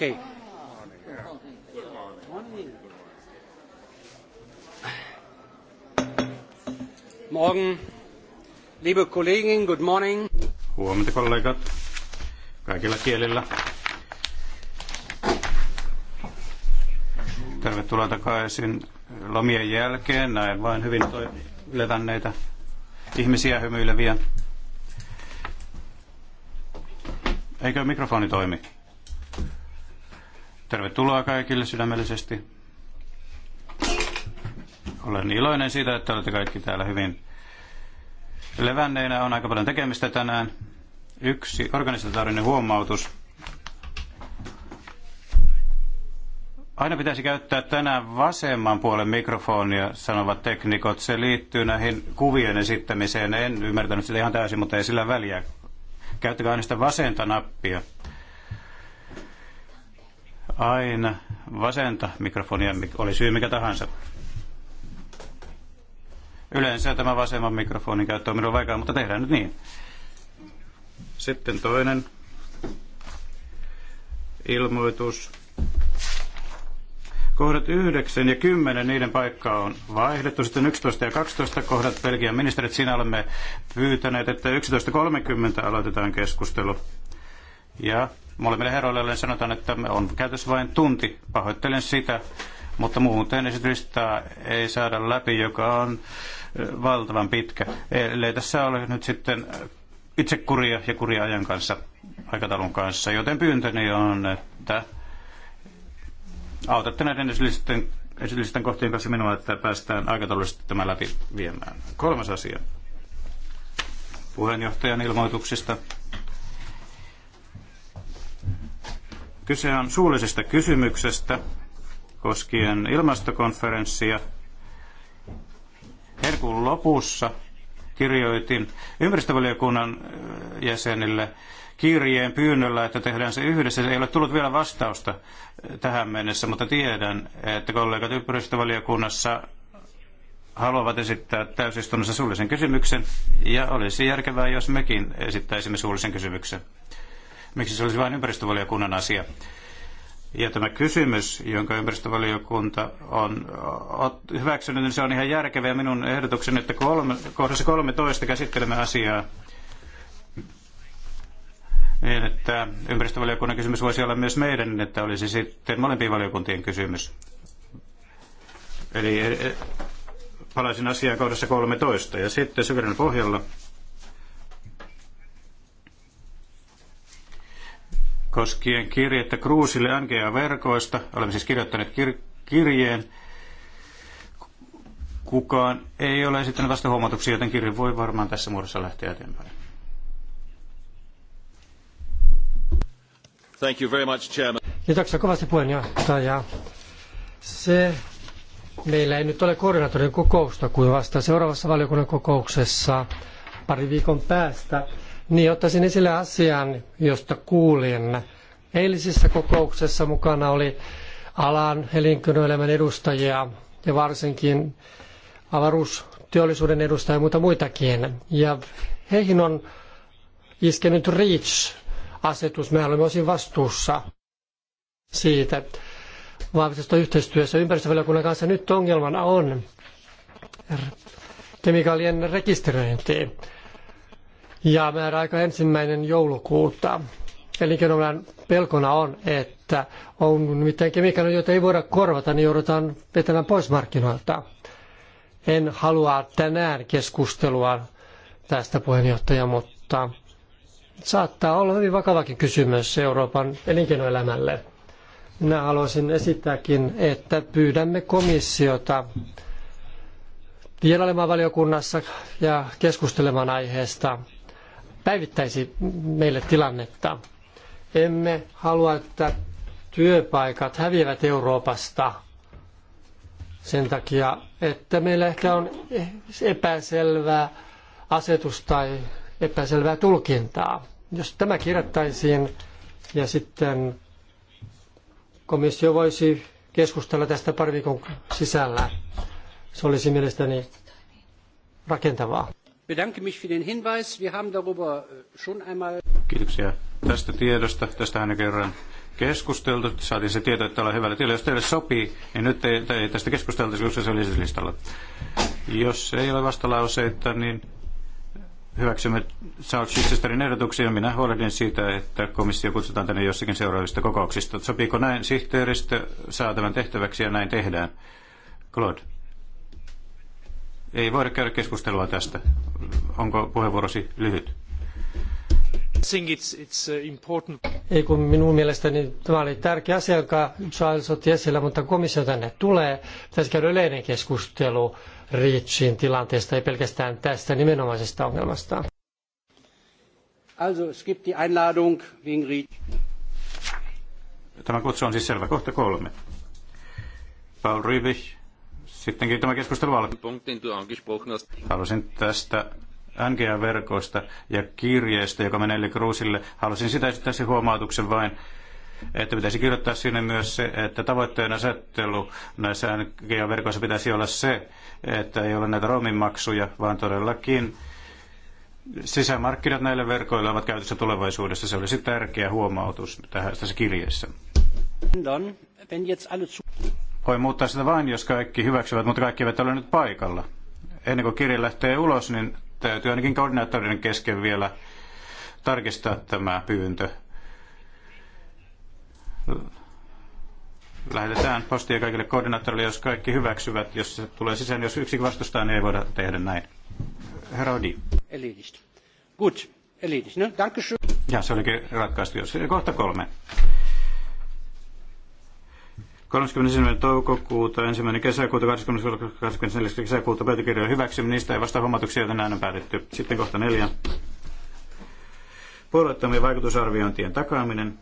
Okay. Morgen, liebe Kollegen, good morning. Huomenta kollegat, kaikilla kielillä. Tervetuloa takaisin lomien jälkeen. Näin vain hyvin toi levänneitä ihmisiä hymyileviä. Eikö mikrofoni toimi? Tervetuloa kaikille sydämellisesti. Olen iloinen siitä, että olette kaikki täällä hyvin levänneinä. On aika paljon tekemistä tänään. Yksi organisatorinen huomautus. Aina pitäisi käyttää tänään vasemman puolen mikrofonia, sanovat teknikot. Se liittyy näihin kuvien esittämiseen. En ymmärtänyt sitä ihan täysin, mutta ei sillä väliä. Käyttäkää aina sitä vasenta nappia aina vasenta mikrofonia, oli syy mikä tahansa. Yleensä tämä vasemman mikrofonin käyttö on minun vaikea, mutta tehdään nyt niin. Sitten toinen ilmoitus. Kohdat 9 ja 10, niiden paikka on vaihdettu. Sitten 11 ja 12 kohdat Belgian ministerit. Siinä olemme pyytäneet, että 11.30 aloitetaan keskustelu. Ja molemmille herroille sanotaan, että on käytössä vain tunti. Pahoittelen sitä, mutta muuten esitystä ei saada läpi, joka on valtavan pitkä. Eli tässä ole nyt sitten itse kuria ja kuria ajan kanssa, aikataulun kanssa. Joten pyyntöni on, että autatte näiden esitysten, esillisten kohtien kanssa minua, että päästään aikataulullisesti tämän läpi viemään. Kolmas asia. Puheenjohtajan ilmoituksista. Kyse on suullisesta kysymyksestä koskien ilmastokonferenssia. Herkun lopussa kirjoitin ympäristövaliokunnan äh, jäsenille kirjeen pyynnöllä, että tehdään se yhdessä. Ei ole tullut vielä vastausta äh, tähän mennessä, mutta tiedän, että kollegat ympäristövaliokunnassa haluavat esittää täysistunnossa suullisen kysymyksen, ja olisi järkevää, jos mekin esittäisimme suullisen kysymyksen. Miksi se olisi vain ympäristövaliokunnan asia? Ja tämä kysymys, jonka ympäristövaliokunta on hyväksynyt, niin se on ihan järkevä. Minun ehdotukseni, että kolme, kohdassa 13 käsittelemme asiaa niin, että ympäristövaliokunnan kysymys voisi olla myös meidän, että olisi sitten molempien valiokuntien kysymys. Eli e, e, palaisin asiaan kohdassa 13 ja sitten syvennän pohjalla koskien kirjettä Kruusille NGA-verkoista. Olemme siis kirjoittaneet kir- kirjeen. Kukaan ei ole esittänyt vasta huomautuksia, joten kirje voi varmaan tässä muodossa lähteä eteenpäin. Thank you very much, Chairman. Kiitoksia kovasti puheenjohtaja. Se meillä ei nyt ole koordinaattorin kokousta kuin vasta seuraavassa valiokunnan kokouksessa pari viikon päästä. Niin ottaisin esille asian, josta kuulin. Eilisessä kokouksessa mukana oli alan elinkeinoelämän edustajia ja varsinkin avaruusteollisuuden edustajia ja muita muitakin. Ja heihin on iskenyt REACH-asetus. Me olemme osin vastuussa siitä vahvistetusta yhteistyössä ympäristövaliokunnan kanssa. Nyt ongelmana on kemikaalien rekisteröinti ja määräaika ensimmäinen joulukuuta. Elinkeinoelämän pelkona on, että on mitään kemikaaleja, joita ei voida korvata, niin joudutaan vetämään pois markkinoilta. En halua tänään keskustelua tästä puheenjohtaja, mutta saattaa olla hyvin vakavakin kysymys Euroopan elinkeinoelämälle. Minä haluaisin esittääkin, että pyydämme komissiota vierailemaan valiokunnassa ja keskustelemaan aiheesta päivittäisi meille tilannetta. Emme halua, että työpaikat häviävät Euroopasta sen takia, että meillä ehkä on epäselvää asetus tai epäselvää tulkintaa. Jos tämä kirjattaisiin ja sitten komissio voisi keskustella tästä pari viikon sisällä, se olisi mielestäni rakentavaa bedanke mich für den Hinweis. Wir haben darüber äh, schon einmal... Kiitoksia tästä tiedosta. Tästähän kerran keskusteltu. Saatiin se tieto, että ollaan hyvällä tiellä. Jos teille sopii, niin nyt ei, ei tästä keskusteltaisi, koska se olisi listalla. Jos ei ole vastalauseita, niin hyväksymme Charles Chichesterin ehdotuksia. Minä huolehdin siitä, että komissio kutsutaan tänne jossakin seuraavista kokouksista. Sopiiko näin? Sihteeristö saa tämän tehtäväksi ja näin tehdään. Claude. Ei voida käydä keskustelua tästä. Onko puheenvuorosi lyhyt? Uh, ei kun minun mielestäni tämä oli tärkeä asia, joka Charles otti esille, mutta komissio tänne tulee. Pitäisi käydä yleinen keskustelu Reachin tilanteesta, ei pelkästään tästä nimenomaisesta ongelmasta. Also, es gibt die Einladung wegen Reach. Tämä kutsu on siis selvä. Kohta kolme. Paul Rübich, Sittenkin tämä keskustelu alkaa. Haluaisin tästä NGA-verkoista ja kirjeestä, joka menee Kruusille. Haluaisin sitä esittää sen huomautuksen vain, että pitäisi kirjoittaa sinne myös se, että tavoitteen asettelu näissä NGA-verkoissa pitäisi olla se, että ei ole näitä roaminmaksuja, vaan todellakin sisämarkkinat näille verkoille ovat käytössä tulevaisuudessa. Se olisi tärkeä huomautus tässä kirjeessä. Voi muuttaa sitä vain, jos kaikki hyväksyvät, mutta kaikki eivät ole nyt paikalla. Ennen kuin kirja lähtee ulos, niin täytyy ainakin koordinaattorin kesken vielä tarkistaa tämä pyyntö. Lähetetään postia kaikille koordinaattorille, jos kaikki hyväksyvät. Jos se tulee sisään, jos yksi vastustaa, niin ei voida tehdä näin. Herra Odi. Elidist. Gut, Elidist. No, danke schön. Ja, se olikin ratkaistu. Kohta kolme. 31. toukokuuta, 1. kesäkuuta, 24. kesäkuuta pöytäkirjojen hyväksyminen, niistä ei vasta huomautuksia, joten näin on päätetty. Sitten kohta neljä. Puolueettomien vaikutusarviointien takaaminen.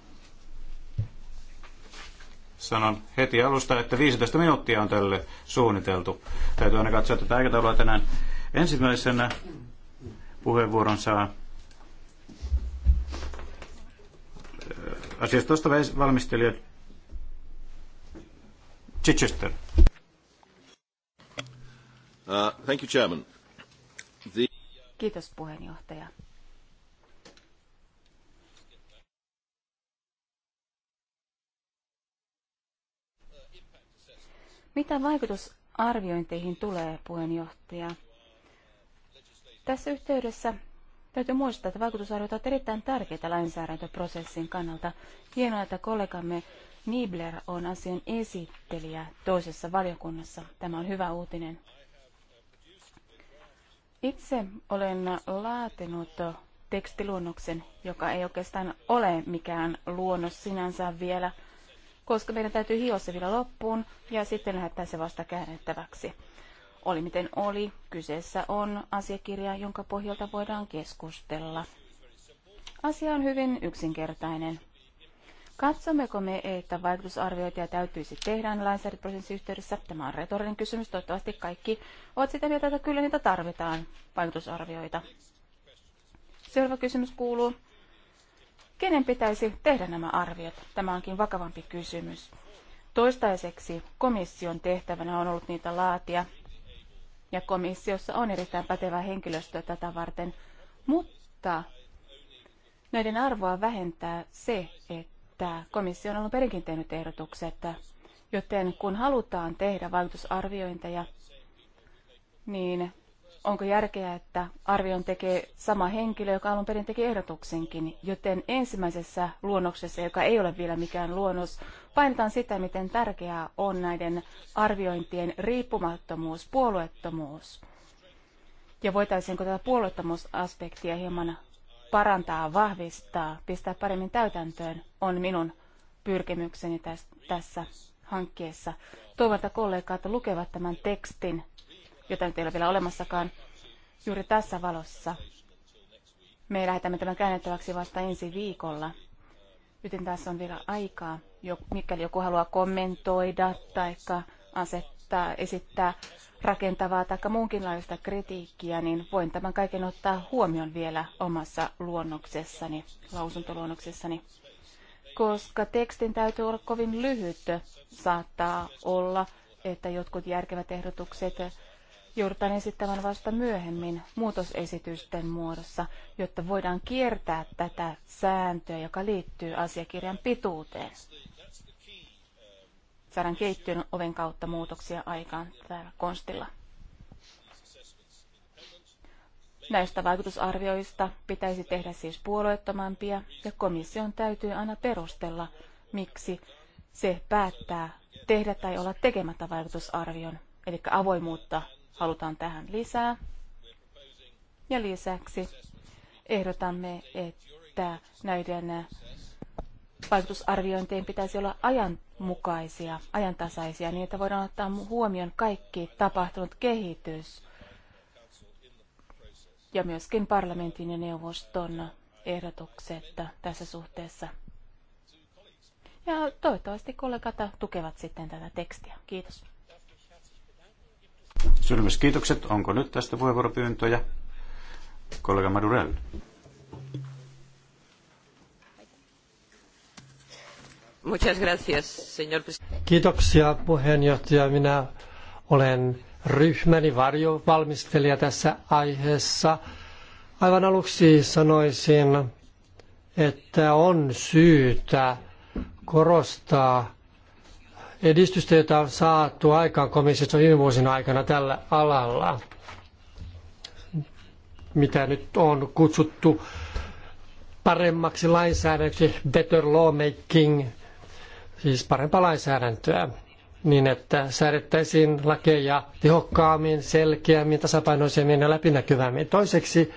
Sanon heti alusta, että 15 minuuttia on tälle suunniteltu. Täytyy aina katsoa tätä aikataulua tänään. Ensimmäisenä puheenvuoron saa asiasta valmistelijat Chichester. Uh, thank you, Chairman. The... Kiitos puheenjohtaja. Mitä vaikutusarviointeihin tulee, puheenjohtaja? Tässä yhteydessä täytyy muistaa, että vaikutusarviot ovat erittäin tärkeitä lainsäädäntöprosessin kannalta. Hienoa, että kollegamme Niebler on asian esittelijä toisessa valiokunnassa. Tämä on hyvä uutinen. Itse olen laatinut tekstiluonnoksen, joka ei oikeastaan ole mikään luonnos sinänsä vielä, koska meidän täytyy hioa se vielä loppuun ja sitten lähettää se vasta käännettäväksi. Oli miten oli, kyseessä on asiakirja, jonka pohjalta voidaan keskustella. Asia on hyvin yksinkertainen. Katsommeko me, että vaikutusarviointia täytyisi tehdä lainsäädäntöprosessin yhteydessä? Tämä on retorinen kysymys. Toivottavasti kaikki ovat sitä mieltä, että kyllä niitä tarvitaan, vaikutusarvioita. Seuraava kysymys kuuluu, kenen pitäisi tehdä nämä arviot? Tämä onkin vakavampi kysymys. Toistaiseksi komission tehtävänä on ollut niitä laatia, ja komissiossa on erittäin pätevää henkilöstöä tätä varten, mutta näiden arvoa vähentää se, että että komissio on alun perinkin tehnyt ehdotukset, joten kun halutaan tehdä vaikutusarviointeja, niin onko järkeä, että arvion tekee sama henkilö, joka alun perin teki ehdotuksenkin. Joten ensimmäisessä luonnoksessa, joka ei ole vielä mikään luonnos, painetaan sitä, miten tärkeää on näiden arviointien riippumattomuus, puolueettomuus. Ja voitaisiinko tätä puolueettomuusaspektia hieman parantaa, vahvistaa, pistää paremmin täytäntöön on minun pyrkimykseni tässä hankkeessa. Toivon, että kollegat lukevat tämän tekstin, jota nyt ei ole vielä olemassakaan, juuri tässä valossa. Me lähetämme tämän käännettäväksi vasta ensi viikolla, joten tässä on vielä aikaa, mikäli joku haluaa kommentoida tai asettaa vastustaa, esittää rakentavaa tai muunkinlaista kritiikkiä, niin voin tämän kaiken ottaa huomioon vielä omassa luonnoksessani, lausuntoluonnoksessani. Koska tekstin täytyy olla kovin lyhyt, saattaa olla, että jotkut järkevät ehdotukset joudutaan esittämään vasta myöhemmin muutosesitysten muodossa, jotta voidaan kiertää tätä sääntöä, joka liittyy asiakirjan pituuteen saadaan keittiön oven kautta muutoksia aikaan täällä konstilla. Näistä vaikutusarvioista pitäisi tehdä siis puolueettomampia ja komission täytyy aina perustella, miksi se päättää tehdä tai olla tekemättä vaikutusarvion. Eli avoimuutta halutaan tähän lisää. Ja lisäksi ehdotamme, että näiden vaikutusarviointien pitäisi olla ajan mukaisia, ajantasaisia, niin että voidaan ottaa huomioon kaikki tapahtunut kehitys ja myöskin parlamentin ja neuvoston ehdotukset tässä suhteessa. Ja toivottavasti kollegat tukevat sitten tätä tekstiä. Kiitos. Sylmys kiitokset. Onko nyt tästä puheenvuoropyyntöjä? Kollega Madurell. Muchas gracias, señor Kiitoksia puheenjohtaja. Minä olen ryhmäni varjovalmistelija tässä aiheessa. Aivan aluksi sanoisin, että on syytä korostaa edistystä, jota on saatu aikaan komissiossa viime vuosina aikana tällä alalla, mitä nyt on kutsuttu paremmaksi lainsäädännöksi, better lawmaking, siis parempaa lainsäädäntöä niin, että säädettäisiin lakeja tehokkaammin, selkeämmin, tasapainoisemmin ja läpinäkyvämmin. Toiseksi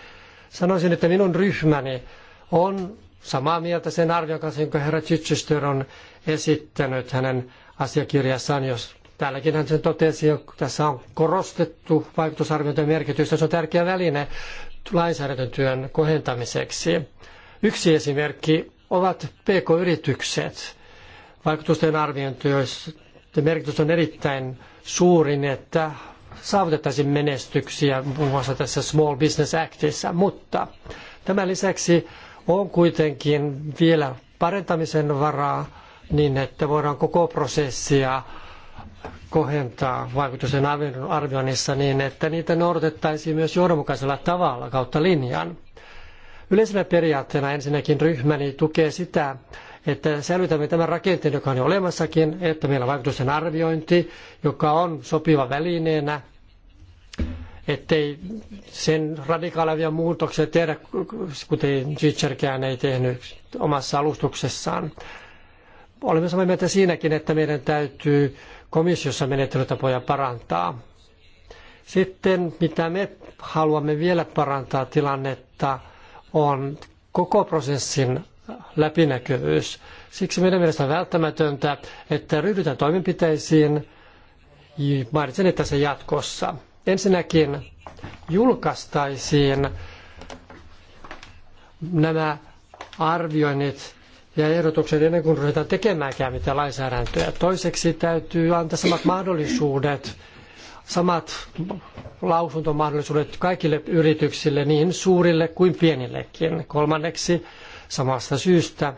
sanoisin, että minun ryhmäni on samaa mieltä sen arvion kanssa, jonka herra Chichester on esittänyt hänen asiakirjassaan, jos täälläkin hän sen totesi, että tässä on korostettu vaikutusarviointien merkitystä. Se on tärkeä väline lainsäädäntötyön kohentamiseksi. Yksi esimerkki ovat pk-yritykset vaikutusten arviointijoissa merkitys on erittäin suurin, että saavutettaisiin menestyksiä muun muassa tässä Small Business Actissa, mutta tämän lisäksi on kuitenkin vielä parantamisen varaa niin, että voidaan koko prosessia kohentaa vaikutusten arvioinnissa niin, että niitä noudatettaisiin myös johdonmukaisella tavalla kautta linjan. Yleisenä periaatteena ensinnäkin ryhmäni tukee sitä, että säilytämme tämän rakenteen, joka on jo olemassakin, että meillä on vaikutusten arviointi, joka on sopiva välineenä, ettei sen radikaalevia muutoksia tehdä, kuten Zitcherkään ei tehnyt omassa alustuksessaan. Olemme samaa mieltä siinäkin, että meidän täytyy komissiossa menettelytapoja parantaa. Sitten mitä me haluamme vielä parantaa tilannetta on koko prosessin läpinäkyvyys. Siksi meidän mielestä on välttämätöntä, että ryhdytään toimenpiteisiin, mainitsen että se jatkossa. Ensinnäkin julkaistaisiin nämä arvioinnit ja ehdotukset ennen kuin ruvetaan tekemäänkään mitään lainsäädäntöä. Toiseksi täytyy antaa samat mahdollisuudet, samat lausuntomahdollisuudet kaikille yrityksille, niin suurille kuin pienillekin. Kolmanneksi Samasta syystä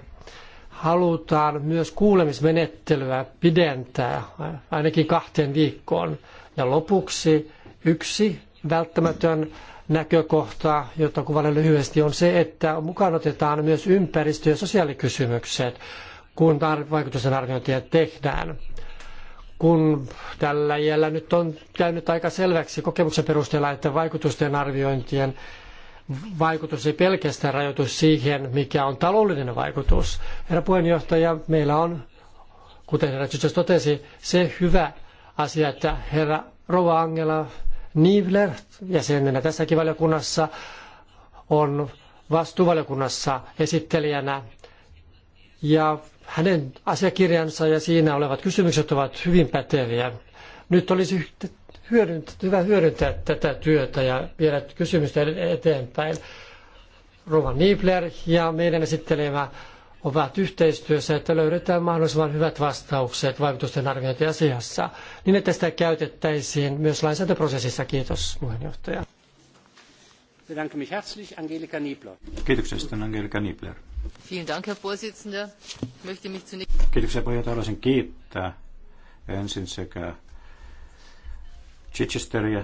halutaan myös kuulemismenettelyä pidentää ainakin kahteen viikkoon. Ja lopuksi yksi välttämätön näkökohta, jota kuvailen lyhyesti, on se, että mukaan otetaan myös ympäristö- ja sosiaalikysymykset, kun vaikutusten arviointia tehdään. Kun tällä iällä nyt on käynyt aika selväksi kokemuksen perusteella, että vaikutusten arviointien vaikutus ei pelkästään rajoitu siihen, mikä on taloudellinen vaikutus. Herra puheenjohtaja, meillä on, kuten herra Tsitsas totesi, se hyvä asia, että herra Rova Angela Niivler jäsenenä tässäkin valiokunnassa on vastuuvaliokunnassa esittelijänä. Ja hänen asiakirjansa ja siinä olevat kysymykset ovat hyvin päteviä. Nyt olisi hyödyntää, hyvä hyödyntää tätä työtä ja viedä kysymystä eteenpäin. Rova Niebler ja meidän esittelemä ovat yhteistyössä, että löydetään mahdollisimman hyvät vastaukset vaikutusten arviointiasiassa, niin että sitä käytettäisiin myös lainsäädäntöprosessissa. Kiitos puheenjohtaja. Bedanke Angelika Niebler. Kiitoksia sitten Angelika Niebler. Vielen Dank, Herr Vorsitzender. Möchte mich zunächst... Kiitoksia puheenjohtaja. Haluaisin kiittää ensin sekä Chichesteria,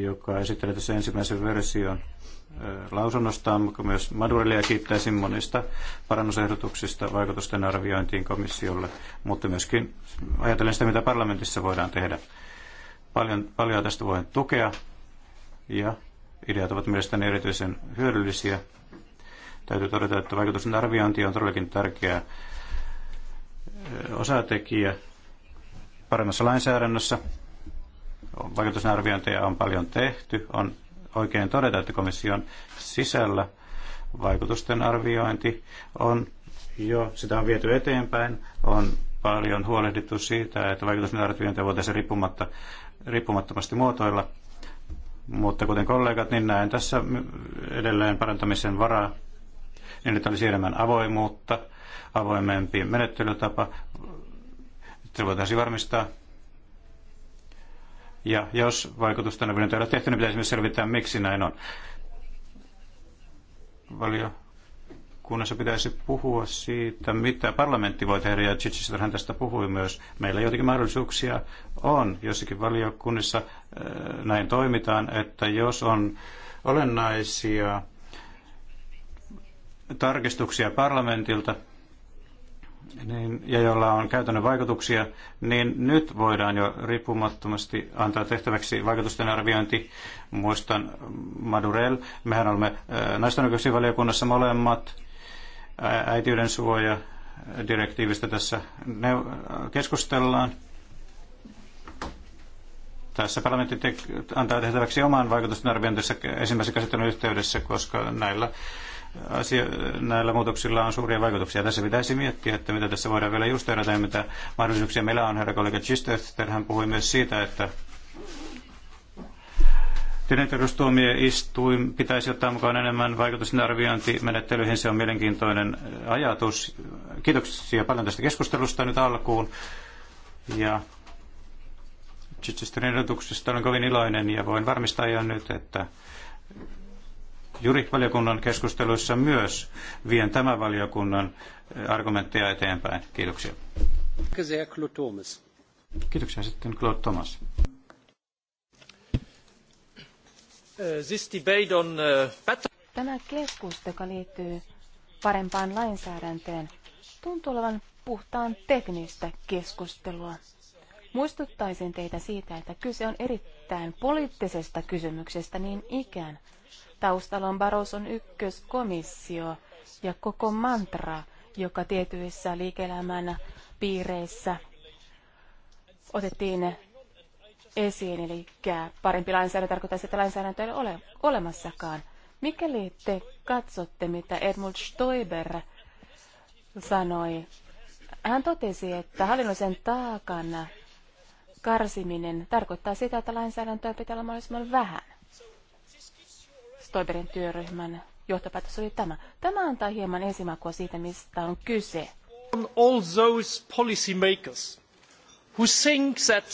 joka esittelee tässä ensimmäisen version äh, lausunnostaan, mutta myös Madurelia kiittäisin monista parannusehdotuksista vaikutusten arviointiin komissiolle, mutta myöskin ajatellen sitä, mitä parlamentissa voidaan tehdä. Paljon, paljon tästä voin tukea ja ideat ovat mielestäni erityisen hyödyllisiä. Täytyy todeta, että vaikutusten arviointi on todellakin tärkeä äh, osatekijä paremmassa lainsäädännössä. Vaikutusarviointeja on paljon tehty. On oikein todeta, että komission sisällä vaikutusten arviointi on jo, sitä on viety eteenpäin. On paljon huolehdittu siitä, että vaikutusten arviointia voitaisiin riippumatta, riippumattomasti muotoilla. Mutta kuten kollegat, niin näen tässä edelleen parantamisen varaa. Niin, että olisi enemmän avoimuutta, avoimempi menettelytapa, se voitaisiin varmistaa. Ja jos vaikutusten ei ole tehty, niin pitäisi myös selvittää, miksi näin on. Valiokunnassa pitäisi puhua siitä, mitä parlamentti voi tehdä, ja Chichisterhän tästä puhui myös. Meillä joitakin mahdollisuuksia on, jossakin valiokunnissa äh, näin toimitaan, että jos on olennaisia tarkistuksia parlamentilta, niin, ja jolla on käytännön vaikutuksia, niin nyt voidaan jo riippumattomasti antaa tehtäväksi vaikutusten arviointi. Muistan Madurel, mehän olemme äh, naisten oikeuksien valiokunnassa molemmat, äitiyden suoja äh, direktiivistä tässä keskustellaan. Tässä parlamentti antaa tehtäväksi oman vaikutusten arviointinsa ensimmäisen käsittelyn yhteydessä, koska näillä asio- näillä muutoksilla on suuria vaikutuksia. Tässä pitäisi miettiä, että mitä tässä voidaan vielä justeerata ja mitä mahdollisuuksia meillä on. Herra kollega Chichester, hän puhui myös siitä, että Tilintarkastustuomioistuin pitäisi ottaa mukaan enemmän arviointimenettelyihin. Se on mielenkiintoinen ajatus. Kiitoksia paljon tästä keskustelusta nyt alkuun. Ja Chichesterin ehdotuksesta olen kovin iloinen ja voin varmistaa jo nyt, että Jurit-valiokunnan keskusteluissa myös vien tämän valiokunnan eh, argumentteja eteenpäin. Kiitoksia. Kiitoksia sitten Claude Thomas. Eh, eh, Tämä keskustelu, joka liittyy parempaan lainsäädäntöön, tuntuu olevan puhtaan teknistä keskustelua. Muistuttaisin teitä siitä, että kyse on erittäin poliittisesta kysymyksestä niin ikään – Taustalla on Baroson ykköskomissio ja koko mantra, joka tietyissä liike piireissä otettiin esiin, eli parempi lainsäädäntö tarkoittaa, että lainsäädäntö ei ole olemassakaan. Mikäli te katsotte, mitä Edmund Stoiber sanoi, hän totesi, että hallinnollisen taakan karsiminen tarkoittaa sitä, että lainsäädäntöä pitää olla mahdollisimman vähän. Stoiberin työryhmän johtopäätös oli tämä. Tämä antaa hieman esimakua siitä, mistä on kyse. all those policymakers who think that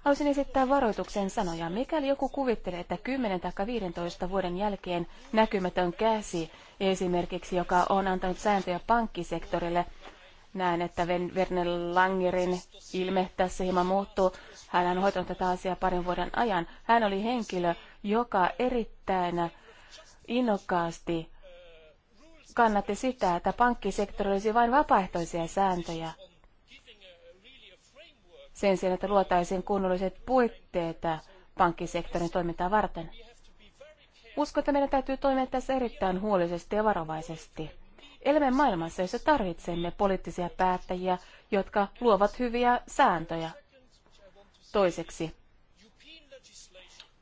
Haluaisin esittää varoituksen sanoja. Mikäli joku kuvittelee, että 10 tai 15 vuoden jälkeen näkymätön käsi esimerkiksi, joka on antanut sääntöjä pankkisektorille, näen, että Werner Langerin ilme tässä hieman muuttuu. Hän on hoitanut tätä asiaa parin vuoden ajan. Hän oli henkilö, joka erittäin innokkaasti kannatti sitä, että pankkisektori olisi vain vapaaehtoisia sääntöjä. Sen sijaan, että luotaisiin kunnolliset puitteet pankkisektorin toimintaa varten. Uskon, että meidän täytyy toimia tässä erittäin huolisesti ja varovaisesti. Elämme maailmassa, jossa tarvitsemme poliittisia päättäjiä, jotka luovat hyviä sääntöjä. Toiseksi,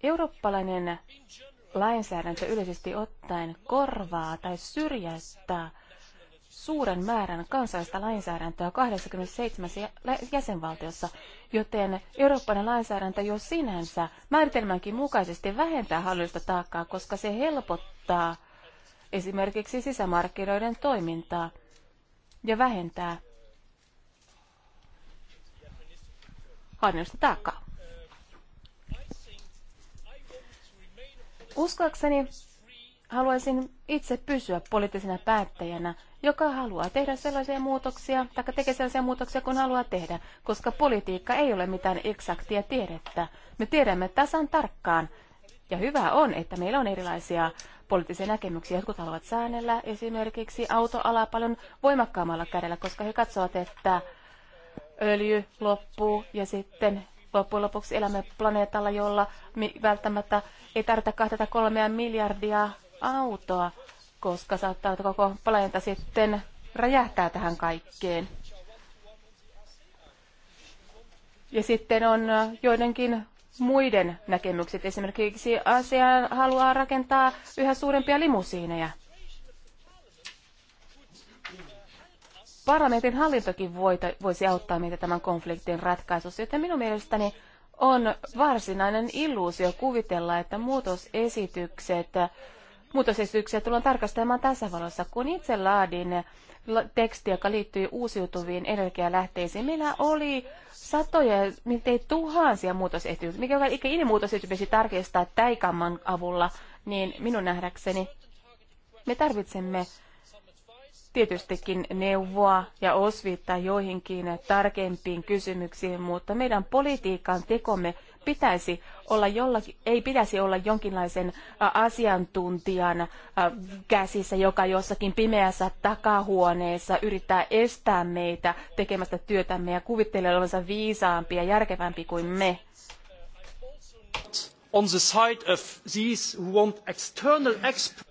Eurooppalainen lainsäädäntö yleisesti ottaen korvaa tai syrjäyttää suuren määrän kansallista lainsäädäntöä 27 jäsenvaltiossa, joten Euroopan lainsäädäntö jo sinänsä määritelmänkin mukaisesti vähentää hallinnollista taakkaa, koska se helpottaa esimerkiksi sisämarkkinoiden toimintaa ja vähentää hallinnollista taakkaa. Uskoakseni haluaisin itse pysyä poliittisena päättäjänä, joka haluaa tehdä sellaisia muutoksia, tai tekee sellaisia muutoksia, kun haluaa tehdä, koska politiikka ei ole mitään eksaktia tiedettä. Me tiedämme tasan tarkkaan, ja hyvä on, että meillä on erilaisia poliittisia näkemyksiä. Jotkut haluavat säännellä esimerkiksi autoalaa paljon voimakkaammalla kädellä, koska he katsovat, että öljy loppuu ja sitten loppujen lopuksi elämme planeetalla, jolla välttämättä ei tarvita kahta kolmea miljardia autoa, koska saattaa että koko planeetta sitten räjähtää tähän kaikkeen. Ja sitten on joidenkin muiden näkemykset. Esimerkiksi Asia haluaa rakentaa yhä suurempia limusiineja. Parlamentin hallintokin voisi auttaa meitä tämän konfliktin ratkaisussa, joten minun mielestäni on varsinainen illuusio kuvitella, että muutosesitykset, muutosesityksiä tullaan tarkastelemaan tässä valossa. Kun itse laadin teksti, joka liittyy uusiutuviin energialähteisiin, meillä oli satoja, miltei tuhansia muutosesityksiä, mikä ikinä muutosesitys tarkistaa täikamman avulla, niin minun nähdäkseni me tarvitsemme tietystikin neuvoa ja osviittaa joihinkin tarkempiin kysymyksiin, mutta meidän politiikan tekomme pitäisi olla jollakin, ei pitäisi olla jonkinlaisen asiantuntijan käsissä, joka jossakin pimeässä takahuoneessa yrittää estää meitä tekemästä työtämme ja kuvittelee olevansa viisaampi ja järkevämpi kuin me. On the side of these who want external experts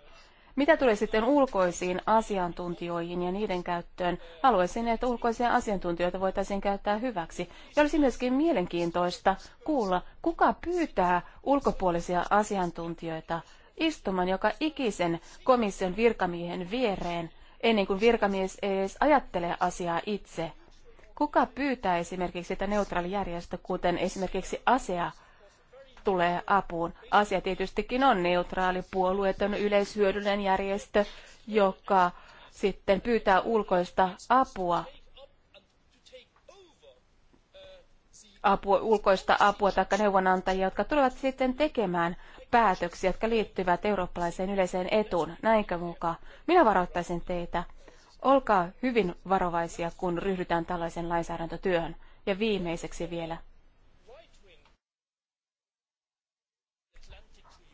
mitä tulee sitten ulkoisiin asiantuntijoihin ja niiden käyttöön, haluaisin, että ulkoisia asiantuntijoita voitaisiin käyttää hyväksi. Ja olisi myöskin mielenkiintoista kuulla, kuka pyytää ulkopuolisia asiantuntijoita istumaan joka ikisen komission virkamiehen viereen, ennen kuin virkamies edes ajattelee asiaa itse. Kuka pyytää esimerkiksi, että neutraali järjestö, kuten esimerkiksi ASEA, tulee apuun. Asia tietystikin on neutraali, puolueeton, yleishyödyllinen järjestö, joka sitten pyytää ulkoista apua. apua ulkoista apua tai neuvonantajia, jotka tulevat sitten tekemään päätöksiä, jotka liittyvät eurooppalaiseen yleiseen etuun. Näinkö mukaan? Minä varoittaisin teitä. Olkaa hyvin varovaisia, kun ryhdytään tällaisen lainsäädäntötyöhön. Ja viimeiseksi vielä.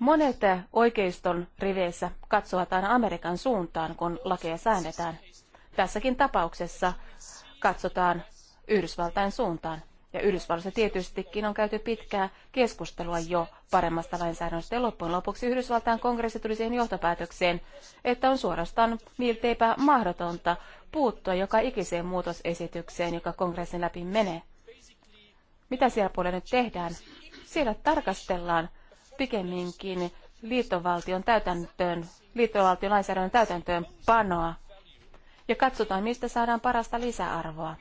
Monet oikeiston riveissä katsovat aina Amerikan suuntaan, kun lakeja säännetään. Tässäkin tapauksessa katsotaan Yhdysvaltain suuntaan. Ja Yhdysvalloissa tietystikin on käyty pitkää keskustelua jo paremmasta lainsäädännöstä. Ja loppujen lopuksi Yhdysvaltain kongressi tuli siihen johtopäätökseen, että on suorastaan milteipä mahdotonta puuttua joka ikiseen muutosesitykseen, joka kongressin läpi menee. Mitä siellä puolella nyt tehdään? Siellä tarkastellaan pikemminkin liittovaltion täytäntöön, lainsäädännön täytäntöön panoa ja katsotaan, mistä saadaan parasta lisäarvoa.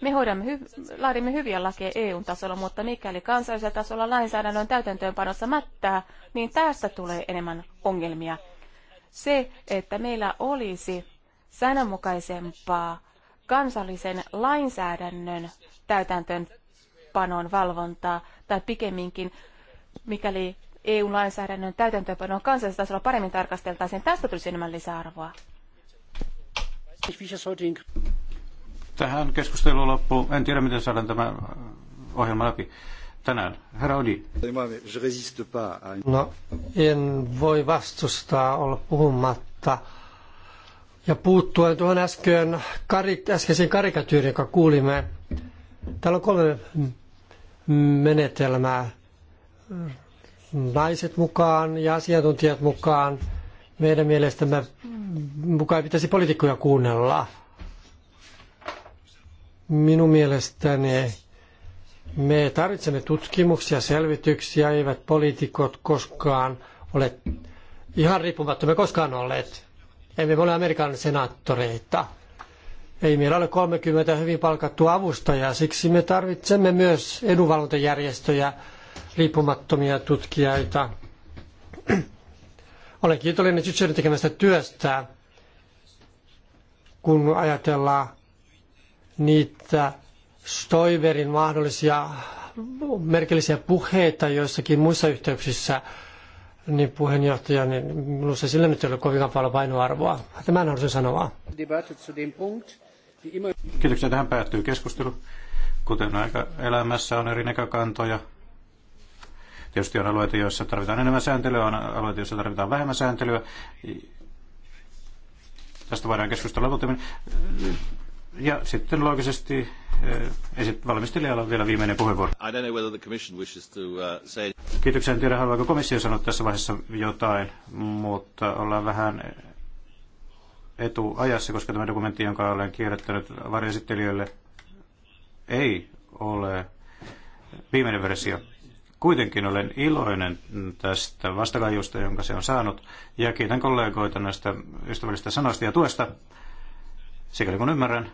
Me hoidamme hy- laadimme hyviä lakeja EU-tasolla, mutta mikäli kansallisella tasolla lainsäädännön täytäntöönpanossa mättää, niin tästä tulee enemmän ongelmia. Se, että meillä olisi säännönmukaisempaa kansallisen lainsäädännön täytäntöönpanon valvontaa tai pikemminkin mikäli EU-lainsäädännön täytäntöönpanoa kansallisella tasolla paremmin tarkasteltaisiin, tästä tulisi enemmän lisäarvoa. Tähän keskusteluun loppu. En tiedä, miten saadaan tämä ohjelma läpi tänään. Herra Odi. No, en voi vastustaa olla puhumatta ja puuttuen tuohon äsken, karik, äskeiseen karikatyyriin, joka kuulimme. Täällä on kolme menetelmää naiset mukaan ja asiantuntijat mukaan. Meidän mielestämme mukaan pitäisi poliitikkoja kuunnella. Minun mielestäni me tarvitsemme tutkimuksia, selvityksiä, eivät poliitikot koskaan ole ihan riippumattomia koskaan olleet. Emme ole Amerikan senaattoreita. Ei meillä ole 30 hyvin palkattua avustajaa, siksi me tarvitsemme myös edunvalvontajärjestöjä, riippumattomia tutkijoita. Olen kiitollinen Chicherin tekemästä työstä, kun ajatellaan niitä Stoiverin mahdollisia merkillisiä puheita joissakin muissa yhteyksissä, niin puheenjohtaja, niin minusta sillä nyt ei ole kovinkaan paljon painoarvoa. Tämän haluaisin sanoa. Kiitoksia. Tähän päättyy keskustelu. Kuten aika elämässä on eri näkökantoja, Tietysti on alueita, joissa tarvitaan enemmän sääntelyä, on alueita, joissa tarvitaan vähemmän sääntelyä. Tästä voidaan keskustella lopultimmin. Ja sitten loogisesti eh, esit- valmistelijalla on vielä viimeinen puheenvuoro. I don't know whether the commission wishes to uh, say... Kiitoksia. En tiedä, haluaako komissio sanoa tässä vaiheessa jotain, mutta ollaan vähän etuajassa, koska tämä dokumentti, jonka olen kierrättänyt varjesittelijöille, ei ole viimeinen versio. Kuitenkin olen iloinen tästä vastakaijusta, jonka se on saanut, ja kiitän kollegoita näistä ystävällisistä sanoista ja tuesta. Sikäli kun ymmärrän,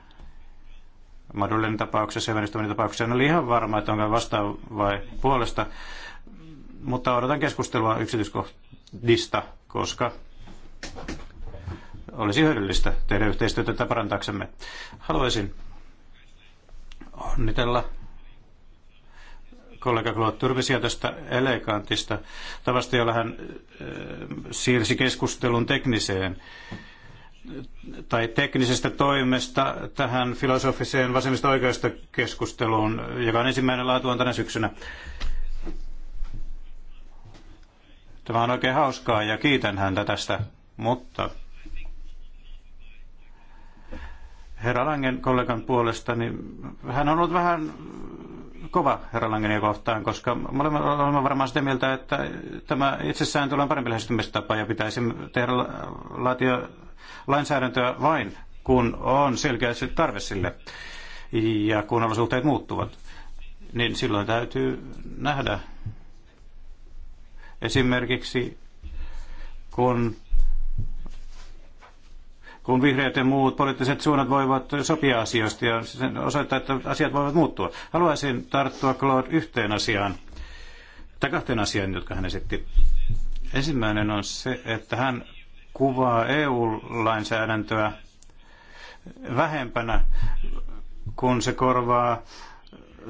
Madulin tapauksessa ja Venestumin tapauksessa en ole ihan varma, että onko vastaan vai puolesta, mutta odotan keskustelua yksityiskohdista, koska olisi hyödyllistä tehdä yhteistyötä parantaaksemme. Haluaisin onnitella kollega Claude Turvisia tästä elegantista tavasta, jolla hän siirsi keskustelun tekniseen tai teknisestä toimesta tähän filosofiseen vasemmista oikeista keskusteluun, joka on ensimmäinen laatuaan tänä syksynä. Tämä on oikein hauskaa ja kiitän häntä tästä, mutta herra Langen kollegan puolesta, niin hän on ollut vähän kova herra Langenia kohtaan, koska olemme, olemme varmaan sitä mieltä, että tämä itsessään tulee parempi lähestymistapa ja pitäisi tehdä laatia lainsäädäntöä vain, kun on selkeästi tarve sille ja kun olosuhteet muuttuvat, niin silloin täytyy nähdä esimerkiksi, kun kun vihreät ja muut poliittiset suunnat voivat sopia asioista ja sen osoittaa, että asiat voivat muuttua. Haluaisin tarttua Claude yhteen asiaan, tai kahteen asiaan, jotka hän esitti. Ensimmäinen on se, että hän kuvaa EU-lainsäädäntöä vähempänä, kun se korvaa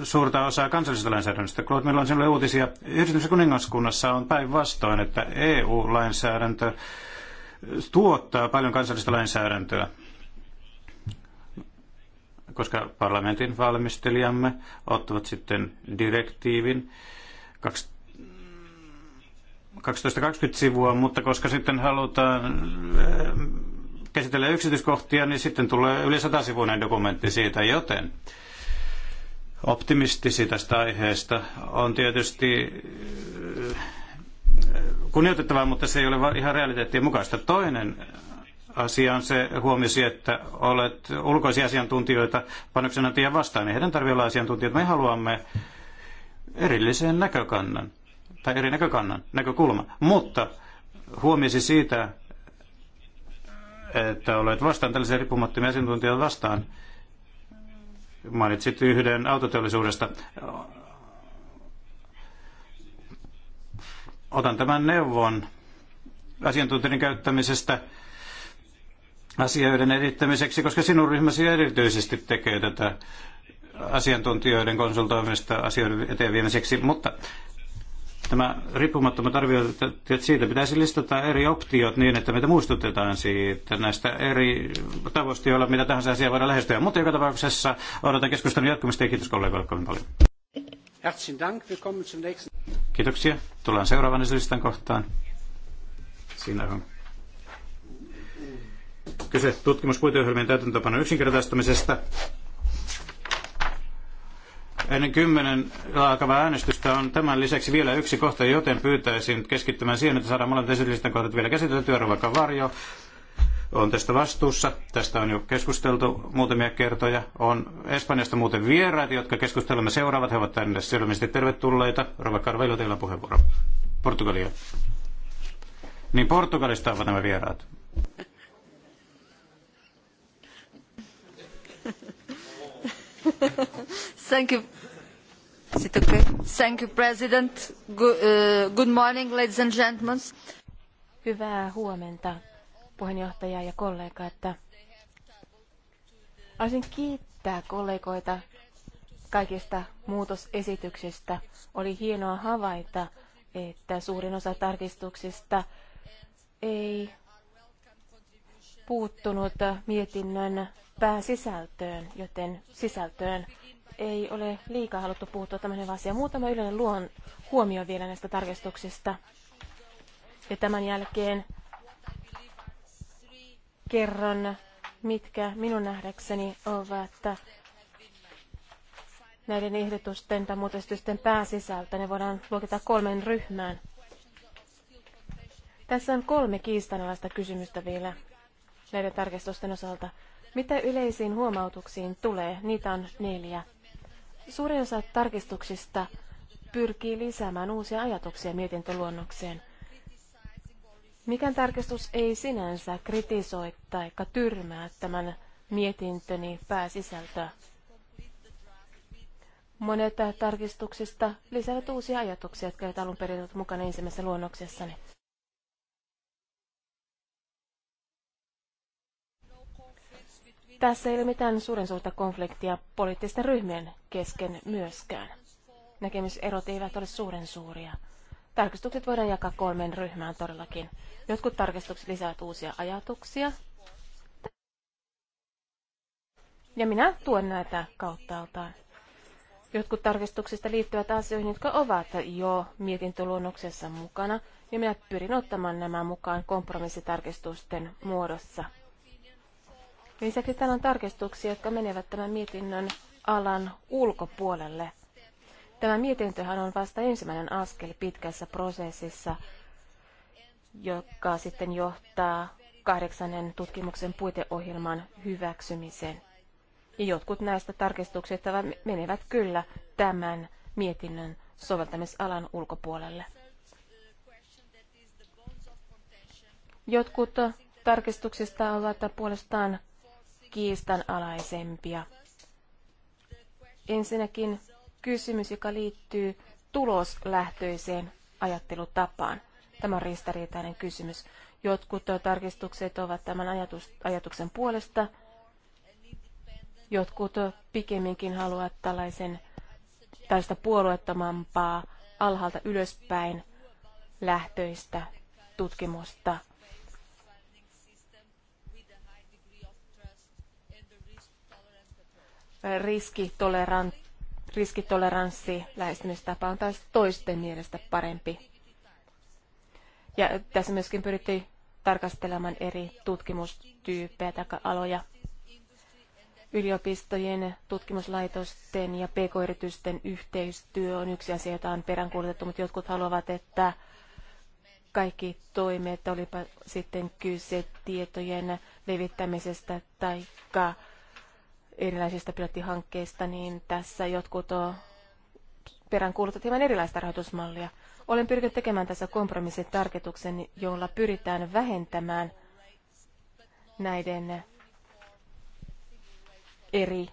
suurta osaa kansallisesta lainsäädännöstä. Claude, meillä on sinulle uutisia. Yhdistyneessä kuningaskunnassa on päinvastoin, että EU-lainsäädäntö tuottaa paljon kansallista lainsäädäntöä, koska parlamentin valmistelijamme ottavat sitten direktiivin 1220 sivua, mutta koska sitten halutaan eh, käsitellä yksityiskohtia, niin sitten tulee yli 100-sivuinen dokumentti siitä, joten optimistisi tästä aiheesta on tietysti eh, kunnioitettavaa, mutta se ei ole ihan realiteettien mukaista. Toinen asia on se huomisi, että olet ulkoisia asiantuntijoita panoksenantajia vastaan, niin heidän tarvitsee olla asiantuntijoita. Me haluamme erillisen näkökannan, tai eri näkökannan, näkökulma. Mutta huomisi siitä, että olet vastaan tällaisia riippumattomia asiantuntijoita vastaan, mainitsit yhden autoteollisuudesta. otan tämän neuvon asiantuntijan käyttämisestä asioiden edittämiseksi, koska sinun ryhmäsi erityisesti tekee tätä asiantuntijoiden konsultoimista asioiden eteenviemiseksi, mutta tämä riippumattomat arvioit, että siitä pitäisi listata eri optiot niin, että meitä muistutetaan siitä näistä eri tavoista, joilla mitä tahansa asiaa voidaan lähestyä. Mutta joka tapauksessa odotan keskustelun jatkumista ja kiitos kollegoille kovin paljon. Herzlichen Dank. Willkommen zum nächsten. Kiitoksia. Tullaan seuraavan esilistan kohtaan. Siinä on kyse tutkimuspuiteohjelmien täytäntöpanon yksinkertaistamisesta. Ennen kymmenen alkavaa äänestystä on tämän lisäksi vielä yksi kohta, joten pyytäisin keskittymään siihen, että saadaan molemmat esitysten kohdat vielä käsiteltyä. Rovaka Varjo, on tästä vastuussa. Tästä on jo keskusteltu muutamia kertoja. On Espanjasta muuten vieraita, jotka keskustelemme seuraavat. He ovat tänne selvästi tervetulleita. Rova Carvelo, teillä on puheenvuoro. Portugalia. Niin Portugalista ovat nämä vieraat. Thank you. Is okay? Thank you, President. Uh, good, morning, ladies and gentlemen. Hyvää huomenta, puheenjohtaja ja kollega, että Haluaisin kiittää kollegoita kaikista muutosesityksistä. Oli hienoa havaita, että suurin osa tarkistuksista ei puuttunut mietinnön pääsisältöön, joten sisältöön ei ole liikaa haluttu puuttua tämmöinen asia. Muutama yleinen luon huomio vielä näistä tarkistuksista. Ja tämän jälkeen kerron, mitkä minun nähdäkseni ovat näiden ehdotusten tai muutostysten pääsisältö. Ne voidaan luokita kolmen ryhmään. Tässä on kolme kiistanalaista kysymystä vielä näiden tarkistusten osalta. Mitä yleisiin huomautuksiin tulee? Niitä on neljä. Suurin osa tarkistuksista pyrkii lisäämään uusia ajatuksia mietintöluonnokseen. Mikään tarkastus ei sinänsä kritisoi tai tyrmää tämän mietintöni pääsisältöä. Monet tarkistuksista lisäävät uusia ajatuksia, jotka eivät alun perin ollut mukana ensimmäisessä luonnoksessani. Tässä ei ole mitään suuren suurta konfliktia poliittisten ryhmien kesken myöskään. Näkemyserot eivät ole suuren suuria. Tarkistukset voidaan jakaa kolmeen ryhmään todellakin. Jotkut tarkistukset lisäävät uusia ajatuksia. Ja minä tuen näitä kauttaaltaan. Jotkut tarkistuksista liittyvät asioihin, jotka ovat jo mietintöluonnoksessa mukana, ja minä pyrin ottamaan nämä mukaan kompromissitarkistusten muodossa. Lisäksi täällä on tarkistuksia, jotka menevät tämän mietinnön alan ulkopuolelle. Tämä mietintöhän on vasta ensimmäinen askel pitkässä prosessissa, joka sitten johtaa kahdeksannen tutkimuksen puiteohjelman hyväksymiseen. Ja jotkut näistä tarkistuksista menevät kyllä tämän mietinnön soveltamisalan ulkopuolelle. Jotkut tarkistuksista ovat puolestaan kiistanalaisempia. Ensinnäkin kysymys, joka liittyy tuloslähtöiseen ajattelutapaan. Tämä on ristiriitainen kysymys. Jotkut tarkistukset ovat tämän ajatus, ajatuksen puolesta. Jotkut pikemminkin haluavat tällaisen tällaista puolueettomampaa alhaalta ylöspäin lähtöistä tutkimusta. riskitolerantti riskitoleranssi lähestymistapa on taas toisten mielestä parempi. Ja tässä myöskin pyrittiin tarkastelemaan eri tutkimustyyppejä tai aloja yliopistojen, tutkimuslaitosten ja pk-yritysten yhteistyö on yksi asia, jota on peräänkuulutettu, mutta jotkut haluavat, että kaikki toimet, olipa sitten kyse tietojen levittämisestä tai erilaisista pilottihankkeista, niin tässä jotkut peräänkuulutat hieman erilaista rahoitusmallia. Olen pyrkinyt tekemään tässä kompromissin tarkoituksen, jolla pyritään vähentämään näiden eri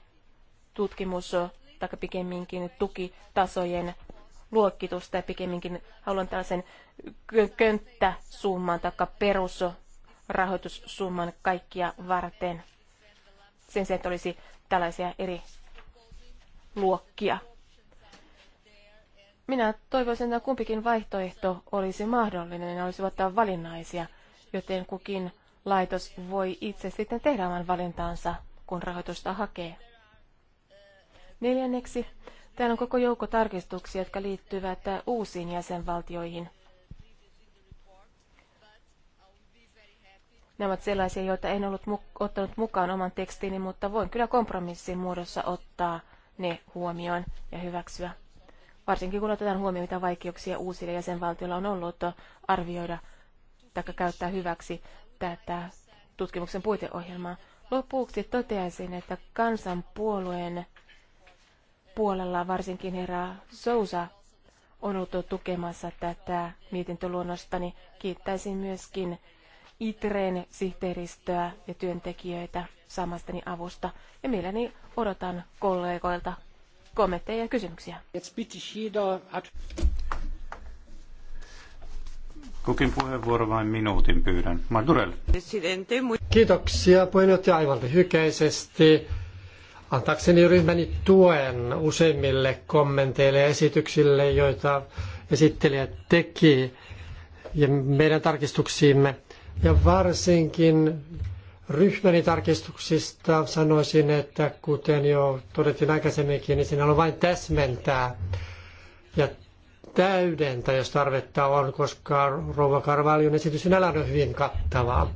tutkimus- tai pikemminkin tukitasojen luokkitusta ja pikemminkin haluan tällaisen könttäsumman tai perusrahoitussumman kaikkia varten. Sen sijaan, että olisi tällaisia eri luokkia. Minä toivoisin, että kumpikin vaihtoehto olisi mahdollinen ja ottaa valinnaisia, joten kukin laitos voi itse sitten tehdä oman valintaansa, kun rahoitusta hakee. Neljänneksi, täällä on koko joukko tarkistuksia, jotka liittyvät uusiin jäsenvaltioihin – Ne ovat sellaisia, joita en ollut mu- ottanut mukaan oman tekstiini, mutta voin kyllä kompromissin muodossa ottaa ne huomioon ja hyväksyä. Varsinkin kun otetaan huomioon, mitä vaikeuksia uusille jäsenvaltioilla on ollut arvioida tai käyttää hyväksi tätä tutkimuksen puiteohjelmaa. Lopuksi toteaisin, että kansanpuolueen puolella varsinkin herra Sousa on ollut tukemassa tätä mietintöluonnostani. Kiittäisin myöskin ITREen sihteeristöä ja työntekijöitä saamastani avusta. Ja mielelläni odotan kollegoilta kommentteja ja kysymyksiä. Kukin puheenvuoro vain minuutin pyydän. Madurel. Kiitoksia puheenjohtaja aivan lyhykäisesti. Antaakseni ryhmäni tuen useimmille kommenteille ja esityksille, joita esittelijä teki ja meidän tarkistuksiimme. Ja varsinkin ryhmäni tarkistuksista sanoisin, että kuten jo todettiin aikaisemminkin, niin siinä on vain täsmentää ja täydentää, jos tarvetta on, koska Rouva Karvalion esitys sinällään on hyvin kattavaa.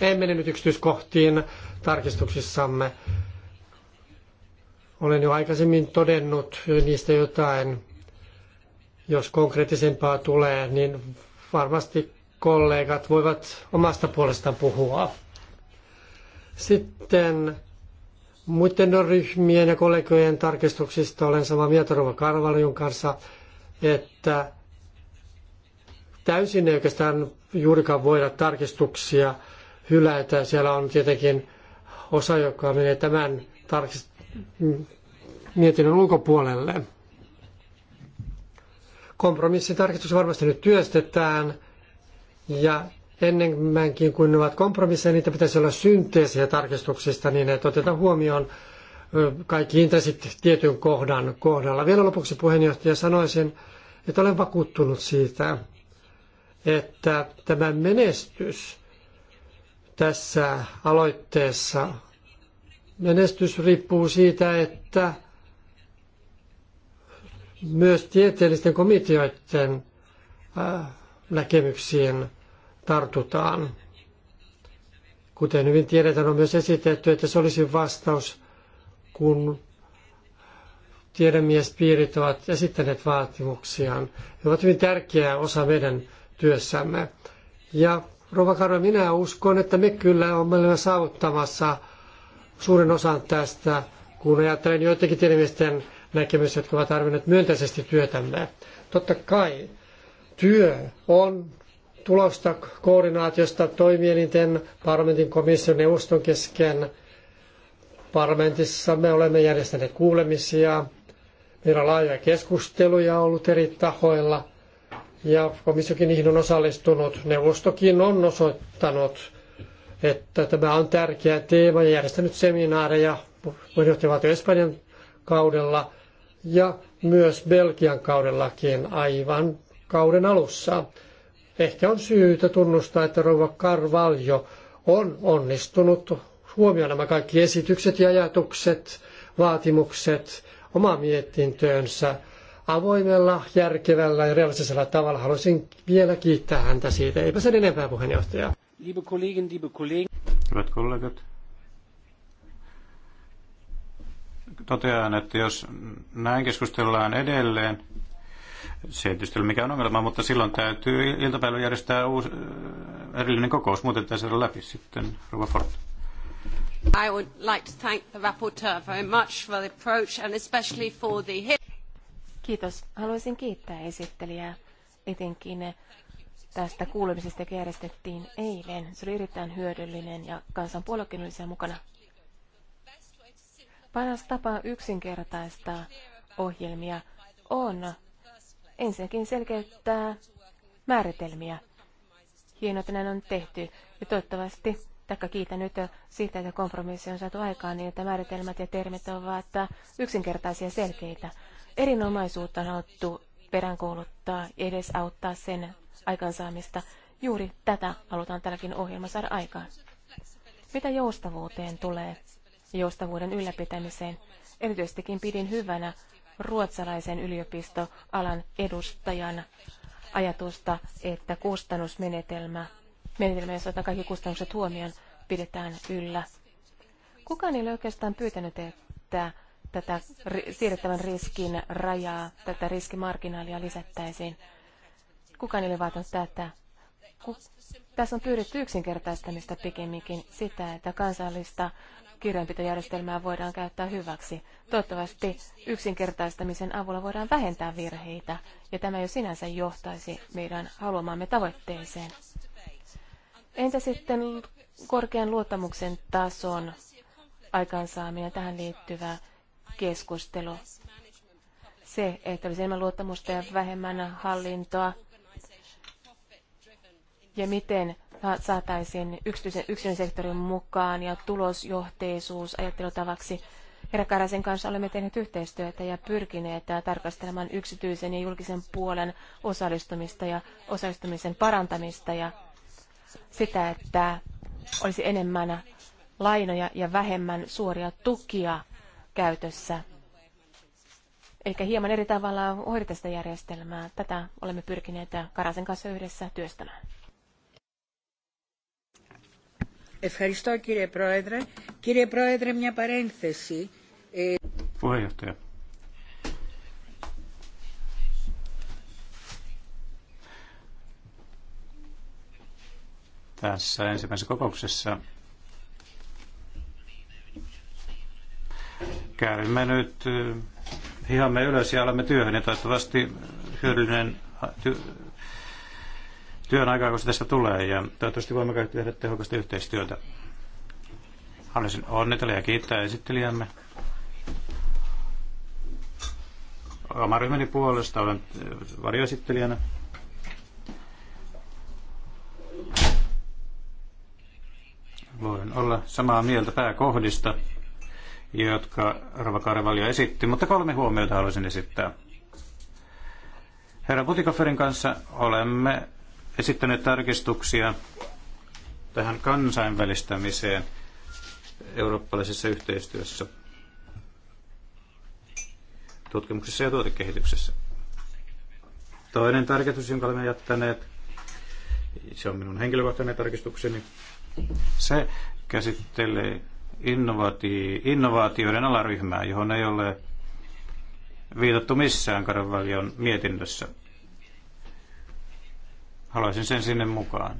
En mene nyt yksityiskohtiin tarkistuksissamme. Olen jo aikaisemmin todennut niistä jotain. Jos konkreettisempaa tulee, niin varmasti kollegat voivat omasta puolestaan puhua. Sitten muiden ryhmien ja kollegojen tarkistuksista olen samaa mieltä Rova Karvaljun kanssa, että täysin ei oikeastaan juurikaan voida tarkistuksia hylätä. Siellä on tietenkin osa, joka menee tämän tarkist- mietinnön ulkopuolelle. Kompromissitarkistus varmasti nyt työstetään – ja enemmänkin kuin ne ovat kompromisseja, niitä pitäisi olla synteesiä tarkistuksista niin, että otetaan huomioon kaikki intressit tietyn kohdan kohdalla. Vielä lopuksi puheenjohtaja sanoisin, että olen vakuuttunut siitä, että tämä menestys tässä aloitteessa, menestys riippuu siitä, että myös tieteellisten komiteoiden näkemyksiin tartutaan. Kuten hyvin tiedetään, on myös esitetty, että se olisi vastaus, kun tiedemiespiirit ovat esittäneet vaatimuksiaan. He ovat hyvin tärkeä osa meidän työssämme. Ja Rova Karo, minä uskon, että me kyllä olemme saavuttamassa suuren osan tästä, kun ajattelen joidenkin tiedemiesten näkemyksiä, jotka ovat arvinneet myönteisesti työtämme. Totta kai työ on tulosta koordinaatiosta toimielinten parlamentin komission neuvoston kesken. Parlamentissa me olemme järjestäneet kuulemisia, meillä on laajoja keskusteluja ollut eri tahoilla ja komissiokin niihin on osallistunut. Neuvostokin on osoittanut, että tämä on tärkeä teema ja järjestänyt seminaareja puheenjohtajavaltio Espanjan kaudella ja myös Belgian kaudellakin aivan kauden alussa. Ehkä on syytä tunnustaa, että rouva Carvalho on onnistunut huomioon nämä kaikki esitykset ja ajatukset, vaatimukset omaan mietintöönsä avoimella, järkevällä ja realistisella tavalla. Haluaisin vielä kiittää häntä siitä. Eipä sen enempää puheenjohtaja. Liebe Kollegen, liebe Kollegen. Hyvät kollegat, totean, että jos näin keskustellaan edelleen, se ei tietysti ole mikään ongelma, mutta silloin täytyy iltapäivällä järjestää uusi, äh, erillinen kokous, muuten tämä saada läpi sitten Rova Ford. I would like to thank the rapporteur very much for the approach and especially for the... Kiitos. Haluaisin kiittää esittelijää etenkin tästä kuulemisesta, joka järjestettiin eilen. Se oli erittäin hyödyllinen ja kansan puolokin oli siellä mukana. Paras tapa yksinkertaistaa ohjelmia on ensinnäkin selkeyttää määritelmiä. Hienoa, että näin on tehty. Ja toivottavasti, taikka kiitän nyt siitä, että kompromissi on saatu aikaan niin, että määritelmät ja termit ovat yksinkertaisia selkeitä. Erinomaisuutta on haluttu peräänkuuluttaa ja edes auttaa sen aikansaamista. Juuri tätä halutaan tälläkin ohjelma saada aikaan. Mitä joustavuuteen tulee? Joustavuuden ylläpitämiseen. Erityisestikin pidin hyvänä ruotsalaisen yliopistoalan edustajan ajatusta, että kustannusmenetelmä, menetelmä, jossa otetaan kaikki kustannukset huomioon, pidetään yllä. Kukaan ei ole oikeastaan pyytänyt, että tätä siirrettävän riskin rajaa, tätä riskimarginaalia lisättäisiin. Kukaan ei ole vaatinut tätä. Ku, tässä on pyydetty yksinkertaistamista pikemminkin sitä, että kansallista kirjanpitojärjestelmää voidaan käyttää hyväksi. Toivottavasti yksinkertaistamisen avulla voidaan vähentää virheitä, ja tämä jo sinänsä johtaisi meidän haluamaamme tavoitteeseen. Entä sitten korkean luottamuksen tason aikaansaaminen tähän liittyvä keskustelu? Se, että olisi enemmän luottamusta ja vähemmän hallintoa, ja miten saataisiin yksityisen, yksityisen sektorin mukaan ja tulosjohteisuus ajattelutavaksi. Herra Karasin kanssa olemme tehneet yhteistyötä ja pyrkineet tarkastelemaan yksityisen ja julkisen puolen osallistumista ja osallistumisen parantamista ja sitä, että olisi enemmän lainoja ja vähemmän suoria tukia käytössä. eli hieman eri tavalla hoidetaan sitä järjestelmää. Tätä olemme pyrkineet Karasen kanssa yhdessä työstämään. Ευχαριστώ κύριε Πρόεδρε. Κύριε Πρόεδρε, μια παρένθεση. Puheenjohtaja. Tässä ensimmäisessä kokouksessa käymme nyt äh, hihamme ylös ja alamme työhön ja toivottavasti hyödyllinen äh, työn aikaa, kun tästä tulee, ja toivottavasti voimme kaikki tehdä tehokasta yhteistyötä. Haluaisin onnitella ja kiittää esittelijämme. Oma ryhmäni puolesta olen äh, varjoesittelijänä. Voin olla samaa mieltä pääkohdista, jotka Rova Karvalio esitti, mutta kolme huomiota haluaisin esittää. Herra Putikofferin kanssa olemme esittäneet tarkistuksia tähän kansainvälistämiseen eurooppalaisessa yhteistyössä, tutkimuksessa ja tuotekehityksessä. Toinen tarkistus, jonka olemme jättäneet, se on minun henkilökohtainen tarkistukseni, se käsittelee innovaati- innovaatioiden alaryhmää, johon ei ole viitattu missään Karvalion mietinnössä. Haluaisin sen sinne mukaan.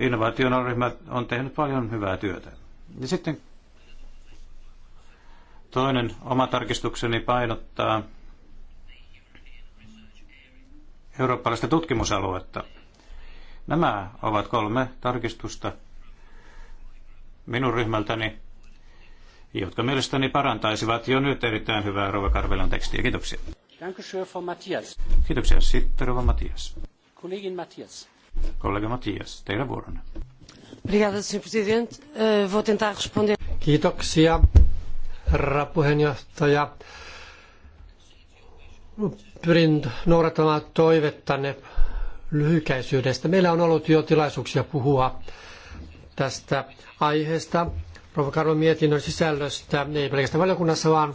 Innovaationaryhmä on tehnyt paljon hyvää työtä. Ja sitten toinen oma tarkistukseni painottaa eurooppalaista tutkimusaluetta. Nämä ovat kolme tarkistusta minun ryhmältäni jotka mielestäni parantaisivat jo nyt erittäin hyvää Rova Karvelan tekstiä. Kiitoksia. Kiitoksia. Sitten Rova Matias. Matias. Kollega Matias, teidän vuoronne. Eh, Kiitoksia, herra puheenjohtaja. Pyrin noudattamaan toivettanne lyhykäisyydestä. Meillä on ollut jo tilaisuuksia puhua tästä aiheesta Rouva Karon mietinnön sisällöstä, ei pelkästään valiokunnassa, vaan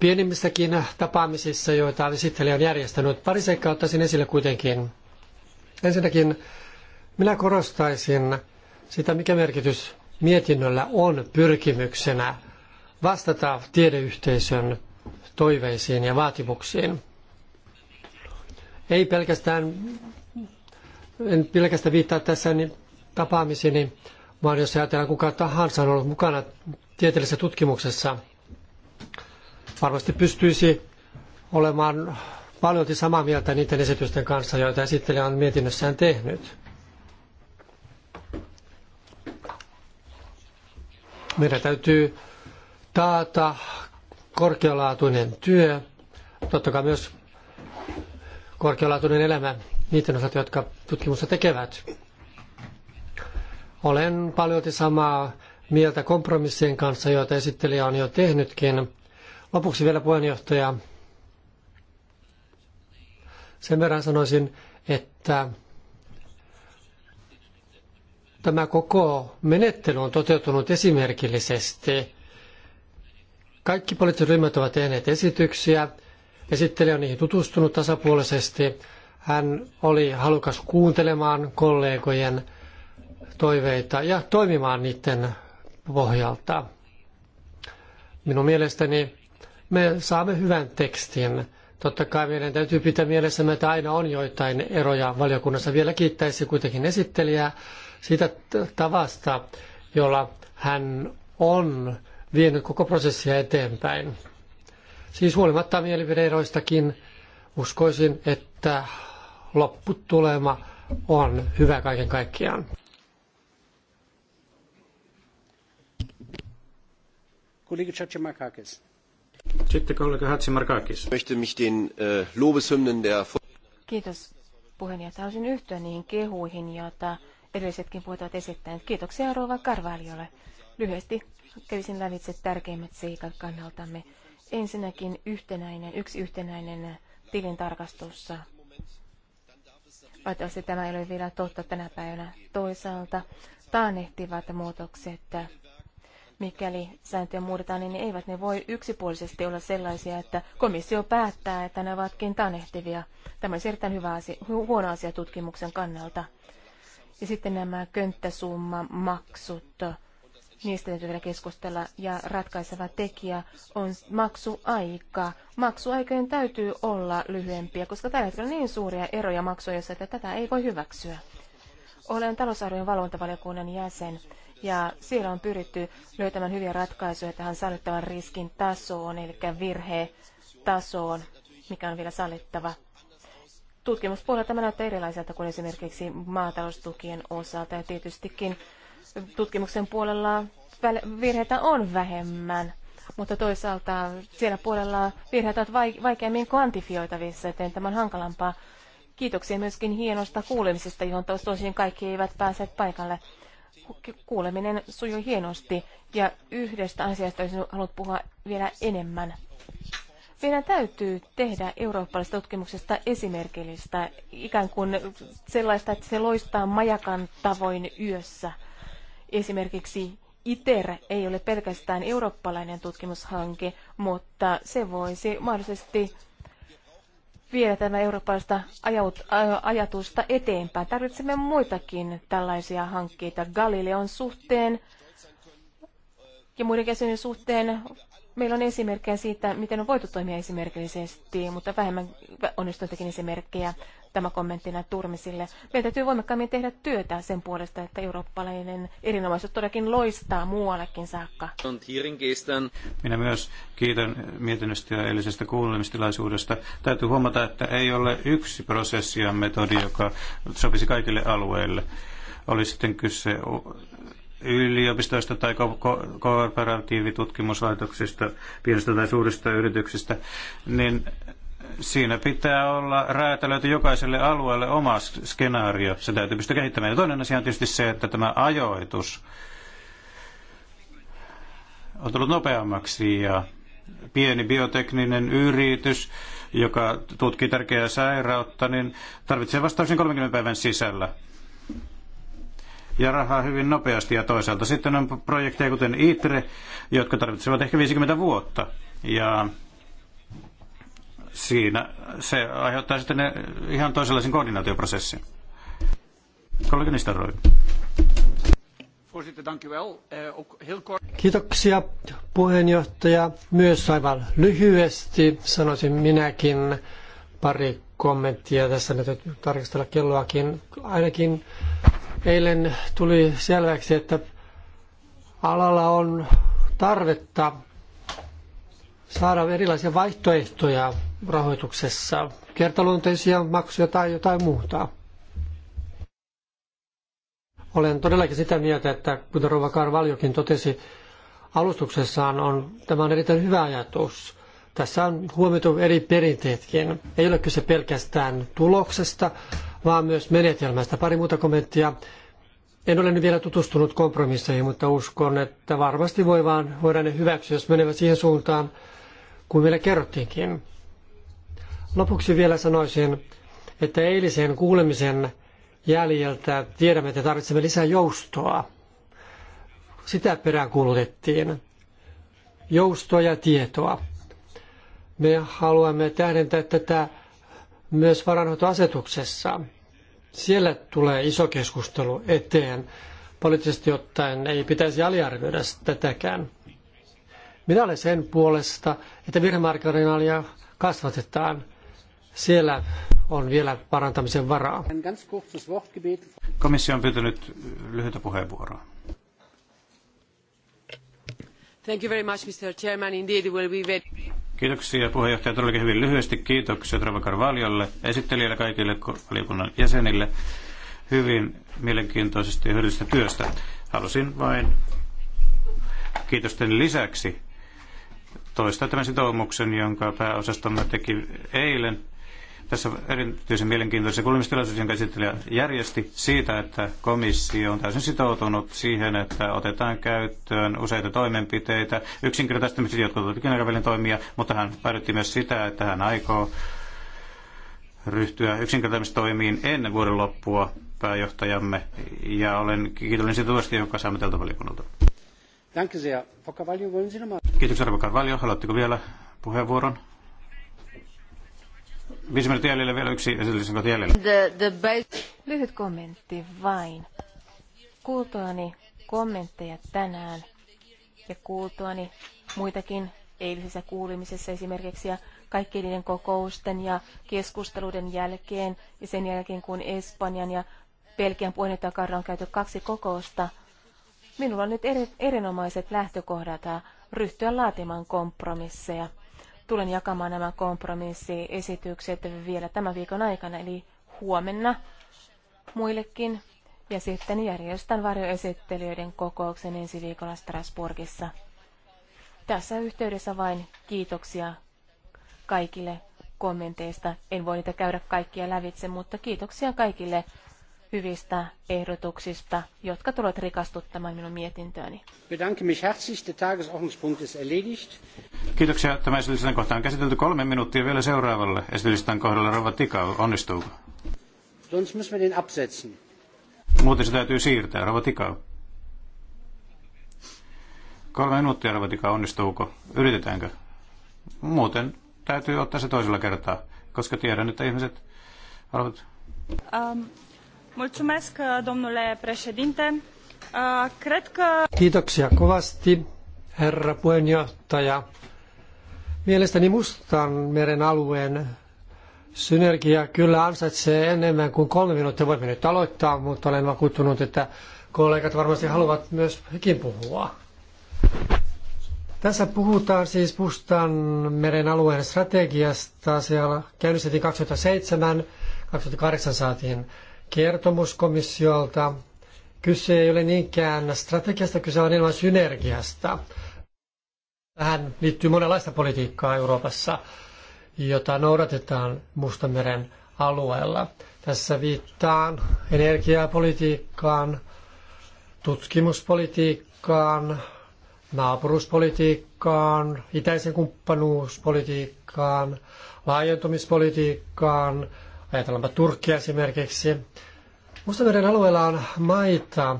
pienimmissäkin tapaamisissa, joita esittelijä on järjestänyt. Pari seikkaa ottaisin esille kuitenkin. Ensinnäkin minä korostaisin sitä, mikä merkitys mietinnöllä on pyrkimyksenä vastata tiedeyhteisön toiveisiin ja vaatimuksiin. Ei pelkästään, en pelkästään viittaa tässä niin vaan jos ajatellaan kuka tahansa on ollut mukana tieteellisessä tutkimuksessa, varmasti pystyisi olemaan paljolti samaa mieltä niiden esitysten kanssa, joita esittelijä on mietinnössään tehnyt. Meidän täytyy taata korkealaatuinen työ, totta kai myös korkealaatuinen elämä niiden osalta, jotka tutkimusta tekevät. Olen paljolti samaa mieltä kompromissien kanssa, joita esittelijä on jo tehnytkin. Lopuksi vielä puheenjohtaja. Sen verran sanoisin, että tämä koko menettely on toteutunut esimerkillisesti. Kaikki poliittiset ryhmät ovat tehneet esityksiä. Esittelijä on niihin tutustunut tasapuolisesti. Hän oli halukas kuuntelemaan kollegojen toiveita ja toimimaan niiden pohjalta. Minun mielestäni me saamme hyvän tekstin. Totta kai meidän täytyy pitää mielessä, että aina on joitain eroja valiokunnassa. Vielä kiittäisi kuitenkin esittelijää siitä tavasta, jolla hän on vienyt koko prosessia eteenpäin. Siis huolimatta mielipideeroistakin uskoisin, että lopputulema on hyvä kaiken kaikkiaan. Kollege Chachimakakis. Sitten kollega Hatsimarkakis. Möchte mich den äh, Lobeshymnen der... Kiitos puheenjohtaja. Haluaisin yhtyä niihin kehuihin, joita edellisetkin puhut ovat esittäneet. Kiitoksia Rouva Karvaliolle. Lyhyesti kävisin lävitse tärkeimmät seikat kannaltamme. Ensinnäkin yhtenäinen, yksi yhtenäinen tilintarkastussa. Valitettavasti tämä ei ole vielä totta tänä päivänä. Toisaalta taanehtivat muutokset mikäli sääntöjä muutetaan, niin eivät ne voi yksipuolisesti olla sellaisia, että komissio päättää, että ne ovatkin tanehtivia. Tämä on erittäin hyvä asia, huono asia tutkimuksen kannalta. Ja sitten nämä könttäsummamaksut, niistä täytyy vielä keskustella. Ja ratkaiseva tekijä on maksuaika. Maksuaikojen täytyy olla lyhyempiä, koska tällä hetkellä on niin suuria eroja maksuissa, että tätä ei voi hyväksyä. Olen talousarvion valvontavaliokunnan jäsen ja siellä on pyritty löytämään hyviä ratkaisuja tähän sallittavan riskin tasoon, eli virhetasoon, mikä on vielä sallittava. Tutkimuspuolella tämä näyttää erilaiselta kuin esimerkiksi maataloustukien osalta, ja tietystikin tutkimuksen puolella virheitä on vähemmän, mutta toisaalta siellä puolella virheitä on vaikeammin kvantifioitavissa, joten tämä on hankalampaa. Kiitoksia myöskin hienosta kuulemisesta, johon tosiaan kaikki eivät pääse paikalle kuuleminen sujui hienosti ja yhdestä asiasta olisin halunnut puhua vielä enemmän. Meidän täytyy tehdä eurooppalaisesta tutkimuksesta esimerkillistä, ikään kuin sellaista, että se loistaa majakan tavoin yössä. Esimerkiksi ITER ei ole pelkästään eurooppalainen tutkimushanke, mutta se voisi mahdollisesti viedä tämä eurooppalaista ajatusta eteenpäin. Tarvitsemme muitakin tällaisia hankkeita Galileon suhteen ja muiden käsien suhteen meillä on esimerkkejä siitä, miten on voitu toimia esimerkillisesti, mutta vähemmän onnistuntakin esimerkkejä tämä kommenttina Turmisille. Meidän täytyy voimakkaammin tehdä työtä sen puolesta, että eurooppalainen erinomaisuus todellakin loistaa muuallekin saakka. Minä myös kiitän mietinnöstä ja eilisestä kuulemistilaisuudesta. Täytyy huomata, että ei ole yksi prosessi ja metodi, joka sopisi kaikille alueille. Oli sitten kyse yliopistoista tai ko- kooperatiivitutkimuslaitoksista, pienistä tai suurista yrityksistä, niin siinä pitää olla räätälöity jokaiselle alueelle oma skenaario. Se täytyy pystyä kehittämään. Ja toinen asia on tietysti se, että tämä ajoitus on tullut nopeammaksi ja pieni biotekninen yritys, joka tutkii tärkeää sairautta, niin tarvitsee vastauksen 30 päivän sisällä ja rahaa hyvin nopeasti ja toisaalta sitten on projekteja kuten ITRE, jotka tarvitsevat ehkä 50 vuotta ja siinä se aiheuttaa sitten ne ihan toisenlaisen koordinaatioprosessin. Kollega Nistaroi. Eh, Kiitoksia puheenjohtaja. Myös aivan lyhyesti sanoisin minäkin pari kommenttia. Tässä nyt tarkastella kelloakin. Ainakin Eilen tuli selväksi, että alalla on tarvetta saada erilaisia vaihtoehtoja rahoituksessa, kertaluonteisia maksuja tai jotain muuta. Olen todellakin sitä mieltä, että kuten Rova Karvaljokin totesi alustuksessaan, on, tämä on erittäin hyvä ajatus. Tässä on huomioitu eri perinteetkin. Ei ole kyse pelkästään tuloksesta, vaan myös menetelmästä. Pari muuta kommenttia. En ole nyt vielä tutustunut kompromisseihin, mutta uskon, että varmasti voi vaan, voidaan ne hyväksyä, jos menevät siihen suuntaan, kuin meille kerrottiinkin. Lopuksi vielä sanoisin, että eilisen kuulemisen jäljeltä tiedämme, että tarvitsemme lisää joustoa. Sitä peräänkuulutettiin. Joustoa ja tietoa. Me haluamme tähdentää tätä myös varanhoitoasetuksessa. Siellä tulee iso keskustelu eteen. Poliittisesti ottaen ei pitäisi aliarvioida tätäkään. Minä olen sen puolesta, että virhemarginaalia kasvatetaan. Siellä on vielä parantamisen varaa. Komissio on pyytänyt lyhyitä puheenvuoroa. Kiitoksia puheenjohtaja. Todellakin hyvin lyhyesti kiitokset Rova Carvalholle, esittelijälle kaikille valiokunnan jäsenille hyvin mielenkiintoisesta ja hyödyllisestä työstä. Halusin vain kiitosten lisäksi toistaa tämän sitoumuksen, jonka pääosastomme teki eilen tässä erityisen mielenkiintoisessa kuulemistilaisuus, jonka esittelijä järjesti siitä, että komissio on täysin sitoutunut siihen, että otetaan käyttöön useita toimenpiteitä, yksinkertaistamisia, jotka ovat aikavälin toimia, mutta hän päädytti myös sitä, että hän aikoo ryhtyä yksinkertaistamistoimiin ennen vuoden loppua pääjohtajamme, ja olen kiitollinen siitä tuosta, jonka saamme tältä valiokunnalta. Kiitoksia, Rova Carvalho. Haluatteko vielä puheenvuoron? Viisi minuuttia jäljellä vielä yksi jäljellä. The, the Lyhyt kommentti vain. Kuultuani kommentteja tänään ja kuultuani muitakin eilisessä kuulemisessa esimerkiksi ja kaikkien niiden kokousten ja keskusteluiden jälkeen ja sen jälkeen kun Espanjan ja Belgian puheenjohtajakaudella on käyty kaksi kokousta, minulla on nyt eri, erinomaiset lähtökohdat äh, ryhtyä laatimaan kompromisseja – Tulen jakamaan nämä kompromissiesitykset vielä tämän viikon aikana, eli huomenna muillekin. Ja sitten järjestän varjoesittelijöiden kokouksen ensi viikolla Strasbourgissa. Tässä yhteydessä vain kiitoksia kaikille kommenteista. En voi niitä käydä kaikkia lävitse, mutta kiitoksia kaikille hyvistä ehdotuksista, jotka tulevat rikastuttamaan minun mietintööni. Bedanke mich herzlich, der ist erledigt. Kiitoksia. Tämä esityslistan kohta on käsitelty kolme minuuttia vielä seuraavalle esityslistan kohdalla. Rova Tikau, onnistuuko? Sonst müssen wir den absetzen. Muuten se täytyy siirtää. Rova Tikau. Kolme minuuttia, Rova Tikau, onnistuuko? Yritetäänkö? Muuten täytyy ottaa se toisella kertaa, koska tiedän, että ihmiset haluavat... Um. Mulțumesc, uh, domnule președinte. Uh, cred că... Kiitoksia kovasti, herra puheenjohtaja. Mielestäni Mustan meren alueen synergia kyllä ansaitsee enemmän kuin kolme minuuttia. Voimme nyt aloittaa, mutta olen vakuuttunut, että kollegat varmasti haluavat myös hekin puhua. Tässä puhutaan siis Mustan meren alueen strategiasta. Siellä käynnistettiin 2007, 2008 saatiin kertomus komissiolta. Kyse ei ole niinkään strategiasta, kyse on enemmän synergiasta. Tähän liittyy monenlaista politiikkaa Euroopassa, jota noudatetaan Mustameren alueella. Tässä viittaan energiapolitiikkaan, tutkimuspolitiikkaan, naapuruspolitiikkaan, itäisen kumppanuuspolitiikkaan, laajentumispolitiikkaan, Ajatellaanpa Turkkia esimerkiksi. Mustameren alueella on maita,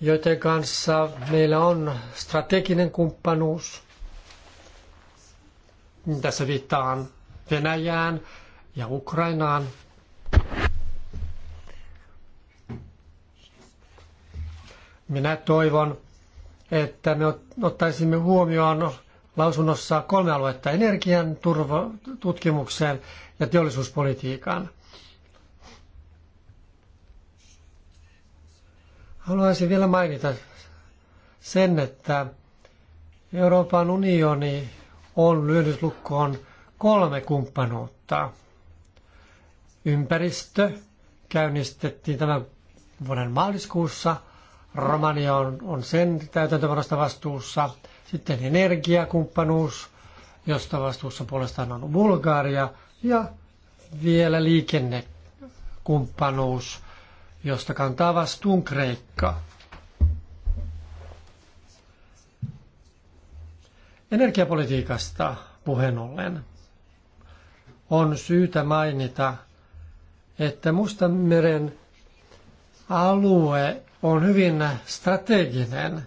joiden kanssa meillä on strateginen kumppanuus. Tässä viittaan Venäjään ja Ukrainaan. Minä toivon, että me ottaisimme huomioon lausunnossa kolme aluetta energian, turva, tutkimukseen ja teollisuuspolitiikan. Haluaisin vielä mainita sen, että Euroopan unioni on lyönyt lukkoon kolme kumppanuutta. Ympäristö käynnistettiin tämän vuoden maaliskuussa. Romania on, on sen täytäntöönpanosta vastuussa – sitten energiakumppanuus, josta vastuussa puolestaan on Bulgaria. Ja vielä liikennekumppanuus, josta kantaa vastuun Kreikka. Energiapolitiikasta puheen ollen on syytä mainita, että Mustanmeren alue on hyvin strateginen,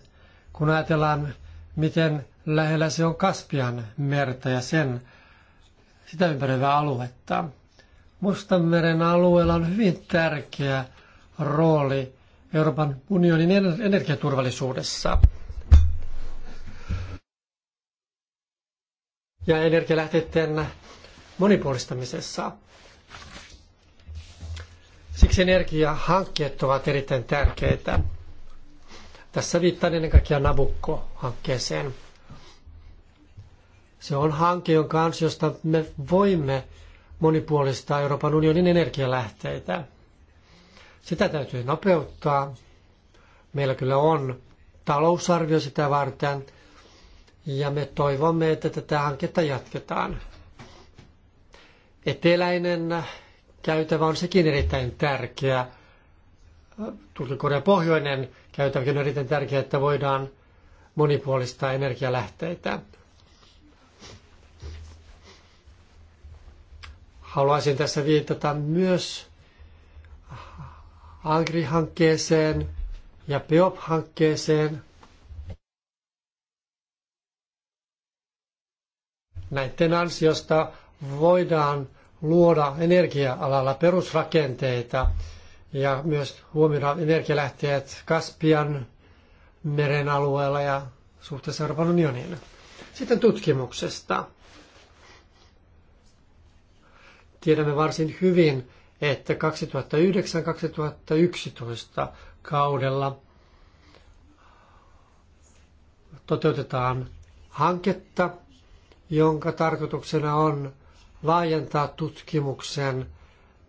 kun ajatellaan miten lähellä se on Kaspian merta ja sen sitä ympäröivää aluetta. Mustanmeren alueella on hyvin tärkeä rooli Euroopan unionin energiaturvallisuudessa. Ja energialähteiden monipuolistamisessa. Siksi energiahankkeet ovat erittäin tärkeitä. Tässä viittaan ennen kaikkea Nabukko-hankkeeseen. Se on hanke, jonka ansiosta me voimme monipuolistaa Euroopan unionin energialähteitä. Sitä täytyy nopeuttaa. Meillä kyllä on talousarvio sitä varten, ja me toivomme, että tätä hanketta jatketaan. Eteläinen käytävä on sekin erittäin tärkeä Turkikorea pohjoinen käytäväkin on erittäin tärkeää, että voidaan monipuolistaa energialähteitä. Haluaisin tässä viitata myös Agri-hankkeeseen ja PEOP-hankkeeseen. Näiden ansiosta voidaan luoda energia-alalla perusrakenteita, ja myös huomioida energialähteet Kaspian meren alueella ja suhteessa Euroopan unioniin. Sitten tutkimuksesta. Tiedämme varsin hyvin, että 2009-2011 kaudella toteutetaan hanketta, jonka tarkoituksena on laajentaa tutkimuksen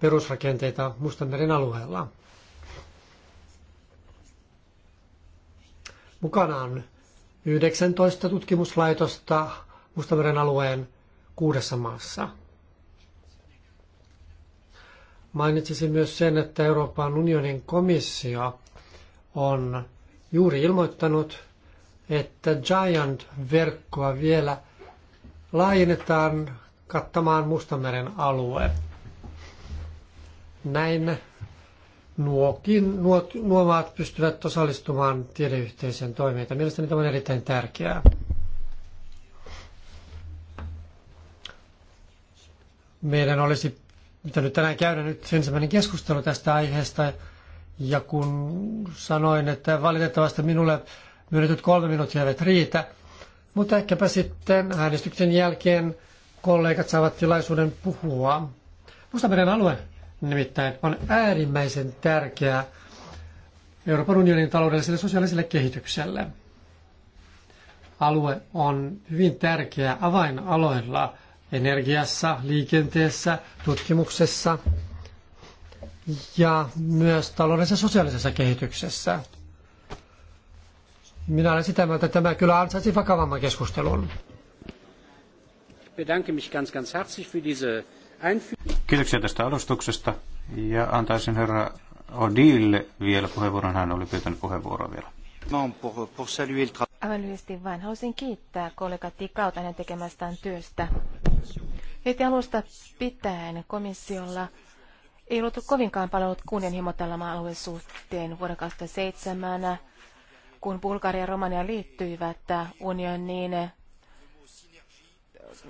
perusrakenteita Mustanmeren alueella. Mukana on 19 tutkimuslaitosta Mustanmeren alueen kuudessa maassa. Mainitsisin myös sen, että Euroopan unionin komissio on juuri ilmoittanut, että Giant-verkkoa vielä laajennetaan kattamaan Mustanmeren alue. Näin nuokin, nuo, nuo maat pystyvät osallistumaan tiedeyhteisön toimintaan. Mielestäni tämä on erittäin tärkeää. Meidän olisi pitänyt tänään käydä nyt ensimmäinen keskustelu tästä aiheesta. Ja kun sanoin, että valitettavasti minulle myönnetyt kolme minuuttia eivät riitä, mutta ehkäpä sitten äänestyksen jälkeen kollegat saavat tilaisuuden puhua. Musta meidän alue Nimittäin on äärimmäisen tärkeää Euroopan unionin taloudelliselle ja sosiaaliselle kehitykselle. Alue on hyvin tärkeä avainaloilla energiassa, liikenteessä, tutkimuksessa ja myös taloudellisessa ja sosiaalisessa kehityksessä. Minä olen sitä mieltä, että tämä kyllä ansaitsi vakavamman keskustelun. Ich bedanke mich ganz, ganz herzlich für diese Kiitoksia tästä alustuksesta ja antaisin herra Odille vielä puheenvuoron. Hän oli pyytänyt puheenvuoroa vielä. Aivan lyhyesti vain haluaisin kiittää kollega Tikauta hänen tekemästään työstä. Heti alusta pitäen komissiolla ei ollut kovinkaan paljon ollut kunnianhimo tällä maa suhteen vuonna 2007, kun Bulgaria ja Romania liittyivät unioniin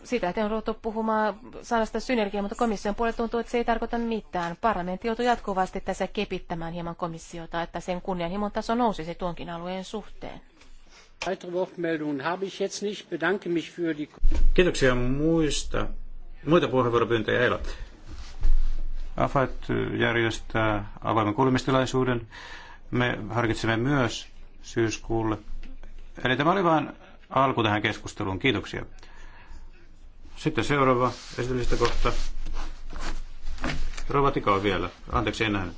sitä, että on ruvettu puhumaan sanasta synergiaa, mutta komission puolella tuntuu, että se ei tarkoita mitään. Parlamentti joutuu jatkuvasti tässä kepittämään hieman komissiota, että sen kunnianhimon taso nousisi tuonkin alueen suhteen. Kiitoksia muista. Muita puheenvuoropyyntöjä ei ole. AFAT järjestää avoimen kuulemistilaisuuden. Me harkitsemme myös syyskuulle. Eli tämä oli vain alku tähän keskusteluun. Kiitoksia. Sitten seuraava esitellistä kohta. Rova Tikao vielä. Anteeksi, en nähnyt.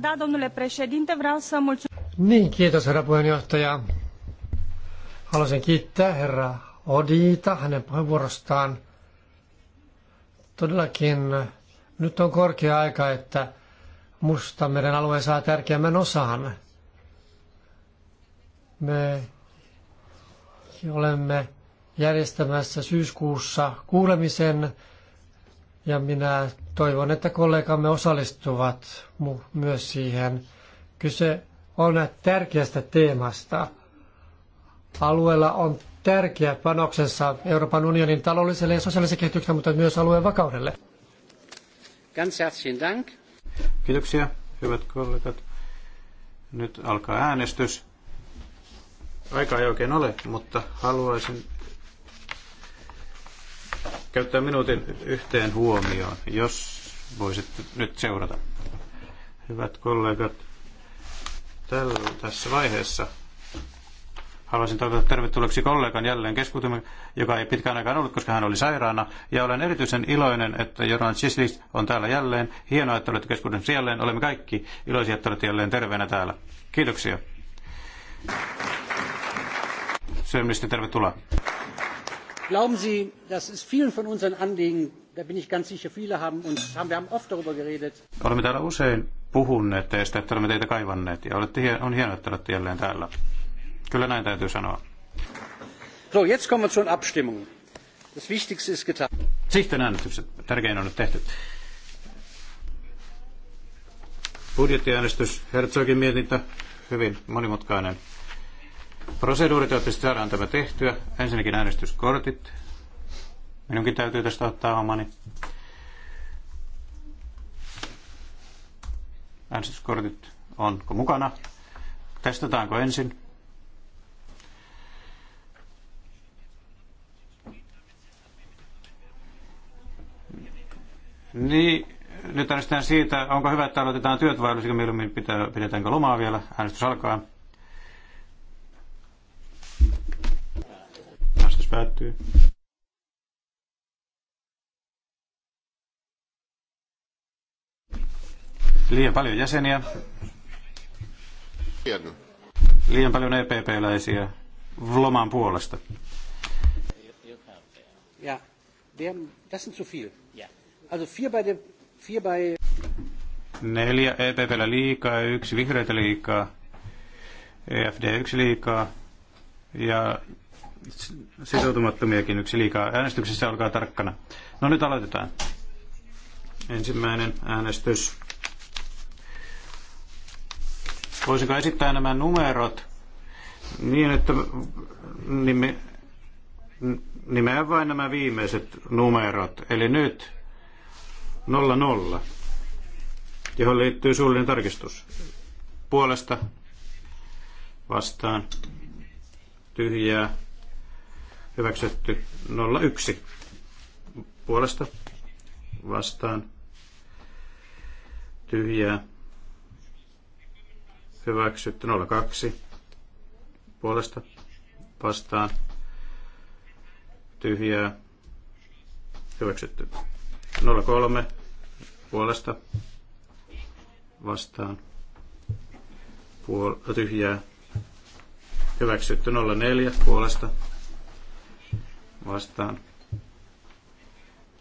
Da, domnule președinte, vreau să mulțumesc. Niin, kiitos herra puheenjohtaja. Haluaisin kiittää herra Odita hänen puheenvuorostaan. Todellakin nyt on korkea aika, että Mustanmeren alue saa tärkeämmän osan. Me olemme järjestämässä syyskuussa kuulemisen ja minä toivon, että kollegamme osallistuvat myös siihen. Kyse on tärkeästä teemasta. Alueella on tärkeä panoksensa Euroopan unionin taloudelliselle ja sosiaaliselle kehitykselle, mutta myös alueen vakaudelle. Ganz herzlichen Dank. Kiitoksia, hyvät kollegat. Nyt alkaa äänestys. Aika ei oikein ole, mutta haluaisin käyttää minuutin yhteen huomioon, jos voisit nyt seurata. Hyvät kollegat, tällä, tässä vaiheessa haluaisin toivottaa tervetulleeksi kollegan jälleen keskustelun, joka ei pitkään aikaan ollut, koska hän oli sairaana. Ja olen erityisen iloinen, että Joran Sislis on täällä jälleen. Hienoa, että olette keskustelun jälleen. Olemme kaikki iloisia, että olette jälleen terveenä täällä. Kiitoksia. Syömistä tervetuloa glauben sie das ist vielen von uns ein anliegen da bin ich ganz sicher viele haben uns haben wir haben oft darüber geredet olemme täällä usein puhuneet teistä että olemme teitä kaivanneet ja olette, on hienoa että olette jälleen täällä kyllä näin täytyy sanoa so jetzt kommen wir zur abstimmung das wichtigste ist getan sitten äänestykset tärkein on nyt tehty budjettiäänestys Herzogin mietintö hyvin monimutkainen Proseduuri toivottavasti saadaan tämä tehtyä. Ensinnäkin äänestyskortit. Minunkin täytyy tästä ottaa omani. Äänestyskortit onko mukana? Testataanko ensin? Niin, nyt äänestetään siitä, onko hyvä, että aloitetaan työt vai olisiko mieluummin pitää, pidetäänkö lomaa vielä. Äänestys alkaa. päättyy. Liian paljon jäseniä. Liian paljon EPP-läisiä Vloman puolesta. Ja, das sind zu viel. Also vier bei dem, vier bei... Neljä EPPllä liikaa, yksi vihreitä liikaa, EFD yksi liikaa ja sitoutumattomiakin yksi liikaa. Äänestyksessä olkaa tarkkana. No nyt aloitetaan. Ensimmäinen äänestys. Voisinko esittää nämä numerot niin, että nime, nimeän vain nämä viimeiset numerot. Eli nyt 00, johon liittyy suullinen tarkistus. Puolesta vastaan tyhjää hyväksytty 01 puolesta vastaan tyhjää hyväksytty 02 puolesta vastaan tyhjää hyväksytty 03 puolesta vastaan puol- tyhjää hyväksytty 04 puolesta vastaan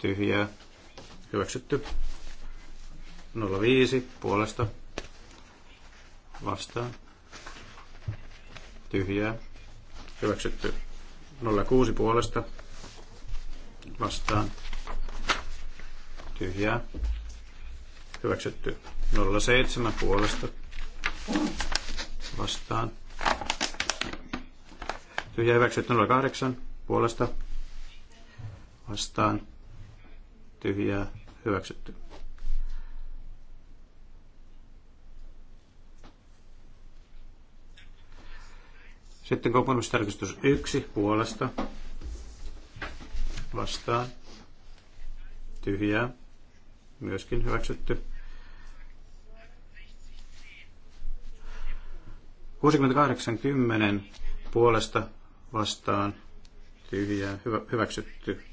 tyhjää hyväksytty 05 puolesta vastaan tyhjää hyväksytty 06 puolesta vastaan tyhjää hyväksytty 07 puolesta vastaan tyhjää hyväksytty 08 puolesta vastaan tyhjää hyväksytty. Sitten kokonaistarkistus 1 puolesta vastaan tyhjää myöskin hyväksytty. 68.10 puolesta vastaan tyhjää hyvä, hyväksytty.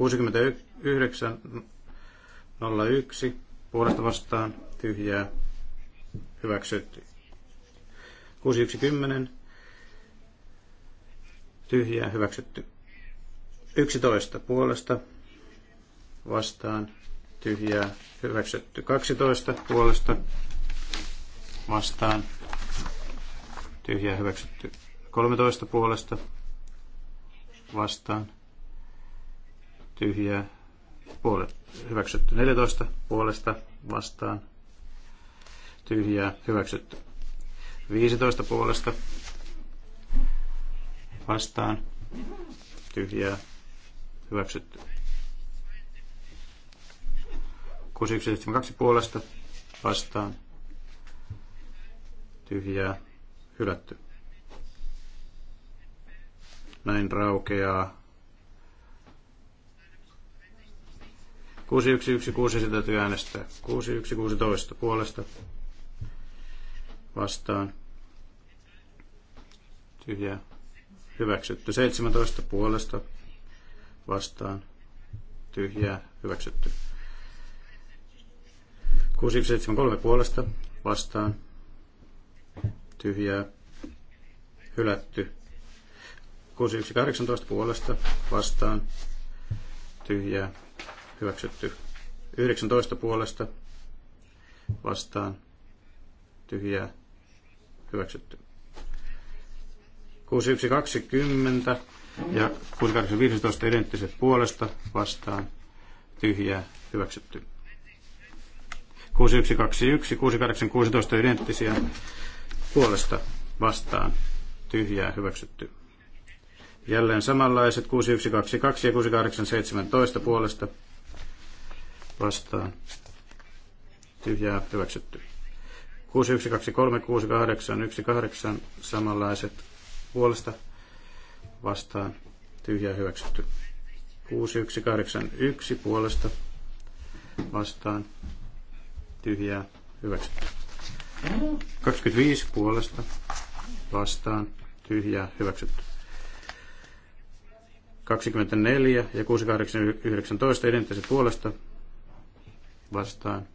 69.01 puolesta vastaan tyhjää hyväksytty. 6110 tyhjää hyväksytty. 11 puolesta vastaan tyhjää hyväksytty. 12 puolesta vastaan tyhjää hyväksytty. 13 puolesta vastaan tyhjää puolet hyväksytty 14 puolesta vastaan tyhjää hyväksytty 15 puolesta vastaan tyhjää hyväksytty 6172 puolesta vastaan tyhjää hylätty näin raukeaa 6116 sitä täytyy äänestää. 6116 puolesta vastaan. Tyhjää. Hyväksytty. 17 puolesta vastaan. Tyhjää. Hyväksytty. 6173 puolesta vastaan. Tyhjää. Hylätty. 6118 puolesta vastaan. Tyhjää hyväksytty. 19 puolesta vastaan tyhjää hyväksytty. 6120 ja 6815 identtiset puolesta vastaan tyhjää hyväksytty. 6121, 6816 identtisiä puolesta vastaan tyhjää hyväksytty. Jälleen samanlaiset 6122 ja 6817 puolesta vastaan tyhjää hyväksytty. 6123, samanlaiset puolesta vastaan tyhjää hyväksytty. 6181 puolesta vastaan tyhjää hyväksytty. 25 puolesta vastaan tyhjää hyväksytty. 24 ja 6819 identtiset puolesta vastaan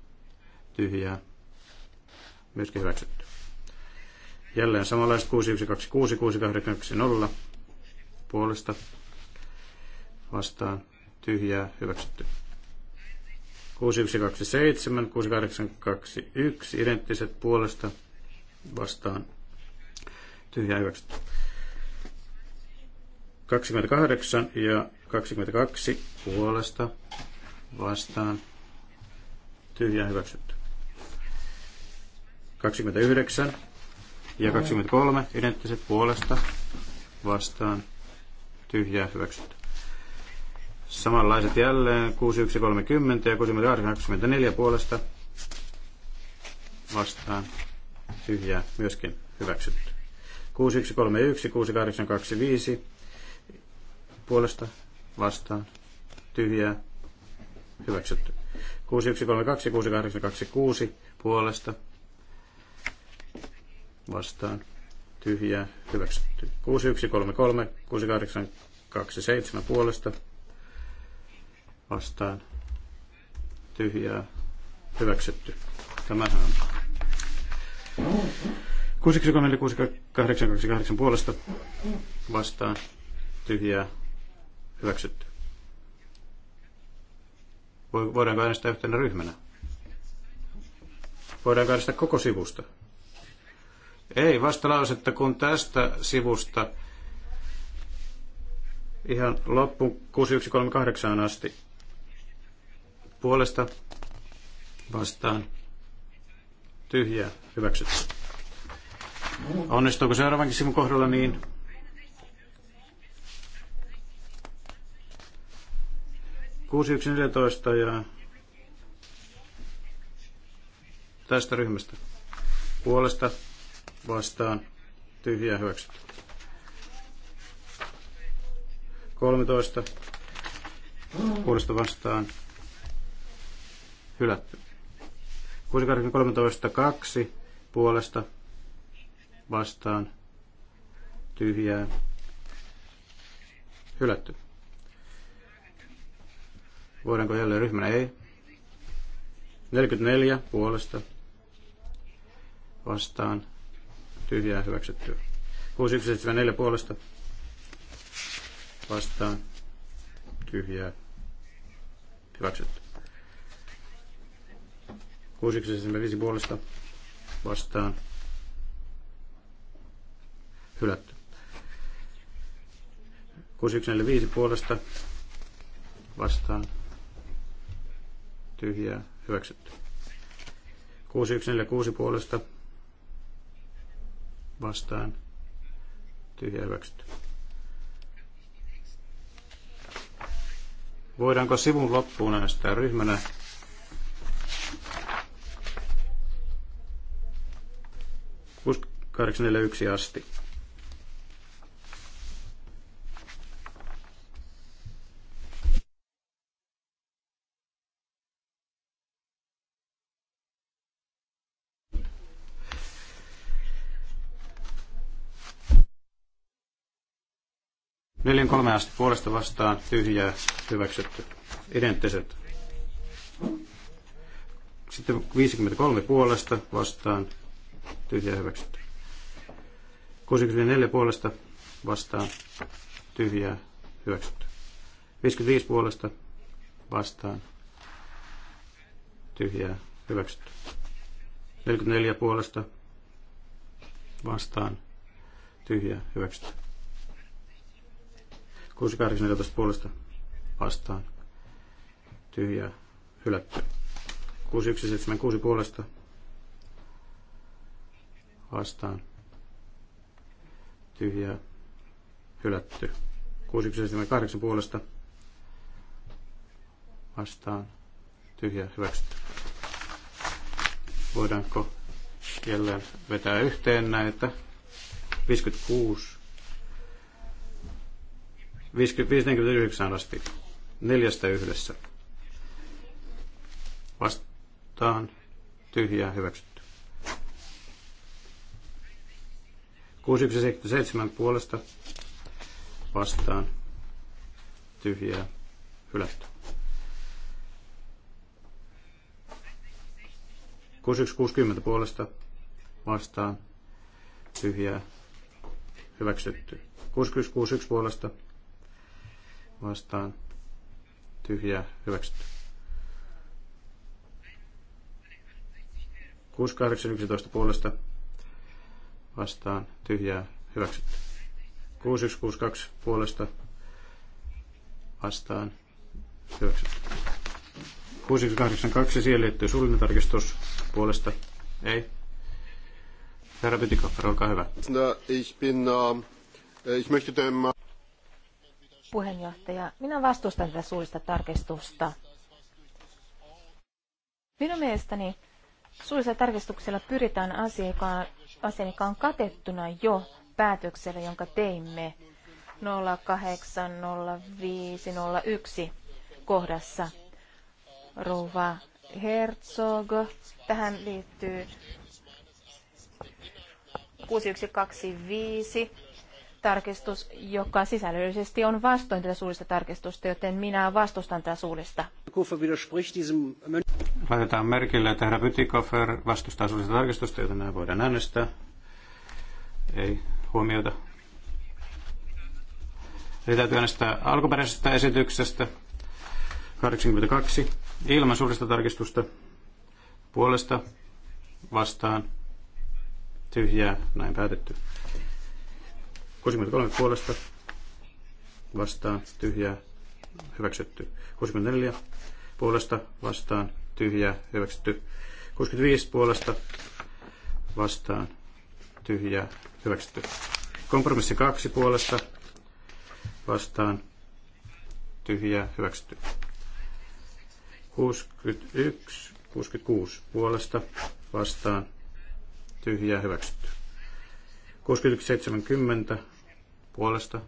tyhjää myöskin hyväksytty. Jälleen samanlaiset 6126680 puolesta vastaan tyhjää hyväksytty. 6127, 6821 identtiset puolesta vastaan tyhjää hyväksytty. 28 ja 22 puolesta vastaan tyhjä hyväksytty. 29 ja 23 identtiset puolesta vastaan tyhjää hyväksytty. Samanlaiset jälleen 6130 ja 6824 puolesta vastaan tyhjää myöskin hyväksytty. 6131, 6825 puolesta vastaan tyhjää hyväksytty. 6132, 6826 puolesta vastaan tyhjää hyväksytty. 6133, 6827 puolesta vastaan tyhjää hyväksytty. Tämähän on 64828 puolesta vastaan tyhjää hyväksytty. Voidaanko äänestää yhtenä ryhmänä? Voidaanko äänestää koko sivusta? Ei, vasta lausetta kun tästä sivusta ihan loppu 6138 asti puolesta vastaan tyhjää hyväksytty. Onnistuuko seuraavankin sivun kohdalla niin? 6.14 ja tästä ryhmästä puolesta vastaan tyhjää hyväksytty. 13 puolesta vastaan hylätty. 613 2 puolesta vastaan tyhjää hylätty. Voidaanko jälleen ryhmänä? Ei. 44 puolesta vastaan tyhjää hyväksytty. 6174 puolesta vastaan tyhjää hyväksytty. 6175 puolesta vastaan hylätty. 6145 puolesta vastaan tyhjää hyväksytty. 6146 puolesta vastaan tyhjä hyväksytty. Voidaanko sivun loppuun äänestää ryhmänä? Kuus 841 asti. 43 asti puolesta vastaan tyhjää hyväksytty. Identtiset. Sitten 53 puolesta vastaan tyhjää hyväksytty. 64 puolesta vastaan tyhjää hyväksytty. 55 puolesta vastaan tyhjää hyväksytty. 44 puolesta vastaan tyhjää hyväksytty. 6814 puolesta vastaan. Tyhjää hylätty. 6176 puolesta vastaan. Tyhjää hylätty. 6178 puolesta vastaan. Tyhjää hyväksytty. Voidaanko jälleen vetää yhteen näitä? 56 59 asti. Neljästä yhdessä. Vastaan. Tyhjää hyväksytty. 67 puolesta. Vastaan. Tyhjää hylätty. 6160 puolesta. Vastaan. Tyhjää hyväksytty. 6161 puolesta vastaan tyhjä hyväksytty. 6811 puolesta vastaan tyhjää hyväksytty. 6162 puolesta vastaan hyväksytty. 6182 siihen liittyy suullinen tarkistus puolesta. Ei. Herra Pitikoffer, olkaa hyvä. No, ich bin, uh, ich möchte dem... uh... Puheenjohtaja, minä vastustan tätä suullista tarkistusta. Minun mielestäni suullisella tarkistuksella pyritään asiaan, joka, asia, joka on katettuna jo päätöksellä, jonka teimme 080501 kohdassa. Rouva Herzog, tähän liittyy 6125 tarkistus, joka sisällöllisesti on vastoin tätä suullista tarkistusta, joten minä vastustan tätä suullista. Laitetaan merkille, että herra Bytikofer vastustaa suullista tarkistusta, joten näin voidaan äänestää. Ei huomiota. Eli täytyy äänestää alkuperäisestä esityksestä 82 ilman suullista tarkistusta puolesta vastaan tyhjää, näin päätetty. 63 puolesta vastaan tyhjää hyväksytty. 64 puolesta vastaan tyhjää hyväksytty. 65 puolesta vastaan tyhjää hyväksytty. Kompromissi 2 puolesta vastaan tyhjää hyväksytty. 61, 66 puolesta vastaan tyhjää hyväksytty. 61, 70 puolesta.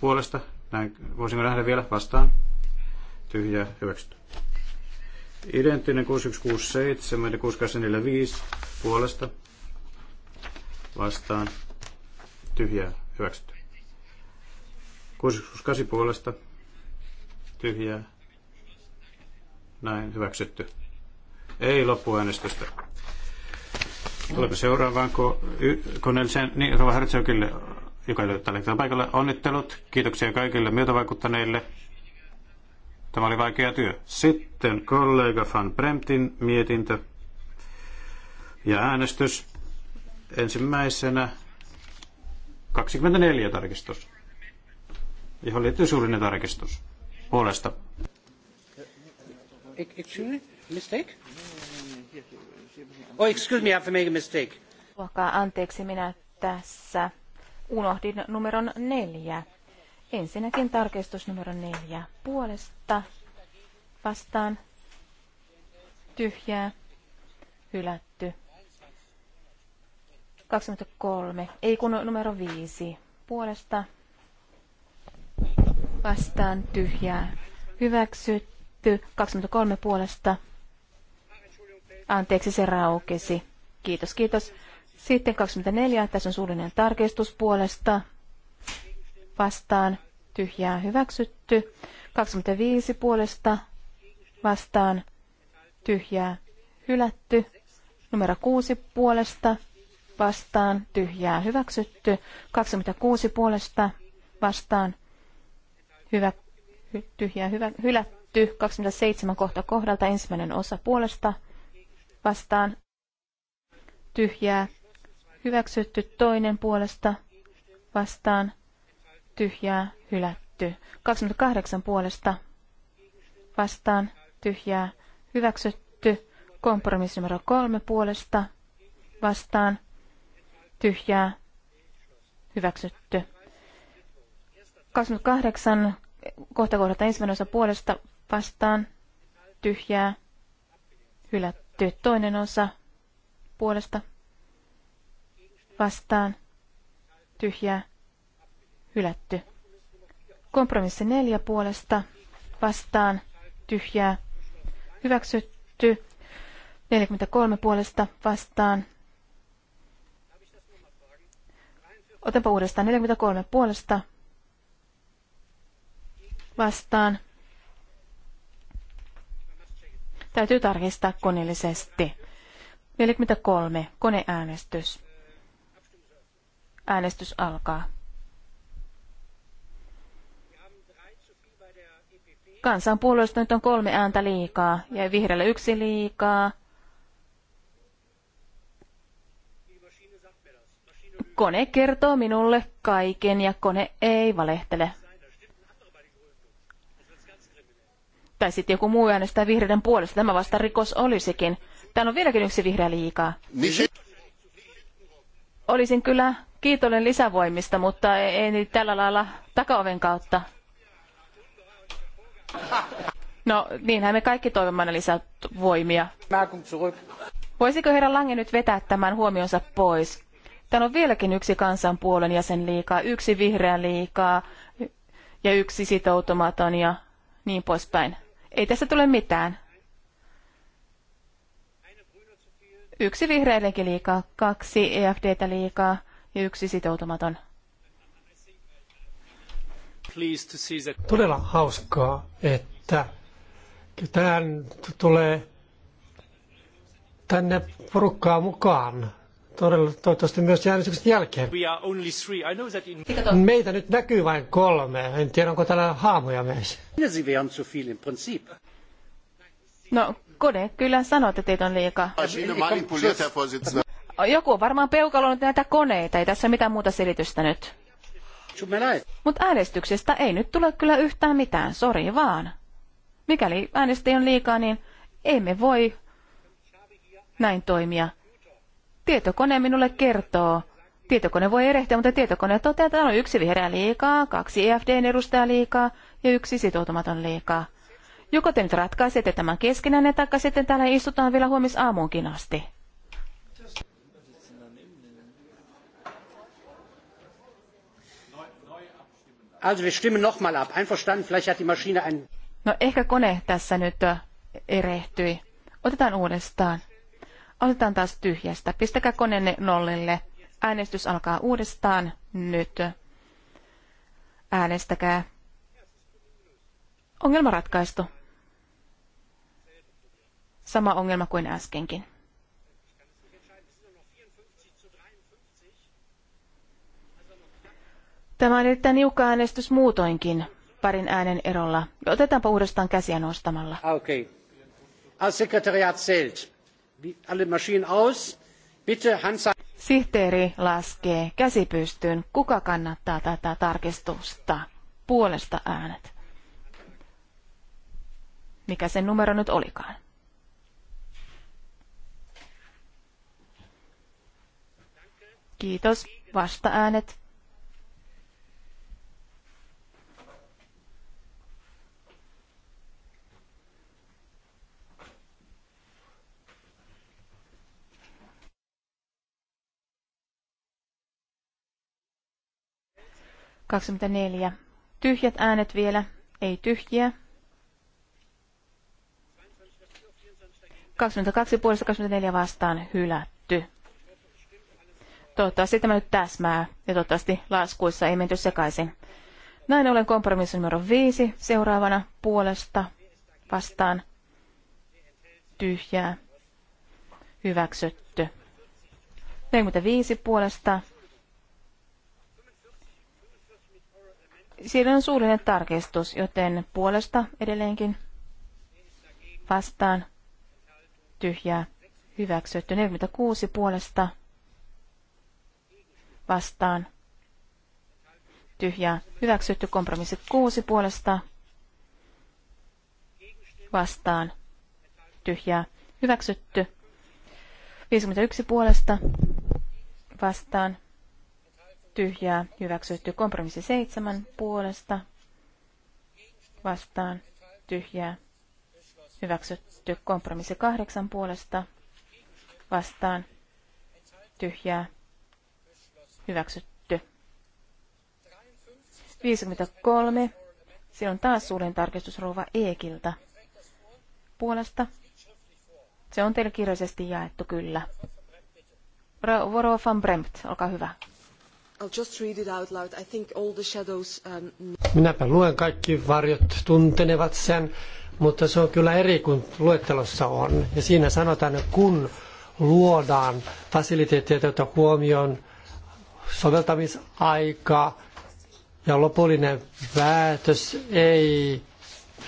Puolesta. Näin, voisinko nähdä vielä vastaan? Tyhjää hyväksytty. Identtinen 6167 ja 6845 puolesta vastaan tyhjää hyväksytty. 68 puolesta tyhjää näin hyväksytty. Ei loppuäänestystä. Tuleeko seuraavaan koneelliseen? Niin, Rova Hertsökille, joka ei ole tällä hetkellä paikalla. Onnittelut. Kiitoksia kaikille myötävaikuttaneille. Tämä oli vaikea työ. Sitten kollega Van Bremtin mietintö ja äänestys. Ensimmäisenä 24 tarkistus, johon liittyy suullinen tarkistus puolesta. Mistake? Oh, excuse me, I have to a mistake. Luokaa anteeksi, minä tässä unohdin numeron neljä. Ensinnäkin tarkistus numero neljä. Puolesta vastaan tyhjää hylätty. 23. Ei kun numero 5. Puolesta vastaan tyhjää hyväksytty. 23 puolesta Anteeksi, se raukesi. Kiitos, kiitos. Sitten 24, tässä on suullinen tarkistus puolesta. Vastaan, tyhjää hyväksytty. 25 puolesta vastaan, tyhjää hylätty. Numero 6 puolesta vastaan, tyhjää hyväksytty. 26 puolesta vastaan, hyvä, tyhjää hyvä, hylätty. 27 kohta kohdalta ensimmäinen osa puolesta vastaan tyhjää hyväksytty toinen puolesta vastaan tyhjää hylätty. 28 puolesta vastaan tyhjää hyväksytty. Kompromissi numero kolme puolesta vastaan tyhjää hyväksytty. 28 kohta kohdalta ensimmäisen osa puolesta vastaan tyhjää hylätty Hylätty toinen osa puolesta vastaan tyhjää hylätty. Kompromissi neljä puolesta vastaan tyhjää hyväksytty. 43 puolesta vastaan. Otanpa uudestaan 43 puolesta vastaan Täytyy tarkistaa koneellisesti. 43. Koneäänestys. Äänestys alkaa. puolueesta nyt on kolme ääntä liikaa ja vihreällä yksi liikaa. Kone kertoo minulle kaiken ja kone ei valehtele. tai sitten joku muu äänestää vihreiden puolesta. Tämä vasta rikos olisikin. Täällä on vieläkin yksi vihreä liikaa. Olisin kyllä kiitollinen lisävoimista, mutta e- ei nyt tällä lailla takaoven kautta. No niinhän me kaikki toivomme lisää lisävoimia. Voisiko herra Lange nyt vetää tämän huomionsa pois? Täällä on vieläkin yksi kansanpuolen jäsen liikaa, yksi vihreä liikaa ja yksi sitoutumaton ja niin poispäin. Ei tässä tule mitään. Yksi vihreillekin liikaa, kaksi EFDtä liikaa ja yksi sitoutumaton. Todella hauskaa, että tähän tulee tänne porukkaa mukaan todella, toivottavasti myös äänestyksen jälkeen. Meitä nyt näkyy vain kolme. En tiedä, onko täällä haamuja meissä. No, Kode, kyllä sanoit, että teitä on liikaa. Joku on varmaan peukalonut näitä koneita, ei tässä mitään muuta selitystä nyt. Mutta äänestyksestä ei nyt tule kyllä yhtään mitään, sori vaan. Mikäli äänestäjä on liikaa, niin emme voi näin toimia. Tietokone minulle kertoo. Tietokone voi erehtyä, mutta tietokone toteaa, että on yksi vihreä liikaa, kaksi EFDn edustajaa liikaa ja yksi sitoutumaton liikaa. Joko te nyt ratkaisette tämän keskenään, tai sitten täällä istutaan vielä aamuunkin asti. Also wir stimmen nochmal ab. Einverstanden, vielleicht hat die Maschine ein... No ehkä kone tässä nyt erehtyi. Otetaan uudestaan. Aloitetaan taas tyhjästä. Pistäkää koneenne nollille. Äänestys alkaa uudestaan nyt. Äänestäkää. Ongelma ratkaistu. Sama ongelma kuin äskenkin. Tämä on erittäin niukka äänestys muutoinkin parin äänen erolla. Otetaanpa uudestaan käsiä nostamalla. Okay. Al-Sekretariat zählt. Sihteeri laskee käsipystyyn. Kuka kannattaa tätä tarkistusta? Puolesta äänet. Mikä sen numero nyt olikaan? Kiitos. Vasta-äänet. 24. Tyhjät äänet vielä, ei tyhjiä. 22 puolesta 24 vastaan hylätty. Toivottavasti tämä nyt täsmää ja toivottavasti laskuissa ei menty sekaisin. Näin ollen kompromissi numero 5 seuraavana puolesta vastaan tyhjää hyväksytty. 45 puolesta Siinä on suullinen tarkistus, joten puolesta edelleenkin vastaan tyhjää hyväksytty. 46 puolesta vastaan tyhjää hyväksytty. Kompromissi 6 puolesta vastaan tyhjää hyväksytty. 51 puolesta vastaan tyhjää hyväksytty. Kompromissi seitsemän puolesta vastaan tyhjää hyväksytty. Kompromissi kahdeksan puolesta vastaan tyhjää hyväksytty. 53. Siellä on taas tarkistus rouva Eekiltä puolesta. Se on teille kirjallisesti jaettu kyllä. Rova van Bremt, olkaa hyvä. I'll just read it out loud. I think all the shadows, um... Minäpä luen kaikki varjot, tuntenevat sen, mutta se on kyllä eri kuin luettelossa on. Ja siinä sanotaan, että kun luodaan fasiliteetteja, joita huomioon soveltamisaika ja lopullinen päätös ei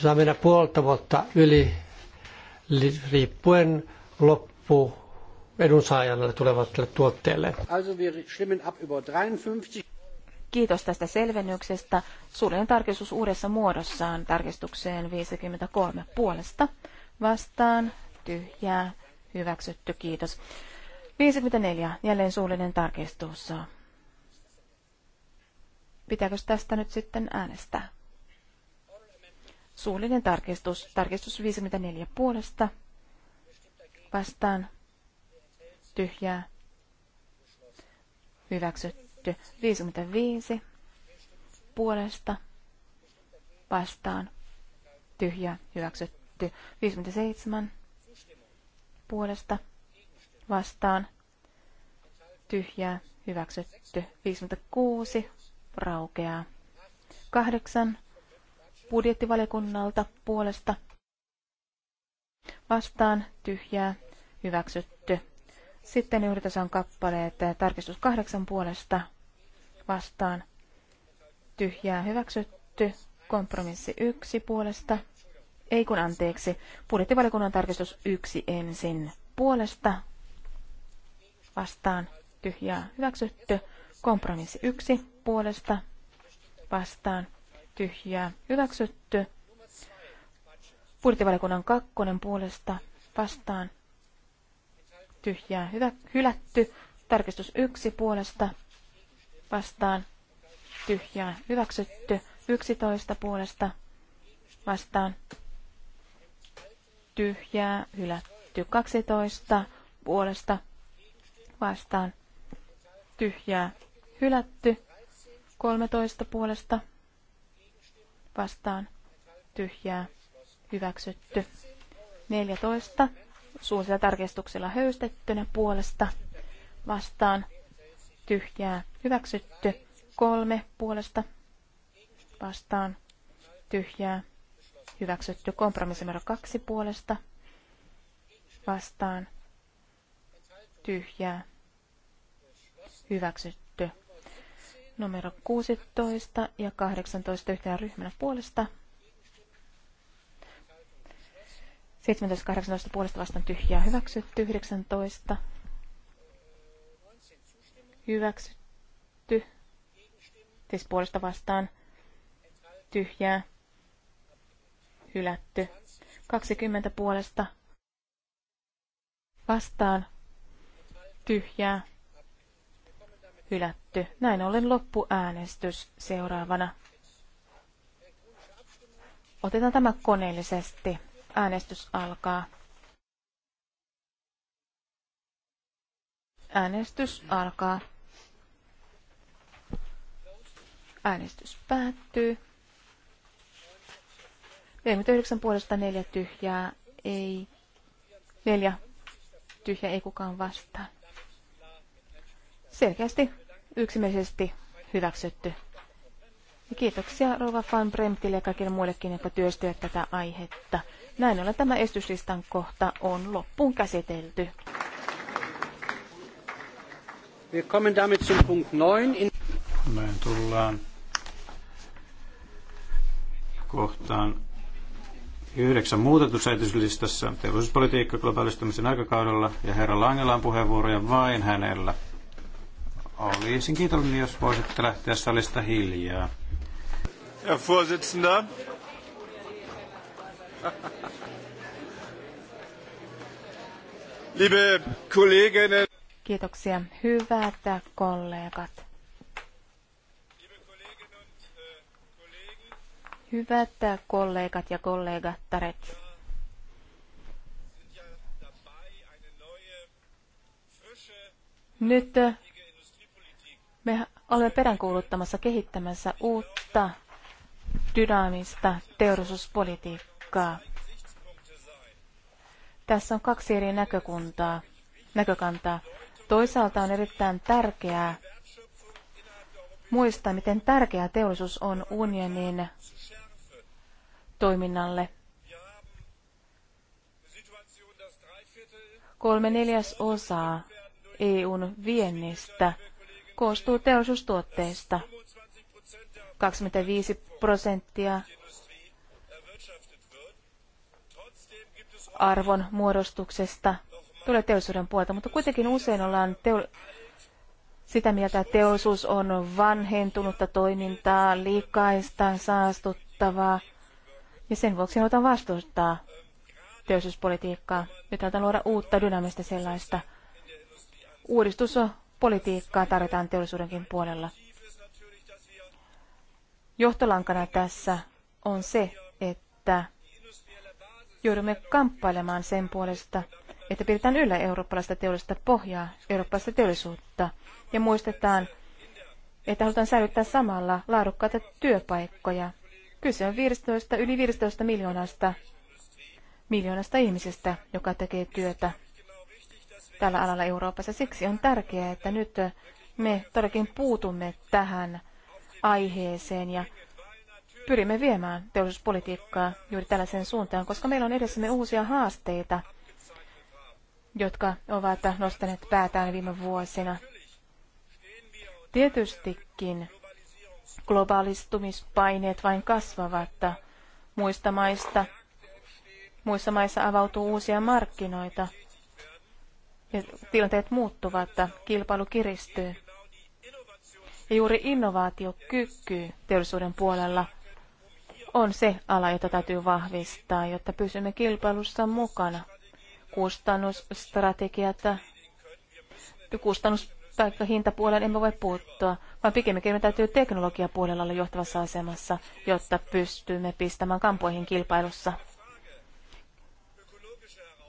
saa mennä puolta vuotta yli riippuen loppu edunsaajalle tulevalle tuotteelle. Kiitos tästä selvennyksestä. Suullinen tarkistus uudessa muodossaan tarkistukseen 53 puolesta. Vastaan tyhjää. Hyväksytty. Kiitos. 54. Jälleen suullinen tarkistus. Pitääkö tästä nyt sitten äänestää? Suullinen tarkistus. Tarkistus 54 puolesta. Vastaan tyhjää, hyväksytty. 55 puolesta vastaan, tyhjää, hyväksytty. 57 puolesta vastaan, tyhjää, hyväksytty. 56 raukeaa. 8 budjettivaliokunnalta puolesta vastaan tyhjää hyväksytty. Sitten yhdytasan kappaleet eh, tarkistus kahdeksan puolesta vastaan tyhjää hyväksytty. Kompromissi yksi puolesta. Ei kun anteeksi. Budjettivaliokunnan tarkistus yksi ensin puolesta vastaan tyhjää hyväksytty. Kompromissi yksi puolesta vastaan tyhjää hyväksytty. Budjettivaliokunnan kakkonen puolesta vastaan tyhjää hyvä, hylätty. Tarkistus yksi puolesta vastaan tyhjää hyväksytty. Yksitoista puolesta vastaan tyhjää hylätty. Kaksitoista puolesta vastaan tyhjää hylätty. Kolmetoista puolesta vastaan tyhjää hyväksytty. Neljätoista suullisella tarkistuksella höystettynä puolesta vastaan tyhjää hyväksytty. Kolme puolesta vastaan tyhjää hyväksytty. Kompromissi numero kaksi puolesta vastaan tyhjää hyväksytty. Numero 16 ja 18 yhtään ryhmänä puolesta 17, 18 puolesta vastaan tyhjää hyväksytty. 19 hyväksytty. Siis puolesta vastaan tyhjää hylätty. 20 puolesta vastaan tyhjää hylätty. Näin ollen loppuäänestys seuraavana. Otetaan tämä koneellisesti. Äänestys alkaa. Äänestys alkaa. Äänestys päättyy. 49 puolesta neljä tyhjää ei, neljä tyhjää ei kukaan vastaa. Selkeästi yksimielisesti hyväksytty. Ja kiitoksia Rova van Bremtille ja kaikille muillekin, jotka työstivät tätä aihetta. Näin ollen tämä estyslistan kohta on loppuun käsitelty. Wir kommen damit zum Punkt 9. Näin tullaan kohtaan yhdeksän muutetussa esityslistassa teollisuuspolitiikka globaalistumisen aikakaudella ja herra Langella on puheenvuoroja vain hänellä. Olisin kiitollinen, jos voisitte lähteä salista hiljaa. Herr Vorsitzender, Liebe Kolleginnen. Kiitoksia. Hyvät kollegat. Hyvät kollegat ja kollegattaret. Nyt me olemme peräänkuuluttamassa kehittämässä uutta dynaamista teollisuuspolitiikkaa uhkaa. Tässä on kaksi eri näkökuntaa, näkökantaa. Toisaalta on erittäin tärkeää muistaa, miten tärkeä teollisuus on unionin toiminnalle. Kolme neljäs osaa EUn viennistä koostuu teollisuustuotteista. 25 prosenttia arvon muodostuksesta tulee teollisuuden puolta, mutta kuitenkin usein ollaan teo- sitä mieltä, että teollisuus on vanhentunutta toimintaa, liikaista, saastuttavaa, ja sen vuoksi halutaan vastustaa teollisuuspolitiikkaa. Nyt halutaan luoda uutta dynaamista sellaista. Uudistuspolitiikkaa tarvitaan teollisuudenkin puolella. Johtolankana tässä on se, että joudumme kamppailemaan sen puolesta, että pidetään yllä eurooppalaista teollista pohjaa, eurooppalaista teollisuutta, ja muistetaan, että halutaan säilyttää samalla laadukkaita työpaikkoja. Kyse on 15, yli 15 miljoonasta, miljoonasta ihmisestä, joka tekee työtä tällä alalla Euroopassa. Siksi on tärkeää, että nyt me todellakin puutumme tähän aiheeseen ja pyrimme viemään teollisuuspolitiikkaa juuri tällaiseen suuntaan, koska meillä on edessämme uusia haasteita, jotka ovat nostaneet päätään viime vuosina. Tietystikin globaalistumispaineet vain kasvavat muista maista. Muissa maissa avautuu uusia markkinoita ja tilanteet muuttuvat, kilpailu kiristyy. Ja juuri innovaatiokyky teollisuuden puolella on se ala, jota täytyy vahvistaa, jotta pysymme kilpailussa mukana. Kustannusstrategiat, kustannus- tai hintapuolella emme voi puuttua, vaan pikemminkin me täytyy teknologiapuolella olla johtavassa asemassa, jotta pystymme pistämään kampoihin kilpailussa.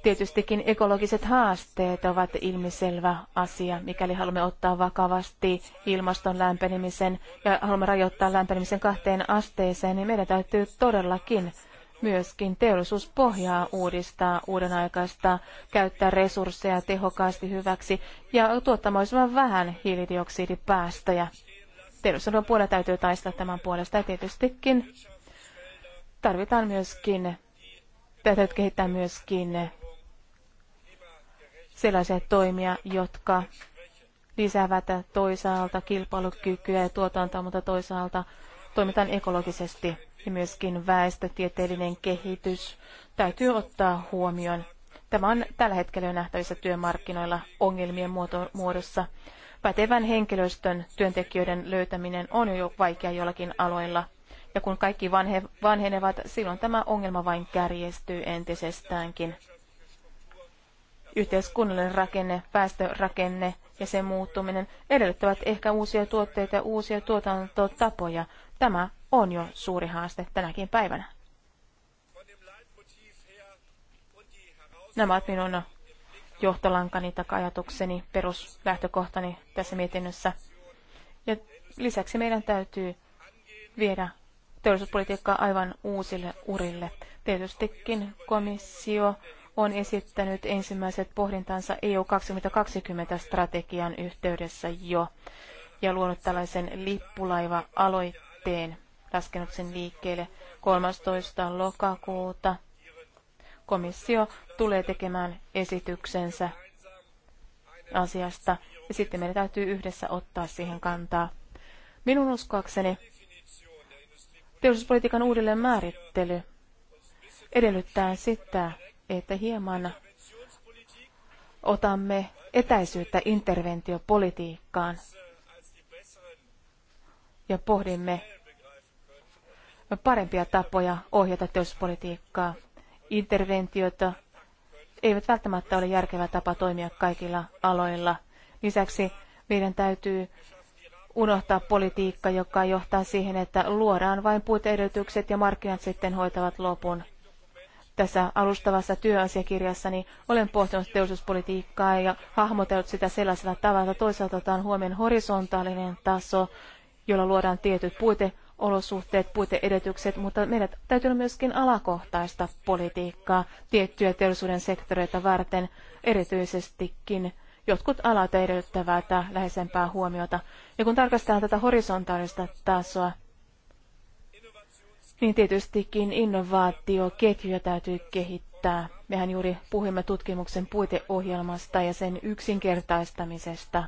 Tietystikin ekologiset haasteet ovat ilmiselvä asia, mikäli haluamme ottaa vakavasti ilmaston lämpenemisen ja haluamme rajoittaa lämpenemisen kahteen asteeseen, niin meidän täytyy todellakin myöskin teollisuuspohjaa uudistaa uuden aikaista, käyttää resursseja tehokkaasti hyväksi ja tuottaa mahdollisimman vähän hiilidioksidipäästöjä. Teollisuuden puolella täytyy taistella tämän puolesta ja tietystikin tarvitaan myöskin, täytyy kehittää myöskin sellaisia toimia, jotka lisäävät toisaalta kilpailukykyä ja tuotantoa, mutta toisaalta toimitaan ekologisesti ja myöskin väestötieteellinen kehitys täytyy ottaa huomioon. Tämä on tällä hetkellä jo nähtävissä työmarkkinoilla ongelmien muodossa. Pätevän henkilöstön työntekijöiden löytäminen on jo vaikea jollakin aloilla. Ja kun kaikki vanhe, vanhenevat, silloin tämä ongelma vain kärjestyy entisestäänkin yhteiskunnallinen rakenne, päästörakenne ja sen muuttuminen edellyttävät ehkä uusia tuotteita ja uusia tuotantotapoja. Tämä on jo suuri haaste tänäkin päivänä. Nämä ovat minun johtolankani tai ajatukseni, peruslähtökohtani tässä mietinnössä. Ja lisäksi meidän täytyy viedä teollisuuspolitiikkaa aivan uusille urille. Tietystikin komissio on esittänyt ensimmäiset pohdintansa EU 2020-strategian yhteydessä jo ja luonut tällaisen lippulaiva-aloitteen, laskenut sen liikkeelle 13. lokakuuta. Komissio tulee tekemään esityksensä asiasta ja sitten meidän täytyy yhdessä ottaa siihen kantaa. Minun uskoakseni teollisuuspolitiikan uudelleen määrittely edellyttää sitä, että hieman otamme etäisyyttä interventiopolitiikkaan ja pohdimme parempia tapoja ohjata teollisuuspolitiikkaa. Interventiota eivät välttämättä ole järkevä tapa toimia kaikilla aloilla. Lisäksi meidän täytyy unohtaa politiikka, joka johtaa siihen, että luodaan vain puiteedellytykset ja markkinat sitten hoitavat lopun tässä alustavassa työasiakirjassani olen pohtinut teollisuuspolitiikkaa ja hahmotellut sitä sellaisella tavalla, että toisaalta otetaan huomioon horisontaalinen taso, jolla luodaan tietyt puiteolosuhteet, puiteedetykset, mutta meidän täytyy olla myöskin alakohtaista politiikkaa tiettyjä teollisuuden sektoreita varten erityisestikin. Jotkut alat edellyttävät läheisempää huomiota. Ja kun tarkastellaan tätä horisontaalista tasoa, niin tietystikin innovaatioketjuja täytyy kehittää. Mehän juuri puhumme tutkimuksen puiteohjelmasta ja sen yksinkertaistamisesta.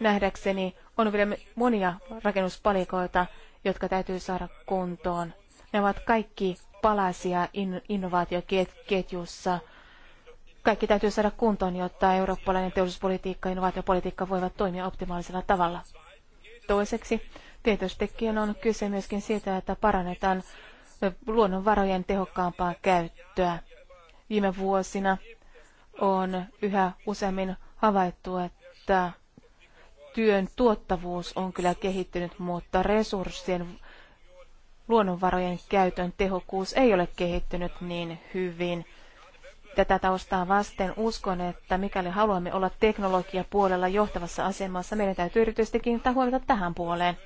Nähdäkseni on vielä monia rakennuspalikoita, jotka täytyy saada kuntoon. Ne ovat kaikki palasia innovaatioketjussa. Kaikki täytyy saada kuntoon, jotta eurooppalainen teollisuuspolitiikka ja innovaatiopolitiikka voivat toimia optimaalisella tavalla. Toiseksi Tietystikin on kyse myöskin siitä, että parannetaan luonnonvarojen tehokkaampaa käyttöä. Viime vuosina on yhä useammin havaittu, että työn tuottavuus on kyllä kehittynyt, mutta resurssien luonnonvarojen käytön tehokkuus ei ole kehittynyt niin hyvin. Tätä taustaa vasten uskon, että mikäli haluamme olla teknologiapuolella johtavassa asemassa, meidän täytyy erityisesti kiinnittää huomiota tähän puoleen.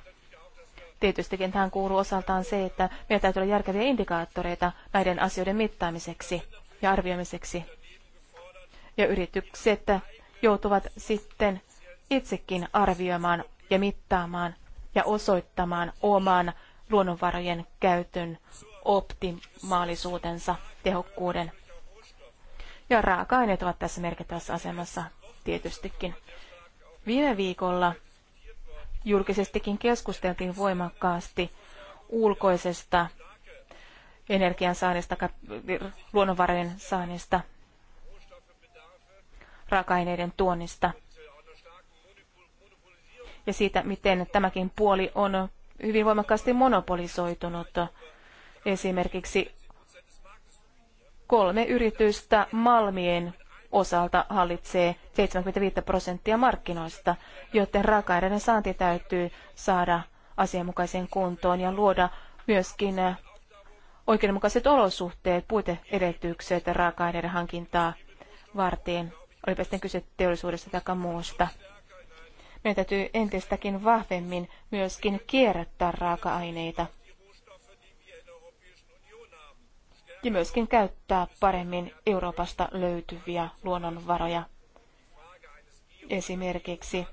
Tietystikin tähän kuuluu osaltaan se, että meillä täytyy olla järkeviä indikaattoreita näiden asioiden mittaamiseksi ja arvioimiseksi. Ja yritykset joutuvat sitten itsekin arvioimaan ja mittaamaan ja osoittamaan oman luonnonvarojen käytön optimaalisuutensa, tehokkuuden. Ja raaka-aineet ovat tässä merkittävässä asemassa tietystikin. Viime viikolla julkisestikin keskusteltiin voimakkaasti ulkoisesta energiansaannista, luonnonvarojen saannista, raaka-aineiden tuonnista ja siitä, miten tämäkin puoli on hyvin voimakkaasti monopolisoitunut. Esimerkiksi kolme yritystä Malmien osalta hallitsee 75 prosenttia markkinoista, joten raaka-aineiden saanti täytyy saada asianmukaiseen kuntoon ja luoda myöskin eh, oikeudenmukaiset olosuhteet, puiteedellytykset raaka-aineiden hankintaa varten, olipa sitten kyse teollisuudesta tai muusta. Meidän täytyy entistäkin vahvemmin myöskin kierrättää raaka-aineita ja myöskin käyttää paremmin Euroopasta löytyviä luonnonvaroja. Esimerkiksi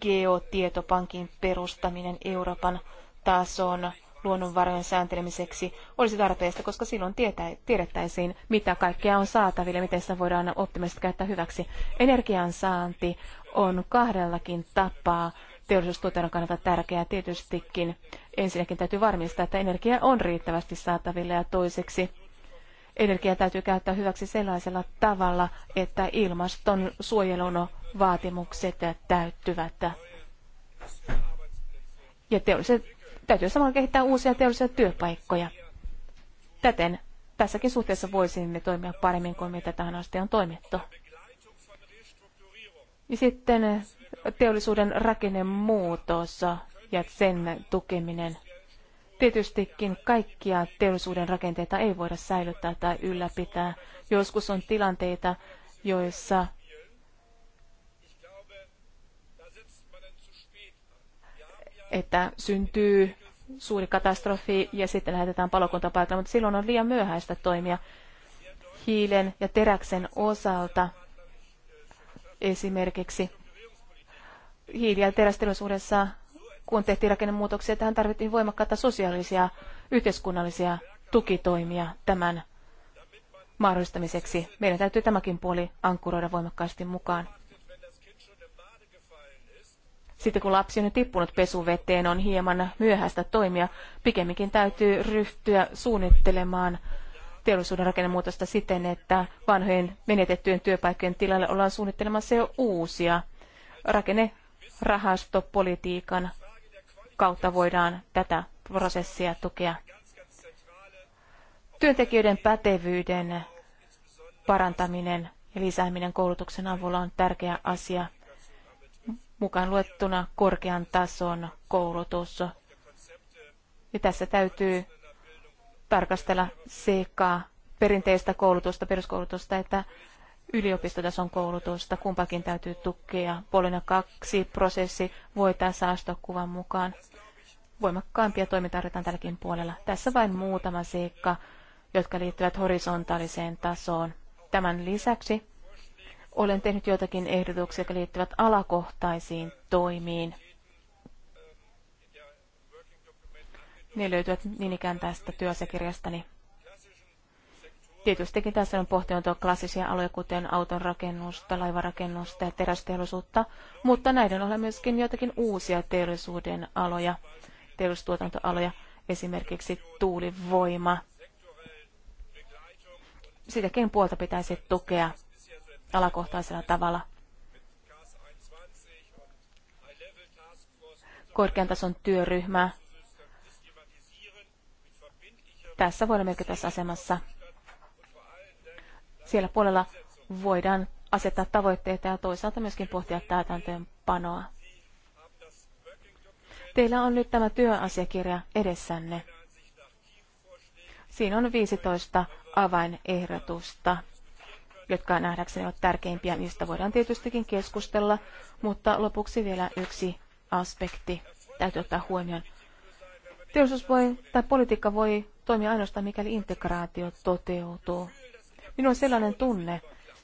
geotietopankin perustaminen Euroopan tason luonnonvarojen sääntelemiseksi olisi tarpeesta, koska silloin tietä, tiedettäisiin, mitä kaikkea on saatavilla ja miten sitä voidaan optimaalisesti käyttää hyväksi. Energian saanti on kahdellakin tapaa teollisuustuotannon kannalta tärkeää tietystikin. Ensinnäkin täytyy varmistaa, että energia on riittävästi saatavilla ja toiseksi energiaa täytyy käyttää hyväksi sellaisella tavalla, että ilmaston suojelun vaatimukset täyttyvät. Ja teolliset, täytyy samalla kehittää uusia teollisia työpaikkoja. Täten tässäkin suhteessa voisimme toimia paremmin kuin mitä tähän asti on toimittu. Ja sitten teollisuuden rakennemuutos ja sen tukeminen. Tietystikin kaikkia teollisuuden rakenteita ei voida säilyttää tai ylläpitää. Joskus on tilanteita, joissa että syntyy suuri katastrofi ja sitten lähetetään palokunta paikalle, mutta silloin on liian myöhäistä toimia hiilen ja teräksen osalta esimerkiksi hiili- ja terästeollisuudessa, kun tehtiin rakennemuutoksia, tähän tarvittiin voimakkaita sosiaalisia, yhteiskunnallisia tukitoimia tämän mahdollistamiseksi. Meidän täytyy tämäkin puoli ankkuroida voimakkaasti mukaan. Sitten kun lapsi on jo tippunut pesuveteen, on hieman myöhäistä toimia. Pikemminkin täytyy ryhtyä suunnittelemaan teollisuuden rakennemuutosta siten, että vanhojen menetettyjen työpaikkojen tilalle ollaan suunnittelemassa jo uusia. Rakenne rahastopolitiikan kautta voidaan tätä prosessia tukea. Työntekijöiden pätevyyden parantaminen ja lisääminen koulutuksen avulla on tärkeä asia, mukaan luettuna korkean tason koulutus. Ja tässä täytyy tarkastella sekä perinteistä koulutusta, peruskoulutusta, että yliopistotason koulutusta. Kumpakin täytyy tukea. Polina 2 prosessi voi tässä astua mukaan. Voimakkaampia toimia tarvitaan tälläkin puolella. Tässä vain muutama seikka, jotka liittyvät horisontaaliseen tasoon. Tämän lisäksi olen tehnyt joitakin ehdotuksia, jotka liittyvät alakohtaisiin toimiin. Ne löytyvät niin ikään tästä työsekirjastani. Tietystikin tässä on pohtinut klassisia aloja, kuten auton rakennusta, laivarakennusta ja terästeollisuutta, mutta näiden on myöskin joitakin uusia teollisuuden aloja, teollisuustuotantoaloja, esimerkiksi tuulivoima. Sitäkin puolta pitäisi tukea alakohtaisella tavalla. Korkean tason työryhmä. Tässä voidaan tässä asemassa siellä puolella voidaan asettaa tavoitteita ja toisaalta myöskin pohtia täytäntöönpanoa. Teillä on nyt tämä työasiakirja edessänne. Siinä on 15 avainehdotusta, jotka nähdäkseni ovat tärkeimpiä, niistä voidaan tietystikin keskustella, mutta lopuksi vielä yksi aspekti täytyy ottaa huomioon. Teollisuus voi, tai politiikka voi toimia ainoastaan, mikäli integraatio toteutuu. Minulla on sellainen tunne,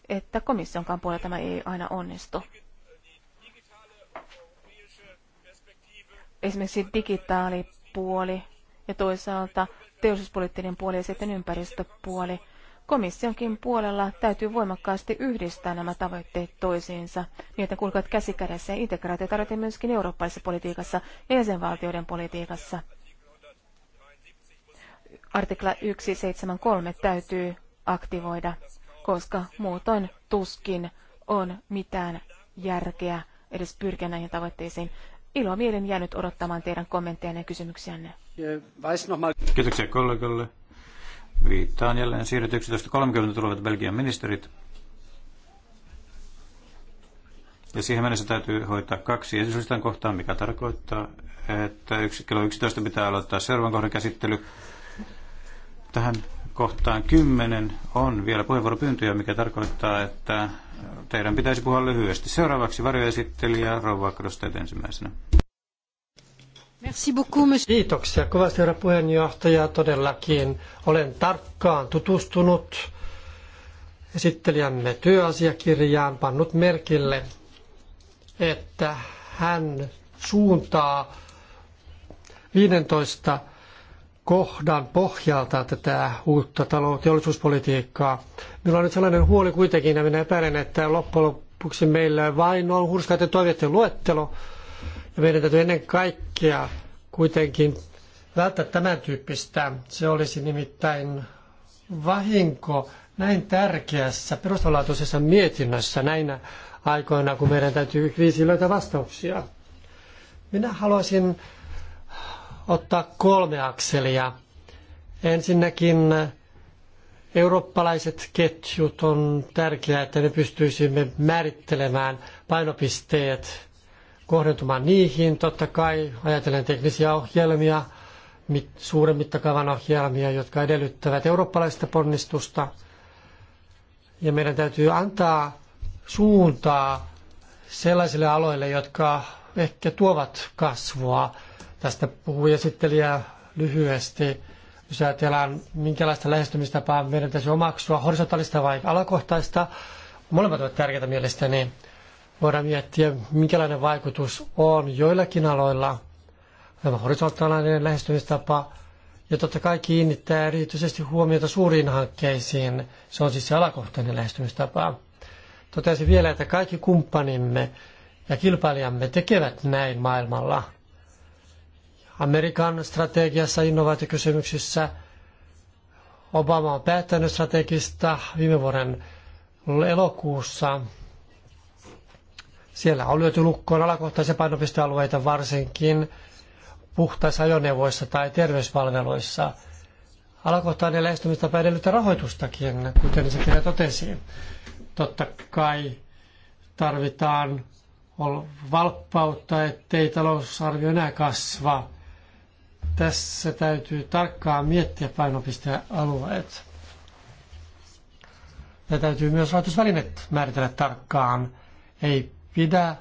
että komissionkaan puolella tämä ei aina onnistu. Esimerkiksi digitaalipuoli ja toisaalta teollisuuspoliittinen puoli ja sitten ympäristöpuoli. Komissionkin puolella täytyy voimakkaasti yhdistää nämä tavoitteet toisiinsa, niin että kulkevat käsikädessä ja integraatio tarvitaan myöskin eurooppalaisessa politiikassa ja jäsenvaltioiden politiikassa. Artikla 173 täytyy aktivoida, koska muutoin tuskin on mitään järkeä edes pyrkiä näihin tavoitteisiin. Ilo mielen jäänyt odottamaan teidän kommenttejanne ja kysymyksiänne. Kiitoksia kollegalle. Viittaan jälleen siirryt 11.30 tulevat Belgian ministerit. Ja siihen mennessä täytyy hoitaa kaksi esitystä kohtaa, mikä tarkoittaa, että yksi, kello 11 pitää aloittaa seuraavan kohdan käsittely. Tähän kohtaan 10 on vielä puheenvuoropyyntöjä, mikä tarkoittaa, että teidän pitäisi puhua lyhyesti. Seuraavaksi varjoesittelijä Rouva Krosteet ensimmäisenä. Merci beaucoup, monsieur. Kiitoksia kovasti, herra puheenjohtaja. Todellakin olen tarkkaan tutustunut esittelijämme työasiakirjaan, pannut merkille, että hän suuntaa 15 kohdan pohjalta tätä uutta talou- teollisuuspolitiikkaa. Meillä on nyt sellainen huoli kuitenkin, ja minä epäilen, että loppujen lopuksi meillä vain on hurskaiden toiveiden luettelo, ja meidän täytyy ennen kaikkea kuitenkin välttää tämän tyyppistä. Se olisi nimittäin vahinko näin tärkeässä perustavanlaatuisessa mietinnössä näinä aikoina, kun meidän täytyy kriisiin löytää vastauksia. Minä haluaisin ottaa kolme akselia. Ensinnäkin eurooppalaiset ketjut on tärkeää, että me pystyisimme määrittelemään painopisteet kohdentumaan niihin. Totta kai ajatellen teknisiä ohjelmia, suuren mittakaavan ohjelmia, jotka edellyttävät eurooppalaista ponnistusta. Ja meidän täytyy antaa suuntaa sellaisille aloille, jotka ehkä tuovat kasvua Tästä puhui esittelijä lyhyesti. Jos ajatellaan, minkälaista lähestymistapaa meidän täytyy omaksua, horisontaalista vai alakohtaista, molemmat ovat tärkeitä mielestäni. Voidaan miettiä, minkälainen vaikutus on joillakin aloilla, tämä horisontaalinen lähestymistapa, ja totta kai kiinnittää erityisesti huomiota suuriin hankkeisiin. Se on siis se alakohtainen lähestymistapa. Totesin vielä, että kaikki kumppanimme ja kilpailijamme tekevät näin maailmalla. Amerikan strategiassa innovaatiokysymyksissä. Obama on päättänyt strategista viime vuoden elokuussa. Siellä on lyöty lukkoon alakohtaisia painopistealueita varsinkin puhtaissa ajoneuvoissa tai terveyspalveluissa. Alakohtainen lähestymistapa edellyttää rahoitustakin, kuten se kirja totesi. Totta kai tarvitaan valppautta, ettei talousarvio enää kasva. Tässä täytyy tarkkaan miettiä painopistealueet. Ja täytyy myös rahoitusvälineet määritellä tarkkaan. Ei pidä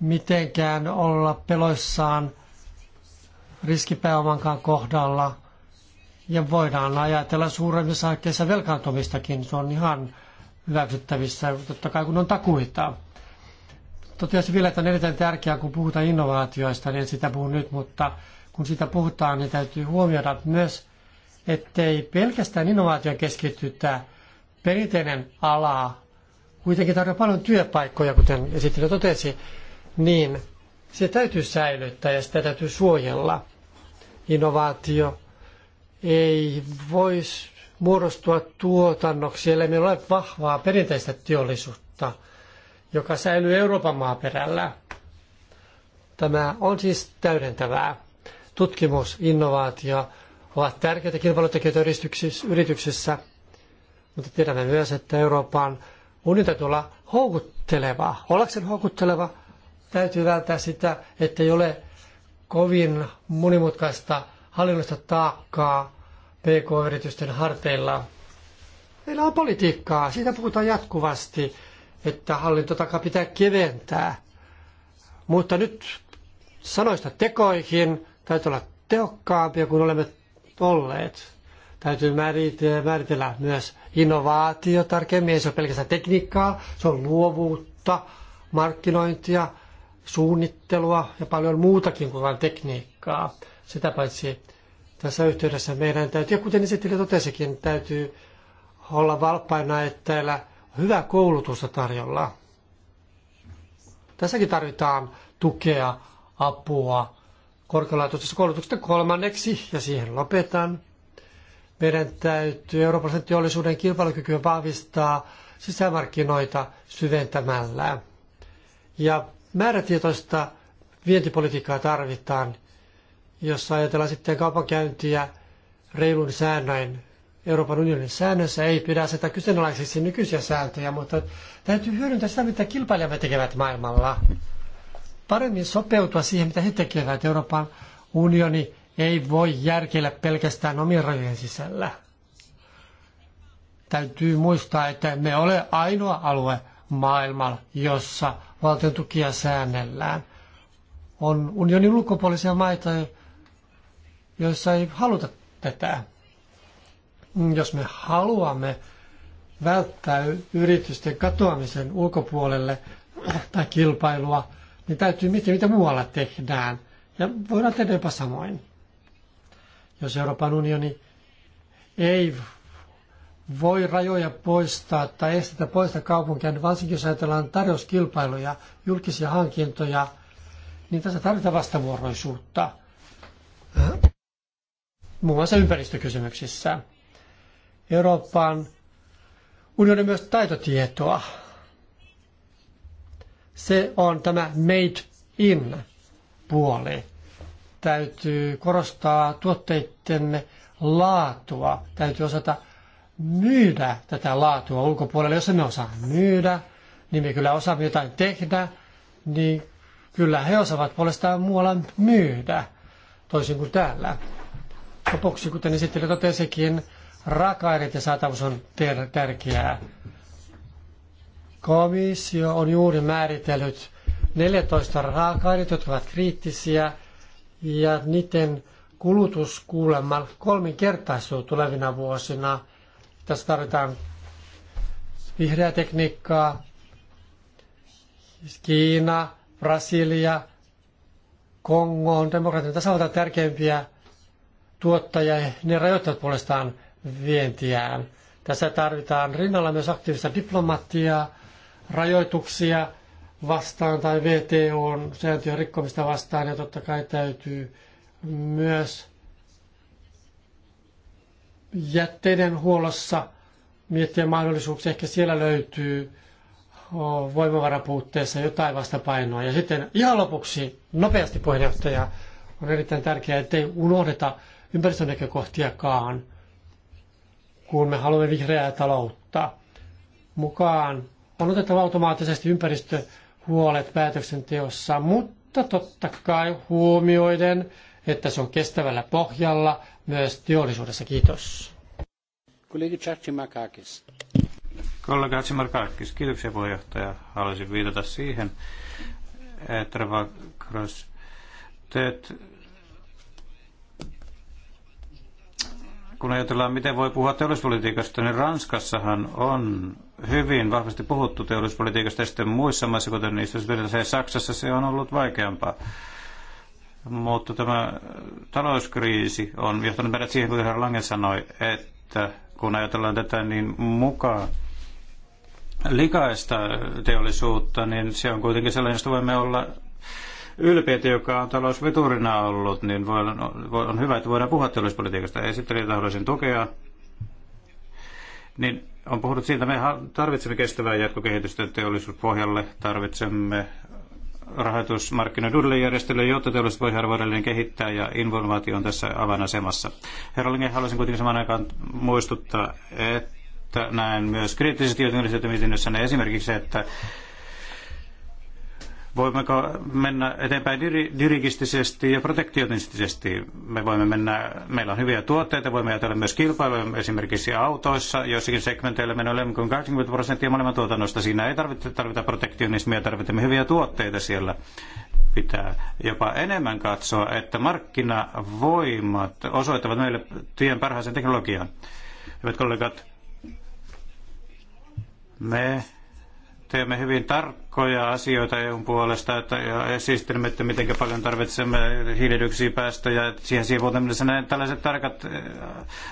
mitenkään olla peloissaan riskipääomankaan kohdalla. Ja voidaan ajatella suuremmissa hankkeissa velkaantumistakin. Se on ihan hyväksyttävissä, totta kai kun on takuita. Totesin vielä, että on erittäin tärkeää, kun puhutaan innovaatioista, niin en sitä puhu nyt, mutta kun sitä puhutaan, niin täytyy huomioida myös, ettei pelkästään innovaatioon keskitytä perinteinen ala, kuitenkin tarjoaa paljon työpaikkoja, kuten esittely totesi, niin se täytyy säilyttää ja sitä täytyy suojella. Innovaatio ei voisi muodostua tuotannoksi, ellei meillä ole vahvaa perinteistä teollisuutta – joka säilyy Euroopan maaperällä. Tämä on siis täydentävää. Tutkimus, innovaatio ovat tärkeitä kilpailutekijöitä yrityksissä, mutta tiedämme myös, että Euroopan unionin täytyy olla houkutteleva. Ollakseen houkutteleva täytyy välttää sitä, että ei ole kovin monimutkaista hallinnollista taakkaa PK-yritysten harteilla. Meillä on politiikkaa, siitä puhutaan jatkuvasti että hallintotakaa pitää keventää. Mutta nyt sanoista tekoihin täytyy olla tehokkaampia kuin olemme olleet. Täytyy määritellä, määritellä myös innovaatio tarkemmin, se on pelkästään tekniikkaa, se on luovuutta, markkinointia, suunnittelua ja paljon muutakin kuin vain tekniikkaa. Sitä paitsi tässä yhteydessä meidän täytyy, ja kuten esittelijä totesikin, täytyy olla valppaina, että täällä hyvää koulutusta tarjolla. Tässäkin tarvitaan tukea, apua korkealaatuisesta koulutuksesta kolmanneksi, ja siihen lopetan. Meidän täytyy Euroopan teollisuuden kilpailukykyä vahvistaa sisämarkkinoita syventämällä. Ja määrätietoista vientipolitiikkaa tarvitaan, jossa ajatellaan sitten kaupankäyntiä reilun säännöin Euroopan unionin säännössä ei pidä asettaa kyseenalaiseksi nykyisiä sääntöjä, mutta täytyy hyödyntää sitä, mitä kilpailijamme tekevät maailmalla. Paremmin sopeutua siihen, mitä he tekevät. Euroopan unioni ei voi järkeillä pelkästään omien rajojen sisällä. Täytyy muistaa, että me ole ainoa alue maailmalla, jossa valtion tukia säännellään. On unionin ulkopuolisia maita, joissa ei haluta tätä. Jos me haluamme välttää yritysten katoamisen ulkopuolelle tai kilpailua, niin täytyy miettiä, mitä muualla tehdään. Ja voidaan tehdä jopa samoin. Jos Euroopan unioni ei voi rajoja poistaa tai estetä poistaa kaupunkia, niin varsinkin jos ajatellaan tarjouskilpailuja, julkisia hankintoja, niin tässä tarvitaan vastavuoroisuutta. Muun muassa ympäristökysymyksissä. Euroopan unioni myös taitotietoa. Se on tämä made in puoli. Täytyy korostaa tuotteiden laatua. Täytyy osata myydä tätä laatua ulkopuolelle. Jos emme osaa myydä, niin me kyllä osaamme jotain tehdä, niin kyllä he osaavat puolestaan muualla myydä, toisin kuin täällä. Lopuksi, kuten esittely totesikin, raaka-aineiden saatavuus on tärkeää. Komissio on juuri määritellyt 14 raaka-ainetta, jotka ovat kriittisiä, ja niiden kulutus kuulemma kolminkertaistuu tulevina vuosina. Tässä tarvitaan vihreää tekniikkaa, Kiina, Brasilia, Kongo on demokratian tasavalta tärkeimpiä tuottajia. Ne rajoittavat puolestaan vientiään. Tässä tarvitaan rinnalla myös aktiivista diplomatiaa, rajoituksia vastaan tai VTOn sääntöjen rikkomista vastaan ja totta kai täytyy myös jätteiden huollossa miettiä mahdollisuuksia. Ehkä siellä löytyy voimavarapuutteessa jotain vastapainoa. Ja sitten ihan lopuksi nopeasti puheenjohtaja on erittäin tärkeää, ettei unohdeta ympäristönäkökohtiakaan – kun me haluamme vihreää taloutta. Mukaan on otettava automaattisesti ympäristöhuolet päätöksenteossa, mutta totta kai huomioiden, että se on kestävällä pohjalla myös teollisuudessa. Kiitos. Kollega Tsimarkakis, kiitoksia puheenjohtaja. Haluaisin viitata siihen, että Kros, teet kun ajatellaan, miten voi puhua teollisuuspolitiikasta, niin Ranskassahan on hyvin vahvasti puhuttu teollisuuspolitiikasta ja sitten muissa maissa, kuten niissä, se Saksassa, se on ollut vaikeampaa. Mutta tämä talouskriisi on johtanut meidät siihen, kuten herra Lange sanoi, että kun ajatellaan tätä, niin mukaan likaista teollisuutta, niin se on kuitenkin sellainen, josta voimme olla ylpeitä, joka on talousveturina ollut, niin voi, on hyvä, että voidaan puhua talouspolitiikasta. Esittelijätä haluaisin tukea. Niin on puhunut siitä, että me tarvitsemme kestävää jatkokehitystä teollisuuspohjalle, tarvitsemme rahoitusmarkkinoiden uudelleenjärjestelyä, jotta teollisuus voi kehittää ja innovaatio on tässä avainasemassa. Herra Linge, haluaisin kuitenkin samaan aikaan muistuttaa, että näen myös kriittisesti jotenkin esimerkiksi se, että Voimmeko mennä eteenpäin dirigistisesti ja protektionistisesti? Me voimme mennä, meillä on hyviä tuotteita, voimme ajatella myös kilpailuja esimerkiksi autoissa. Joissakin segmenteillä meillä on enemmän kuin 80 prosenttia maailman tuotannosta. Siinä ei tarvita, tarvita protektionismia, tarvitsemme hyviä tuotteita siellä. Pitää jopa enemmän katsoa, että markkinavoimat osoittavat meille tien parhaaseen teknologiaan. Hyvät kollegat, me teemme hyvin tarkkoja asioita EUn puolesta että, ja esittelemme, että miten paljon tarvitsemme hiilidioksidipäästöjä. Siihen sivuuteen mennessä näin tällaiset tarkat äh,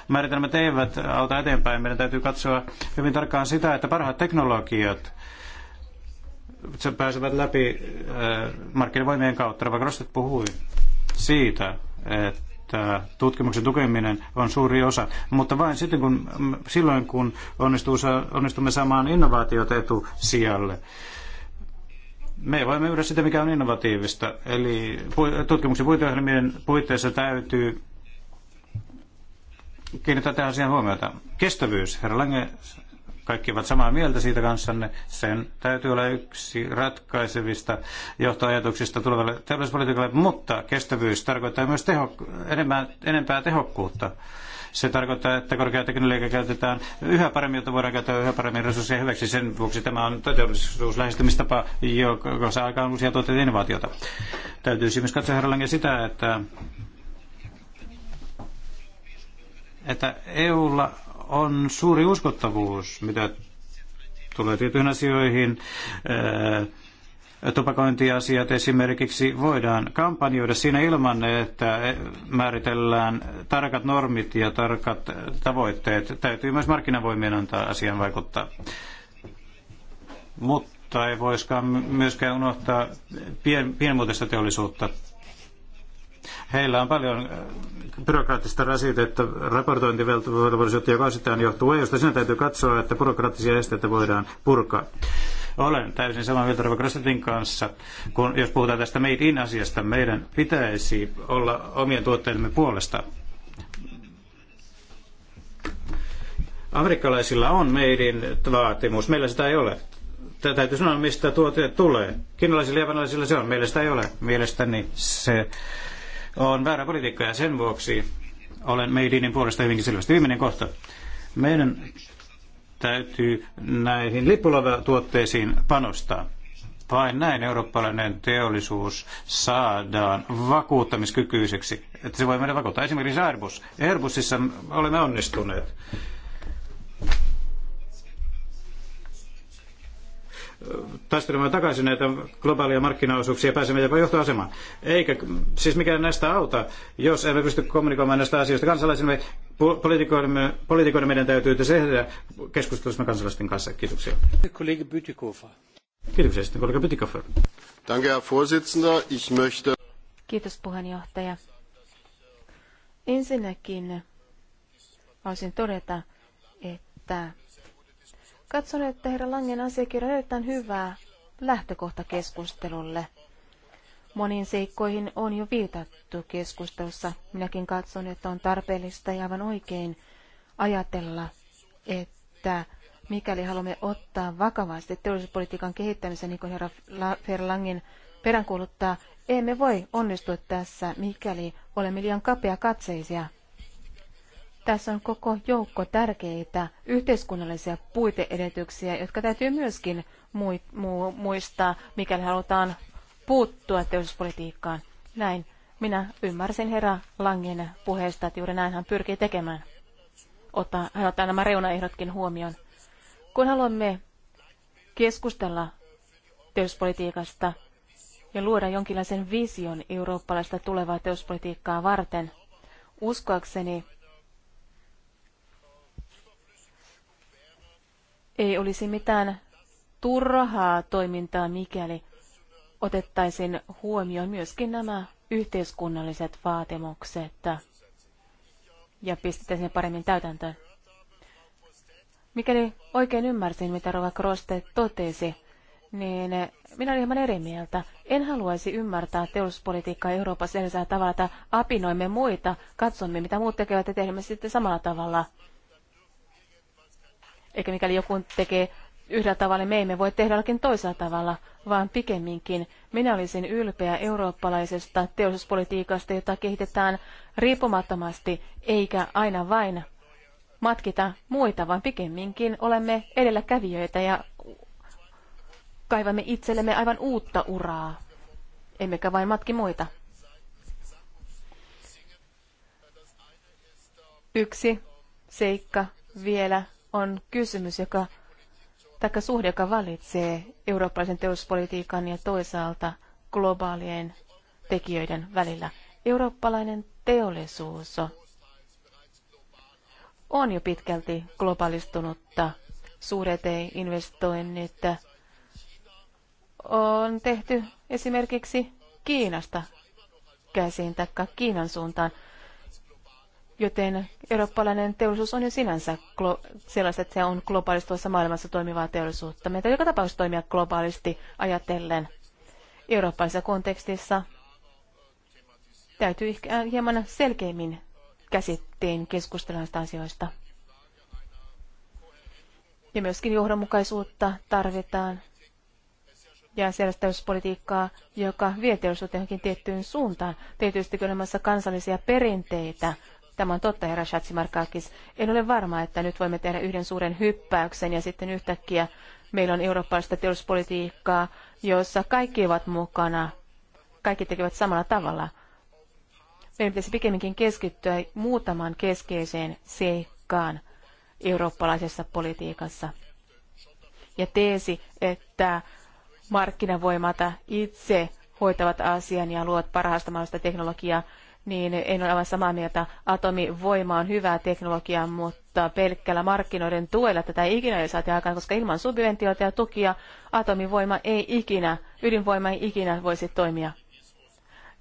määritelmät eivät auta eteenpäin. Meidän täytyy katsoa hyvin tarkkaan sitä, että parhaat teknologiat pääsevät läpi äh, markkinavoimien kautta. Rava Grosset puhui siitä, että tutkimuksen tukeminen on suuri osa, mutta vain sitten kun, silloin, kun onnistuu, onnistumme saamaan innovaatiot etusijalle. Me voimme myydä sitä, mikä on innovatiivista. Eli tutkimuksen puitteohjelmien puitteissa täytyy kiinnittää tähän asiaan huomiota. Kestävyys. Herra Lange kaikki ovat samaa mieltä siitä kanssanne. Sen täytyy olla yksi ratkaisevista johtoajatuksista tulevalle teollisuuspolitiikalle, mutta kestävyys tarkoittaa myös teho, enemmän, enempää tehokkuutta. Se tarkoittaa, että korkea teknologia käytetään yhä paremmin, jotta voidaan käyttää yhä paremmin resursseja hyväksi. Sen vuoksi tämä on teollisuuslähestymistapa, joka saa aikaan uusia tuotteita innovaatiota. Täytyisi myös katsoa herra sitä, että että EUlla on suuri uskottavuus, mitä tulee tiettyihin asioihin. Tupakointiasiat esimerkiksi voidaan kampanjoida siinä ilman, että määritellään tarkat normit ja tarkat tavoitteet. Täytyy myös markkinavoimien antaa asian vaikuttaa. Mutta ei voiskaan myöskään unohtaa pien, pienmuotoista teollisuutta Heillä on paljon äh, byrokraattista rasitetta, raportointivelvollisuutta, joka osittain johtuu EUsta. Siinä täytyy katsoa, että byrokraattisia esteitä voidaan purkaa. Olen täysin samaa mieltä Rovakrastetin kanssa, kun jos puhutaan tästä made in asiasta, meidän pitäisi olla omien tuotteidemme puolesta. Amerikkalaisilla on made in vaatimus, meillä sitä ei ole. Tätä täytyy sanoa, mistä tuote tulee. Kiinalaisilla ja japanilaisilla se on, meillä sitä ei ole. Mielestäni se on väärä politiikka ja sen vuoksi olen Meidinin puolesta hyvinkin selvästi. Viimeinen kohta. Meidän täytyy näihin tuotteisiin panostaa. Vain näin eurooppalainen teollisuus saadaan vakuuttamiskykyiseksi, että se voi meidän vakuuttaa. Esimerkiksi Airbus. Airbusissa olemme onnistuneet. taistelemaan takaisin näitä globaaleja markkinaosuuksia ja pääsemme jopa johtoasemaan. Eikä siis mikään näistä auta, jos emme pysty kommunikoimaan näistä asioista kansalaisille. Poliitikoiden, meidän täytyy tehdä keskustelussa kansalaisten kanssa. Kiitoksia. Kollega Kiitoksia sitten kollega Bütikofer. Danke, Herr Vorsitzender. Ich möchte... Kiitos puheenjohtaja. Ensinnäkin haluaisin todeta, että Katson, että herra Langen asiakirja löytää hyvää lähtökohta keskustelulle. Moniin seikkoihin on jo viitattu keskustelussa. Minäkin katson, että on tarpeellista ja aivan oikein ajatella, että mikäli haluamme ottaa vakavasti teollisuuspolitiikan kehittämisen, niin kuin herra Ferlangin peräänkuuluttaa, emme voi onnistua tässä, mikäli olemme liian kapea katseisia. Tässä on koko joukko tärkeitä yhteiskunnallisia puiteedellytyksiä, jotka täytyy myöskin muistaa, mikäli halutaan puuttua teollisuuspolitiikkaan. Näin minä ymmärsin herra Langin puheesta, että juuri näin hän pyrkii tekemään. Ottaa, hän ottaa nämä reunaehdotkin huomioon. Kun haluamme keskustella teollisuuspolitiikasta ja luoda jonkinlaisen vision eurooppalaista tulevaa teollisuuspolitiikkaa varten, uskoakseni Ei olisi mitään turhaa toimintaa, mikäli otettaisiin huomioon myöskin nämä yhteiskunnalliset vaatimukset ja pistettäisiin paremmin täytäntöön. Mikäli oikein ymmärsin, mitä Rova Kroste totesi, niin minä olin hieman eri mieltä. En haluaisi ymmärtää teollisuuspolitiikkaa Euroopassa sellaisella tavalla, että apinoimme muita, katsomme mitä muut tekevät ja teemme sitten samalla tavalla. Eikä mikäli joku tekee yhdellä tavalla, niin me emme voi tehdä jollakin toisella tavalla, vaan pikemminkin minä olisin ylpeä eurooppalaisesta teollisuuspolitiikasta, jota kehitetään riippumattomasti, eikä aina vain matkita muita, vaan pikemminkin olemme edelläkävijöitä ja kaivamme itsellemme aivan uutta uraa, emmekä vain matki muita. Yksi seikka vielä on kysymys, joka, taikka suhde, joka valitsee eurooppalaisen teollisuuspolitiikan ja toisaalta globaalien tekijöiden välillä. Eurooppalainen teollisuus on jo pitkälti globaalistunutta Suuret investoinnit on tehty esimerkiksi Kiinasta käsiin taikka Kiinan suuntaan joten eurooppalainen teollisuus on jo sinänsä sellaista, että se on globaalistuvassa maailmassa toimivaa teollisuutta. Meitä joka tapauksessa toimia globaalisti ajatellen. Eurooppalaisessa kontekstissa täytyy ehkä hieman selkeimmin käsitteen keskustella näistä asioista. Ja myöskin johdonmukaisuutta tarvitaan ja selvästäyspolitiikkaa, joka vie teollisuutta johonkin tiettyyn suuntaan. Tietysti olemassa kansallisia perinteitä Tämä on totta, herra Shatsimarkakis. En ole varma, että nyt voimme tehdä yhden suuren hyppäyksen ja sitten yhtäkkiä meillä on eurooppalaista teollisuuspolitiikkaa, jossa kaikki ovat mukana. Kaikki tekevät samalla tavalla. Meidän pitäisi pikemminkin keskittyä muutamaan keskeiseen seikkaan eurooppalaisessa politiikassa. Ja teesi, että markkinavoimat itse hoitavat asian ja luovat parhaasta mahdollista teknologiaa, niin en ole aivan samaa mieltä. Atomivoima on hyvää teknologiaa, mutta pelkkällä markkinoiden tuella tätä ei ikinä ei saati aikaan, koska ilman subventioita ja tukia atomivoima ei ikinä, ydinvoima ei ikinä voisi toimia.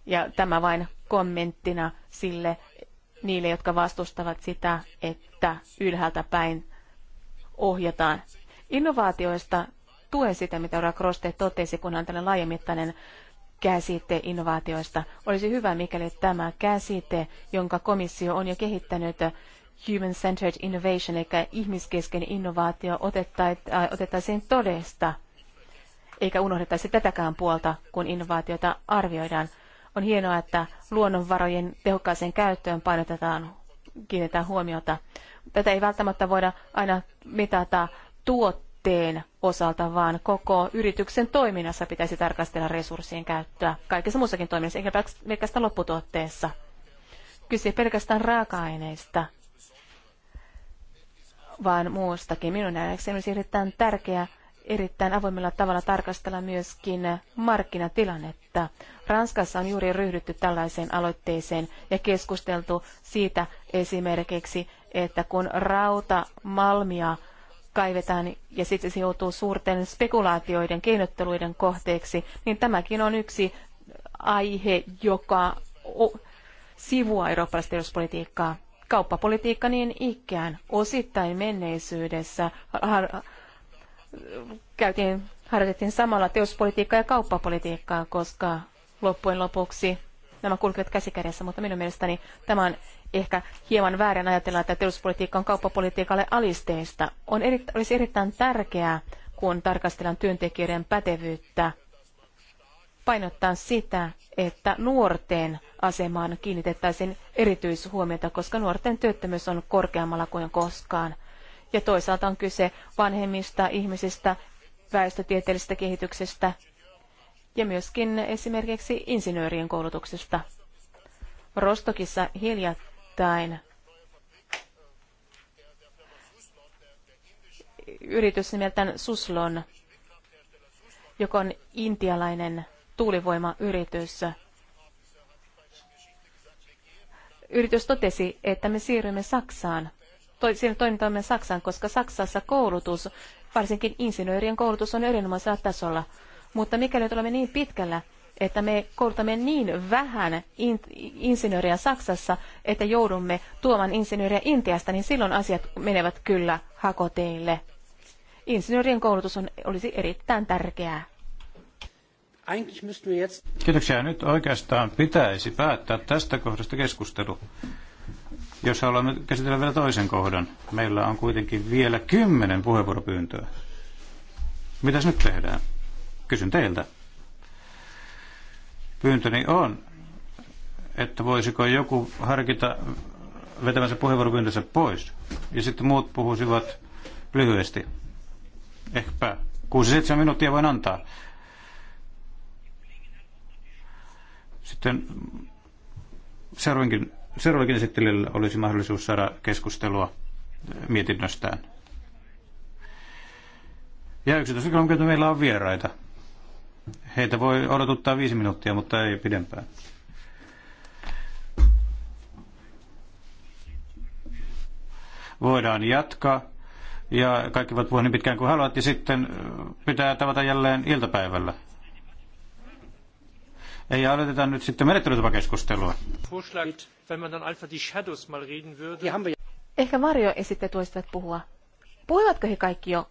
Ja tämä vain kommenttina sille niille, jotka vastustavat sitä, että ylhäältä päin ohjataan. Innovaatioista tuen sitä, mitä Ora Kroste totesi, kun hän tällainen laajamittainen käsite innovaatioista. Olisi hyvä, mikäli tämä käsite, jonka komissio on jo kehittänyt, human-centered innovation, eli ihmiskeskeinen innovaatio, äh, otettaisiin todesta, eikä unohdettaisi tätäkään puolta, kun innovaatioita arvioidaan. On hienoa, että luonnonvarojen tehokkaaseen käyttöön painotetaan, kiinnitetään huomiota. Tätä ei välttämättä voida aina mitata tuotteita tuotteen osalta, vaan koko yrityksen toiminnassa pitäisi tarkastella resurssien käyttöä kaikessa muussakin toiminnassa, eikä pelkästään lopputuotteessa. Kyse pelkästään raaka-aineista, vaan muustakin. Minun nähdäkseni olisi erittäin tärkeää erittäin avoimella tavalla tarkastella myöskin markkinatilannetta. Ranskassa on juuri ryhdytty tällaiseen aloitteeseen ja keskusteltu siitä esimerkiksi, että kun rauta malmia kaivetaan ja sitten se joutuu suurten spekulaatioiden, keinotteluiden kohteeksi, niin tämäkin on yksi aihe, joka sivuaa eurooppalaista talouspolitiikkaa. Kauppapolitiikka niin ikään osittain menneisyydessä har- käytiin, harjoitettiin samalla teospolitiikkaa ja kauppapolitiikkaa, koska loppujen lopuksi nämä kulkevat käsikädessä, mutta minun mielestäni tämä on ehkä hieman väärin ajatella, että teollisuuspolitiikka on kauppapolitiikalle alisteista. On eri, olisi erittäin tärkeää, kun tarkastellaan työntekijöiden pätevyyttä, painottaa sitä, että nuorten asemaan kiinnitettäisiin erityishuomiota, koska nuorten työttömyys on korkeammalla kuin koskaan. Ja toisaalta on kyse vanhemmista ihmisistä, väestötieteellisestä kehityksestä ja myöskin esimerkiksi insinöörien koulutuksesta. Rostokissa hiljattain Nimittäin yritys nimeltään Suslon, joka on intialainen tuulivoimayritys. Yritys totesi, että me siirrymme Saksaan, siirrymme toimintamme Saksaan, koska Saksassa koulutus, varsinkin insinöörien koulutus, on erinomaisella tasolla. Mutta mikäli tulemme niin pitkällä, että me koulutamme niin vähän in, insinööriä Saksassa, että joudumme tuomaan insinööriä Intiasta, niin silloin asiat menevät kyllä hakoteille. Insinöörien koulutus on, olisi erittäin tärkeää. Kiitoksia. Nyt oikeastaan pitäisi päättää tästä kohdasta keskustelu. Jos haluamme käsitellä vielä toisen kohdan, meillä on kuitenkin vielä kymmenen puheenvuoropyyntöä. Mitäs nyt tehdään? Kysyn teiltä pyyntöni on, että voisiko joku harkita vetämänsä puheenvuoropyyntönsä pois. Ja sitten muut puhuisivat lyhyesti. Ehkäpä 6-7 minuuttia voin antaa. Sitten seuraavankin, seuraavankin esittelijällä olisi mahdollisuus saada keskustelua mietinnöstään. Ja 11.30 meillä on vieraita. Heitä voi odotuttaa viisi minuuttia, mutta ei pidempään. Voidaan jatkaa ja kaikki voivat puhua niin pitkään kuin haluat ja sitten pitää tavata jälleen iltapäivällä. Ei aloiteta nyt sitten menettelytapakeskustelua. Ehkä esitte voisivat puhua. Puhuivatko he kaikki jo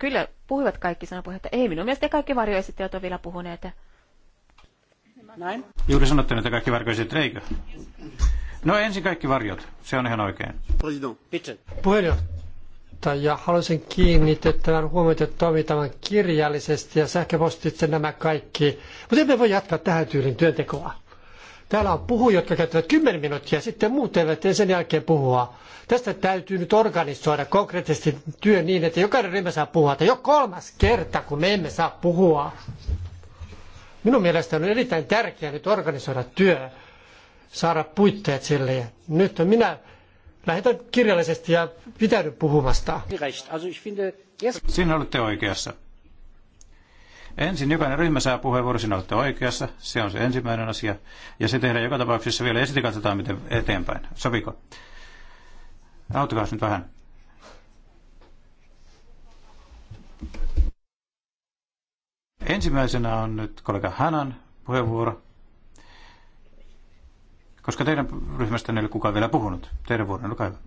Kyllä, puhuivat kaikki, sanoi että Ei minun mielestä kaikki varjoesittäjät ovat vielä puhuneet. Näin. Juuri sanottiin, että kaikki varjoesittäjät, eikö? No ensin kaikki varjot, se on ihan oikein. Puheenjohtaja, haluaisin kiinnittävän huomiota toimintavan kirjallisesti ja sähköpostitse nämä kaikki. Mutta emme voi jatkaa tähän tyylin työntekoa. Täällä on puhujia, jotka käyttävät 10 minuuttia, sitten muut eivät sen jälkeen puhua. Tästä täytyy nyt organisoida konkreettisesti työ niin, että jokainen ryhmä saa puhua. Tämä jo kolmas kerta, kun me emme saa puhua. Minun mielestäni on erittäin tärkeää nyt organisoida työ, saada puitteet sille. Nyt minä lähetän kirjallisesti ja pitäydyn puhumasta. Siinä olette oikeassa. Ensin jokainen ryhmä saa puheenvuoron, sinä olette oikeassa, se on se ensimmäinen asia. Ja se tehdään joka tapauksessa vielä ja sitten katsotaan miten eteenpäin. Sopiko? Auttakaa nyt vähän. Ensimmäisenä on nyt kollega Hanan puheenvuoro, koska teidän ryhmästä ei ole kukaan vielä puhunut. Teidän vuoron, olkaa hyvä.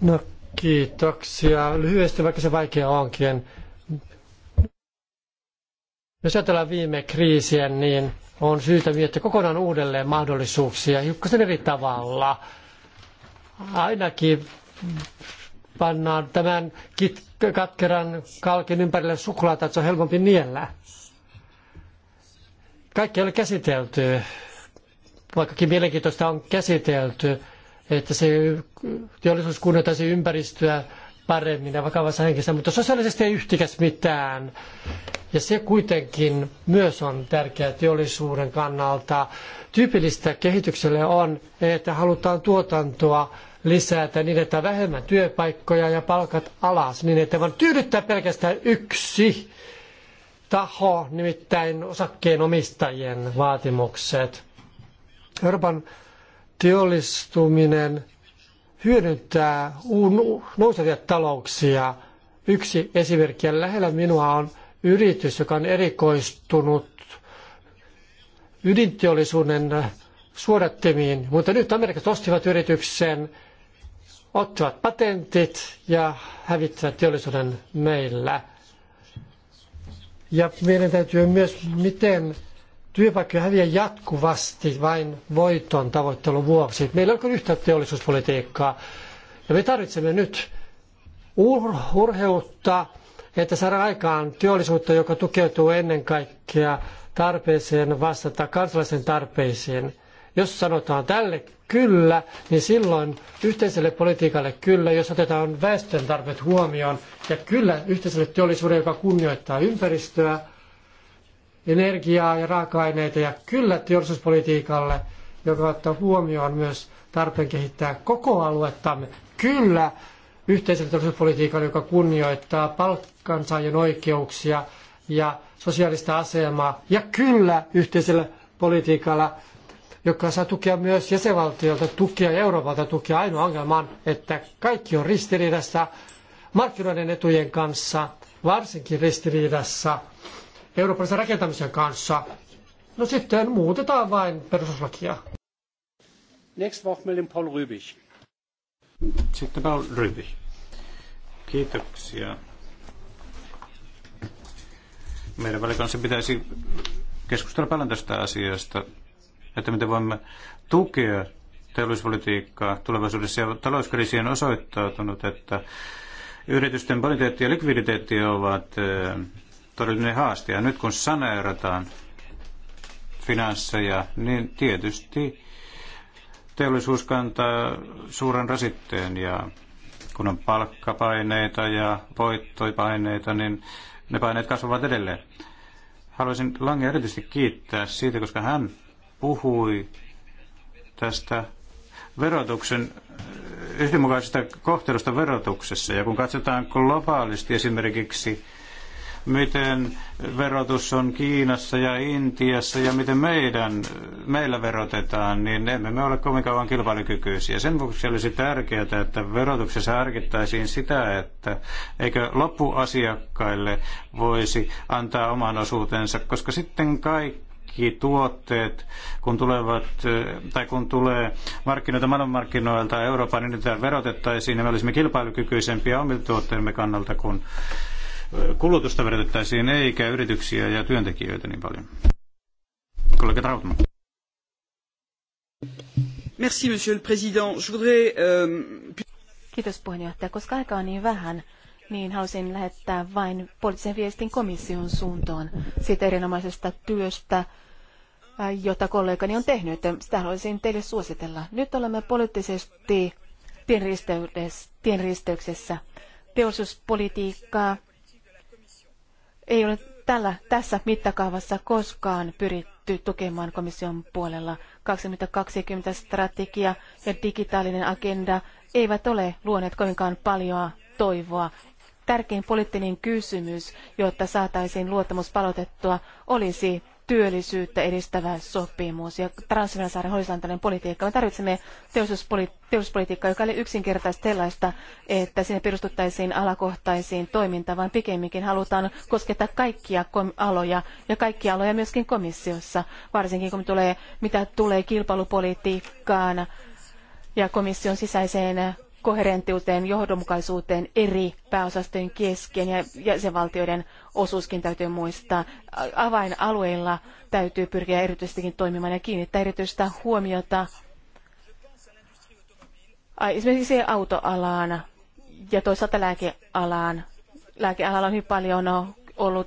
No kiitoksia. Lyhyesti, vaikka se vaikea onkin. Jos ajatellaan viime kriisiä, niin on syytä miettiä kokonaan uudelleen mahdollisuuksia hiukkasen eri tavalla. Ainakin pannaan tämän kit- katkeran kalkin ympärille suklaata, että se on helpompi niellä. Kaikki ei ole käsitelty, vaikkakin mielenkiintoista on käsitelty, että se teollisuus kunnioittaisi ympäristöä, paremmin ja vakavassa hengessä, mutta sosiaalisesti ei yhtikäs mitään. Ja se kuitenkin myös on tärkeää teollisuuden kannalta. Tyypillistä kehitykselle on, että halutaan tuotantoa lisätä niin, että vähemmän työpaikkoja ja palkat alas, niin että vaan tyydyttää pelkästään yksi taho, nimittäin osakkeenomistajien vaatimukset. Euroopan teollistuminen hyödyntää nousevia talouksia. Yksi esimerkki lähellä minua on yritys, joka on erikoistunut ydinteollisuuden suodattimiin, mutta nyt Amerikat ostivat yrityksen, ottivat patentit ja hävittävät teollisuuden meillä. Ja meidän täytyy myös, miten työpaikkoja häviää jatkuvasti vain voiton tavoittelun vuoksi. Meillä on kuin yhtä teollisuuspolitiikkaa. Ja me tarvitsemme nyt ur- urheutta, että saadaan aikaan teollisuutta, joka tukeutuu ennen kaikkea tarpeeseen vastata kansalaisten tarpeisiin. Jos sanotaan tälle kyllä, niin silloin yhteiselle politiikalle kyllä, jos otetaan väestön tarpeet huomioon, ja kyllä yhteiselle teollisuudelle, joka kunnioittaa ympäristöä – energiaa ja raaka-aineita ja kyllä teollisuuspolitiikalle, joka ottaa huomioon myös tarpeen kehittää koko aluettamme. Kyllä yhteiselle teollisuuspolitiikalle, joka kunnioittaa palkansaajien oikeuksia ja sosiaalista asemaa. Ja kyllä yhteisellä politiikalla, joka saa tukea myös jäsenvaltiolta, tukea ja Euroopalta tukea. Ainoa ongelma on, että kaikki on ristiriidassa markkinoiden etujen kanssa, varsinkin ristiriidassa eurooppalaisen rakentamisen kanssa. No sitten muutetaan vain perustuslakia. Next Woche Paul Rübig. Sitten Paul Rübig. Kiitoksia. Meidän välikanssa pitäisi keskustella paljon tästä asiasta, että miten voimme tukea teollisuuspolitiikkaa tulevaisuudessa. Ja talouskriisi on osoittautunut, että yritysten boniteetti ja likviditeetti ovat eh, todellinen haaste. Ja nyt kun saneerataan finansseja, niin tietysti teollisuus kantaa suuren rasitteen ja kun on palkkapaineita ja voittoipaineita, niin ne paineet kasvavat edelleen. Haluaisin Lange erityisesti kiittää siitä, koska hän puhui tästä verotuksen yhdenmukaisesta kohtelusta verotuksessa. Ja kun katsotaan globaalisti esimerkiksi miten verotus on Kiinassa ja Intiassa ja miten meidän, meillä verotetaan, niin emme me ole kovin kauan kilpailukykyisiä. Sen vuoksi olisi tärkeää, että verotuksessa harkittaisiin sitä, että eikö loppuasiakkaille voisi antaa oman osuutensa, koska sitten kaikki tuotteet, kun tulevat, tai kun tulee markkinoilta, maailmanmarkkinoilta Euroopan, niin niitä verotettaisiin, ja me olisimme kilpailukykyisempiä omilta tuotteemme kannalta, kuin kulutusta verotettaisiin eikä yrityksiä ja työntekijöitä niin paljon. Kollega Trautman. Merci, monsieur le président. Je voudrais, euh... Kiitos puheenjohtaja. Koska aika on niin vähän, niin haluaisin lähettää vain poliittisen viestin komission suuntaan siitä erinomaisesta työstä, äh, jota kollegani on tehnyt. Sitä haluaisin teille suositella. Nyt olemme poliittisesti tienristeyksessä. Teollisuuspolitiikkaa ei ole tällä, tässä mittakaavassa koskaan pyritty tukemaan komission puolella. 2020 strategia ja digitaalinen agenda eivät ole luoneet kovinkaan paljoa toivoa. Tärkein poliittinen kysymys, jotta saataisiin luottamus palautettua, olisi työllisyyttä edistävä sopimus ja transversaalinen horisontaalinen politiikka. Me tarvitsemme teollisuuspoli- teollisuuspolitiikkaa, joka ole yksinkertaisesti sellaista, että sinne perustuttaisiin alakohtaisiin toimintaan, vaan pikemminkin halutaan koskettaa kaikkia aloja ja kaikkia aloja myöskin komissiossa, varsinkin kun tulee, mitä tulee kilpailupolitiikkaan ja komission sisäiseen koherenttiuteen, johdonmukaisuuteen eri pääosastojen kesken ja jäsenvaltioiden osuuskin täytyy muistaa. Avainalueilla täytyy pyrkiä erityisestikin toimimaan ja kiinnittää erityistä huomiota esimerkiksi autoalaan ja toisaalta lääkealaan. Lääkealalla on hyvin paljon ollut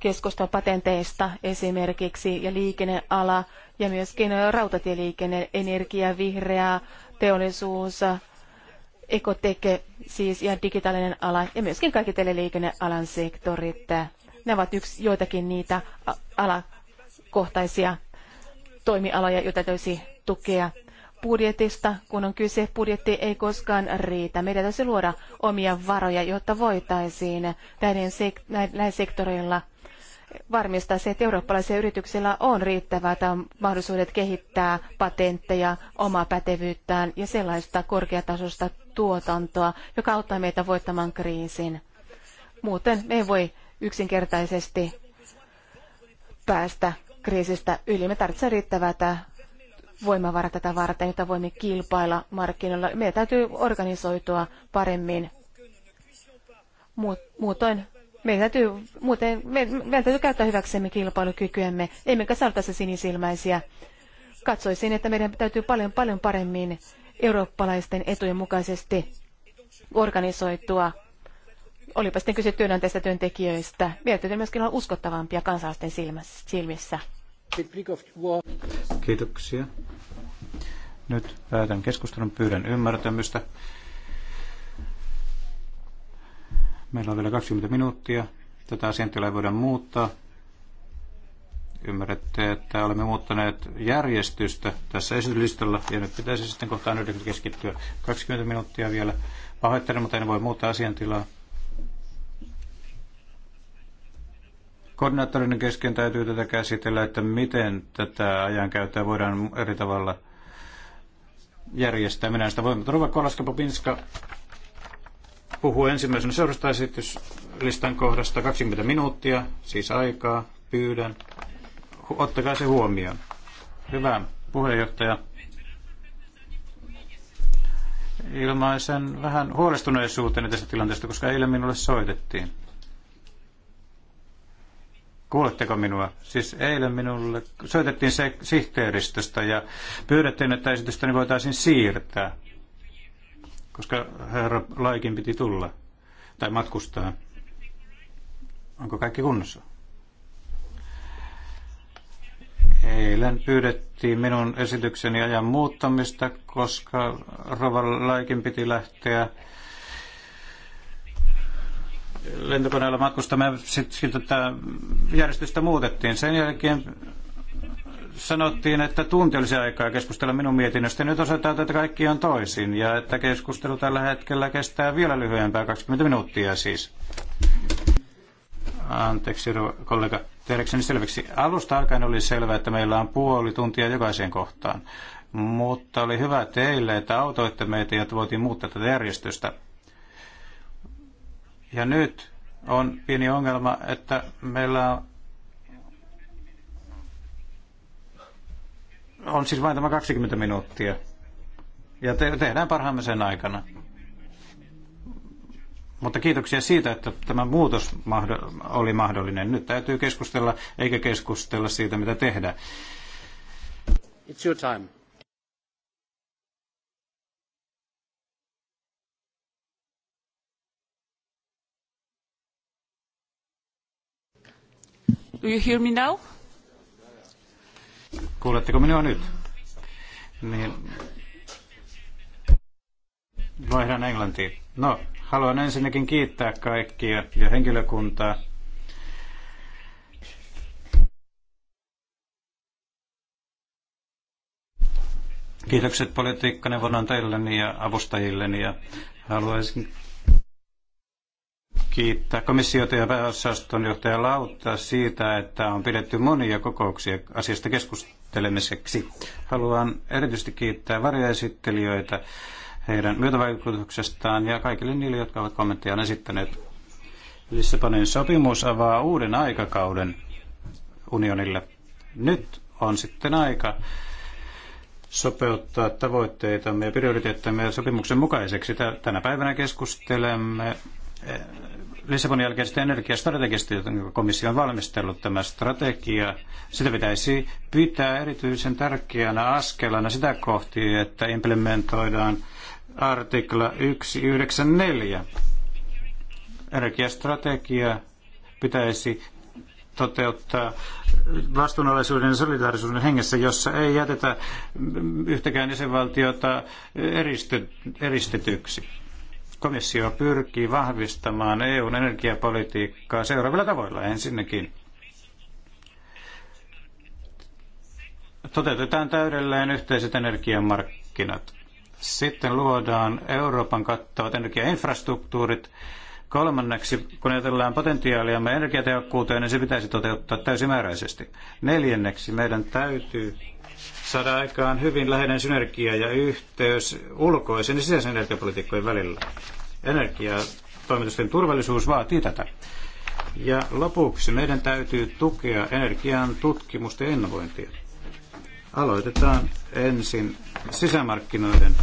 keskustelua patenteista esimerkiksi ja liikenneala ja myöskin rautatieliikenne, energia, vihreä teollisuus ekoteke, siis ja digitaalinen ala ja myöskin kaikki teleliikennealan sektorit. Ne ovat yksi joitakin niitä alakohtaisia toimialoja, joita täytyisi tukea budjetista. Kun on kyse, budjetti ei koskaan riitä. Meidän täytyisi luoda omia varoja, jotta voitaisiin näiden, sek- näillä sektoreilla varmistaa se, että eurooppalaisilla yrityksillä on riittävät mahdollisuudet kehittää patentteja, omaa pätevyyttään ja sellaista korkeatasosta tuotantoa, joka auttaa meitä voittamaan kriisin. Muuten me ei voi yksinkertaisesti päästä kriisistä yli. Me tarvitsemme riittävää voimavarat tätä varten, jota voimme kilpailla markkinoilla. Meidän täytyy organisoitua paremmin. Muutoin meidän täytyy, muuten, meidän täytyy käyttää hyväksemme kilpailukykyämme, emmekä saa tässä sinisilmäisiä. Katsoisin, että meidän täytyy paljon paljon paremmin eurooppalaisten etujen mukaisesti organisoitua. Olipa sitten kyse työnantajista työntekijöistä. Mielestäni myöskin olla uskottavampia kansalaisten silmissä. Kiitoksia. Nyt päätän keskustelun, pyydän ymmärtämystä. Meillä on vielä 20 minuuttia. Tätä asiantilaa voidaan muuttaa. Ymmärrätte, että olemme muuttaneet järjestystä tässä esityslistalla ja nyt pitäisi sitten kohtaan 9 keskittyä 20 minuuttia vielä. Pahoittelen, mutta en voi muuta asiantilaa. Koordinaattorin kesken täytyy tätä käsitellä, että miten tätä ajankäyttöä voidaan eri tavalla järjestää. Minä sitä voimme. Ruva Kolaska-Popinska puhuu ensimmäisenä seurasta esityslistan kohdasta 20 minuuttia, siis aikaa, pyydän ottakaa se huomioon. Hyvä puheenjohtaja. Ilmaisen vähän huolestuneisuuteni tästä tilanteesta, koska eilen minulle soitettiin. Kuuletteko minua? Siis eilen minulle soitettiin se sihteeristöstä ja pyydettiin, että esitystäni voitaisiin siirtää, koska herra Laikin piti tulla tai matkustaa. Onko kaikki kunnossa? Eilen pyydettiin minun esitykseni ajan muuttamista, koska Rova Laikin piti lähteä lentokoneella matkustamaan. Sitten tätä tota, järjestystä muutettiin. Sen jälkeen sanottiin, että tunti olisi aikaa keskustella minun mietinnöstä. Nyt osoittaa, että kaikki on toisin ja että keskustelu tällä hetkellä kestää vielä lyhyempää, 20 minuuttia siis. Anteeksi, kollega tehdäkseni selväksi. Alusta alkaen oli selvää, että meillä on puoli tuntia jokaiseen kohtaan. Mutta oli hyvä teille, että autoitte meitä ja voitiin muuttaa tätä järjestystä. Ja nyt on pieni ongelma, että meillä on on siis vain tämä 20 minuuttia. Ja te- tehdään parhaamme sen aikana. Mutta kiitoksia siitä, että tämä muutos oli mahdollinen. Nyt täytyy keskustella, eikä keskustella siitä, mitä tehdä. It's your time. Do you hear me now? Kuuletteko minua nyt? Niin. Vaihdan englantiin. No, Haluan ensinnäkin kiittää kaikkia ja henkilökuntaa. Kiitokset teilleni ja avustajilleni ja haluaisin kiittää komissiota ja pääosaston johtaja Lautta siitä, että on pidetty monia kokouksia asiasta keskustelemiseksi. Haluan erityisesti kiittää varjoesittelijöitä heidän myötävaikutuksestaan ja kaikille niille, jotka ovat kommenttejaan esittäneet. Lissabonin sopimus avaa uuden aikakauden unionille. Nyt on sitten aika sopeuttaa tavoitteitamme ja prioriteettamme sopimuksen mukaiseksi. Tänä päivänä keskustelemme eh, Lissabonin jälkeisestä energiastrategiasta, jota komissio on valmistellut tämä strategia. Sitä pitäisi pitää erityisen tärkeänä askelana sitä kohti, että implementoidaan artikla 194. Energiastrategia pitäisi toteuttaa vastuunalaisuuden ja solidaarisuuden hengessä, jossa ei jätetä yhtäkään jäsenvaltiota eristetyksi. Komissio pyrkii vahvistamaan EUn energiapolitiikkaa seuraavilla tavoilla. Ensinnäkin toteutetaan täydelleen yhteiset energiamarkkinat. Sitten luodaan Euroopan kattavat energiainfrastruktuurit. Kolmanneksi, kun ajatellaan potentiaaliamme energiatehokkuuteen, niin se pitäisi toteuttaa täysimääräisesti. Neljänneksi, meidän täytyy saada aikaan hyvin läheinen synergia ja yhteys ulkoisen ja sisäisen energiapolitiikkojen välillä. Energiatoimitusten turvallisuus vaatii tätä. Ja lopuksi meidän täytyy tukea energian tutkimusta ja innovointia. Aloitetaan ensin sisämarkkinoiden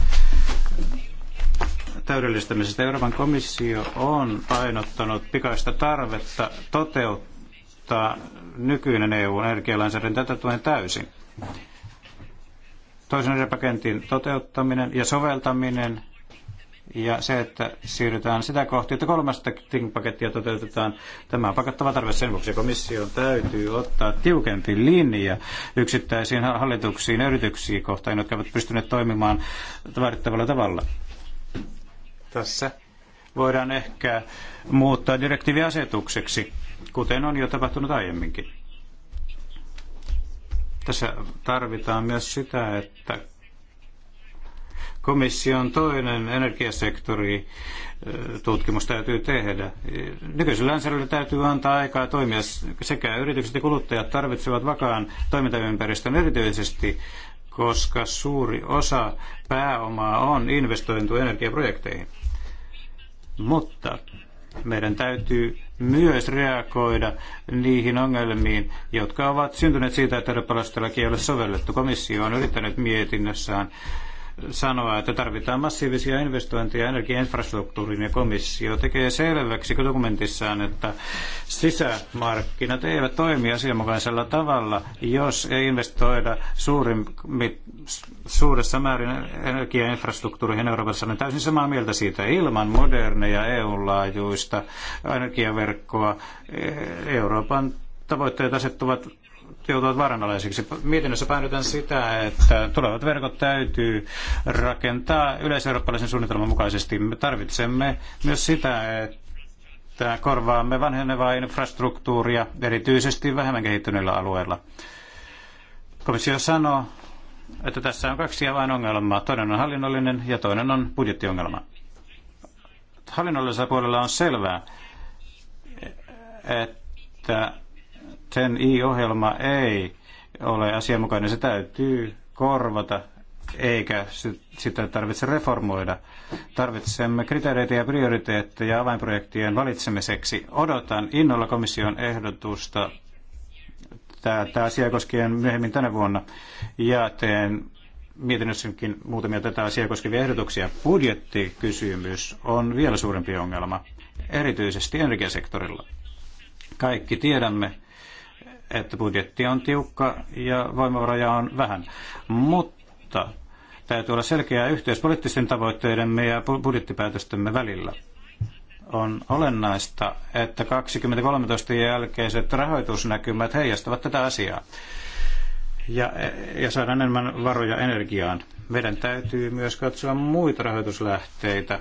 täydellistämisestä. Euroopan komissio on painottanut pikaista tarvetta toteuttaa nykyinen EU-energialainsäädäntö tätä tuen täysin. Toisen paketin toteuttaminen ja soveltaminen ja se, että siirrytään sitä kohti, että kolmasta pakettia toteutetaan, tämä on pakottava tarve. Sen vuoksi komission täytyy ottaa tiukempi linja yksittäisiin hallituksiin ja yrityksiin kohtaan, jotka ovat pystyneet toimimaan vaadittavalla tavalla. Tässä voidaan ehkä muuttaa direktiiviasetukseksi, kuten on jo tapahtunut aiemminkin. Tässä tarvitaan myös sitä, että komission toinen energiasektori tutkimus täytyy tehdä. Nykyisellä lainsäädännöllä täytyy antaa aikaa toimia. Sekä yritykset että kuluttajat tarvitsevat vakaan toimintaympäristön erityisesti, koska suuri osa pääomaa on investointu energiaprojekteihin. Mutta meidän täytyy myös reagoida niihin ongelmiin, jotka ovat syntyneet siitä, että eurooppalaista lakia ei ole sovellettu. Komissio on yrittänyt mietinnössään sanoa, että tarvitaan massiivisia investointeja energiainfrastruktuuriin ja komissio tekee selväksi dokumentissaan, että sisämarkkinat eivät toimi asianmukaisella tavalla, jos ei investoida suurin, suuressa määrin energiainfrastruktuuriin Euroopassa. Olen täysin samaa mieltä siitä. Ilman moderneja EU-laajuista energiaverkkoa e- Euroopan tavoitteet asettuvat joutuvat vaaranalaisiksi. Mietinnössä päädytään sitä, että tulevat verkot täytyy rakentaa yleiseurooppalaisen suunnitelman mukaisesti. Me tarvitsemme myös sitä, että korvaamme vanhenevaa infrastruktuuria erityisesti vähemmän kehittyneillä alueilla. Komissio sanoo, että tässä on kaksi avainongelmaa: Toinen on hallinnollinen ja toinen on budjettiongelma. Hallinnollisella puolella on selvää, että sen I-ohjelma ei ole asianmukainen, se täytyy korvata eikä sitä tarvitse reformoida. Tarvitsemme kriteereitä ja prioriteetteja avainprojektien valitsemiseksi. Odotan innolla komission ehdotusta tätä asiaa koskien myöhemmin tänä vuonna ja teen mietinnössäkin muutamia tätä asiaa koskevia ehdotuksia. Budjettikysymys on vielä suurempi ongelma, erityisesti energiasektorilla. Kaikki tiedämme, että budjetti on tiukka ja voimavaroja on vähän. Mutta täytyy olla selkeä yhteys poliittisten tavoitteidemme ja budjettipäätöstemme välillä. On olennaista, että 2013 jälkeiset rahoitusnäkymät heijastavat tätä asiaa ja, ja saadaan enemmän varoja energiaan. Meidän täytyy myös katsoa muita rahoituslähteitä,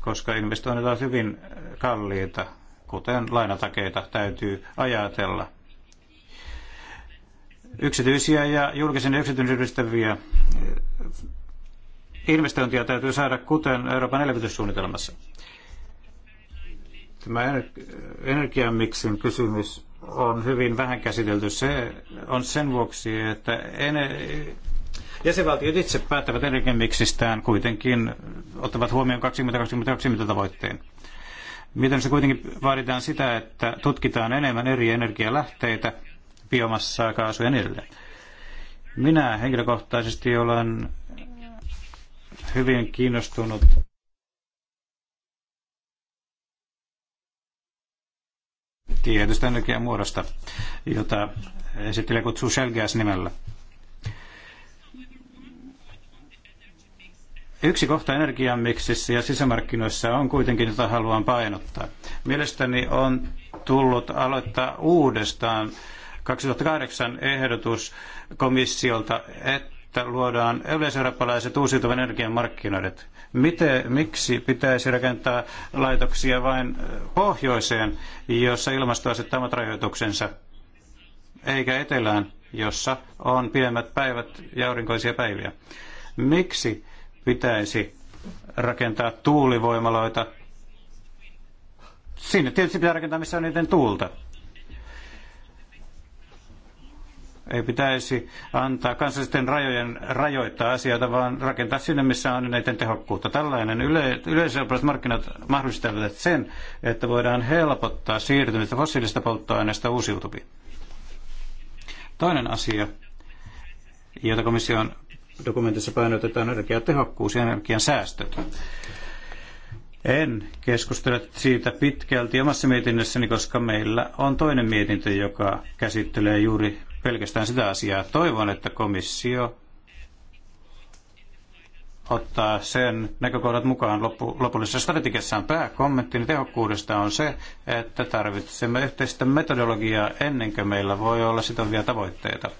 koska investoinnit ovat hyvin kalliita, kuten lainatakeita täytyy ajatella. Yksityisiä ja julkisen ja yksityisen yhdistäviä eh, investointia täytyy saada, kuten Euroopan elvytyssuunnitelmassa. Tämä energiamiksin kysymys on hyvin vähän käsitelty. Se on sen vuoksi, että jäsenvaltiot itse päättävät energiamiksistään kuitenkin ottavat huomioon 2020 tavoitteen. Miten se kuitenkin vaaditaan sitä, että tutkitaan enemmän eri energialähteitä biomassaa, kaasua ja niin edelleen. Minä henkilökohtaisesti olen hyvin kiinnostunut tietystä energiamuodosta, jota esittelijä kutsuu Gas nimellä. Yksi kohta energian miksissä ja sisämarkkinoissa on kuitenkin, jota haluan painottaa. Mielestäni on tullut aloittaa uudestaan 2008 ehdotus komissiolta, että luodaan yleiseurooppalaiset uusiutuvan energian markkinoidet. Miten, miksi pitäisi rakentaa laitoksia vain pohjoiseen, jossa ilmasto asettaa omat rajoituksensa, eikä etelään, jossa on pidemmät päivät ja aurinkoisia päiviä? Miksi pitäisi rakentaa tuulivoimaloita sinne tietysti pitää rakentaa, missä on eniten tuulta. Ei pitäisi antaa kansallisten rajojen rajoittaa asioita, vaan rakentaa sinne, missä on eniten tehokkuutta. Tällainen yle, yleiseurooppalaiset markkinat mahdollistavat sen, että voidaan helpottaa siirtymistä fossiilista polttoaineista uusiutuviin. Toinen asia, jota komission dokumentissa painotetaan, on energiatehokkuus ja energian säästöt. En keskustele siitä pitkälti omassa mietinnössäni, koska meillä on toinen mietintö, joka käsittelee juuri pelkästään sitä asiaa. Toivon, että komissio ottaa sen näkökohdat mukaan loppu, lopullisessa strategiassaan. Pääkommenttini tehokkuudesta on se, että tarvitsemme yhteistä metodologiaa ennen kuin meillä voi olla sitovia tavoitteita.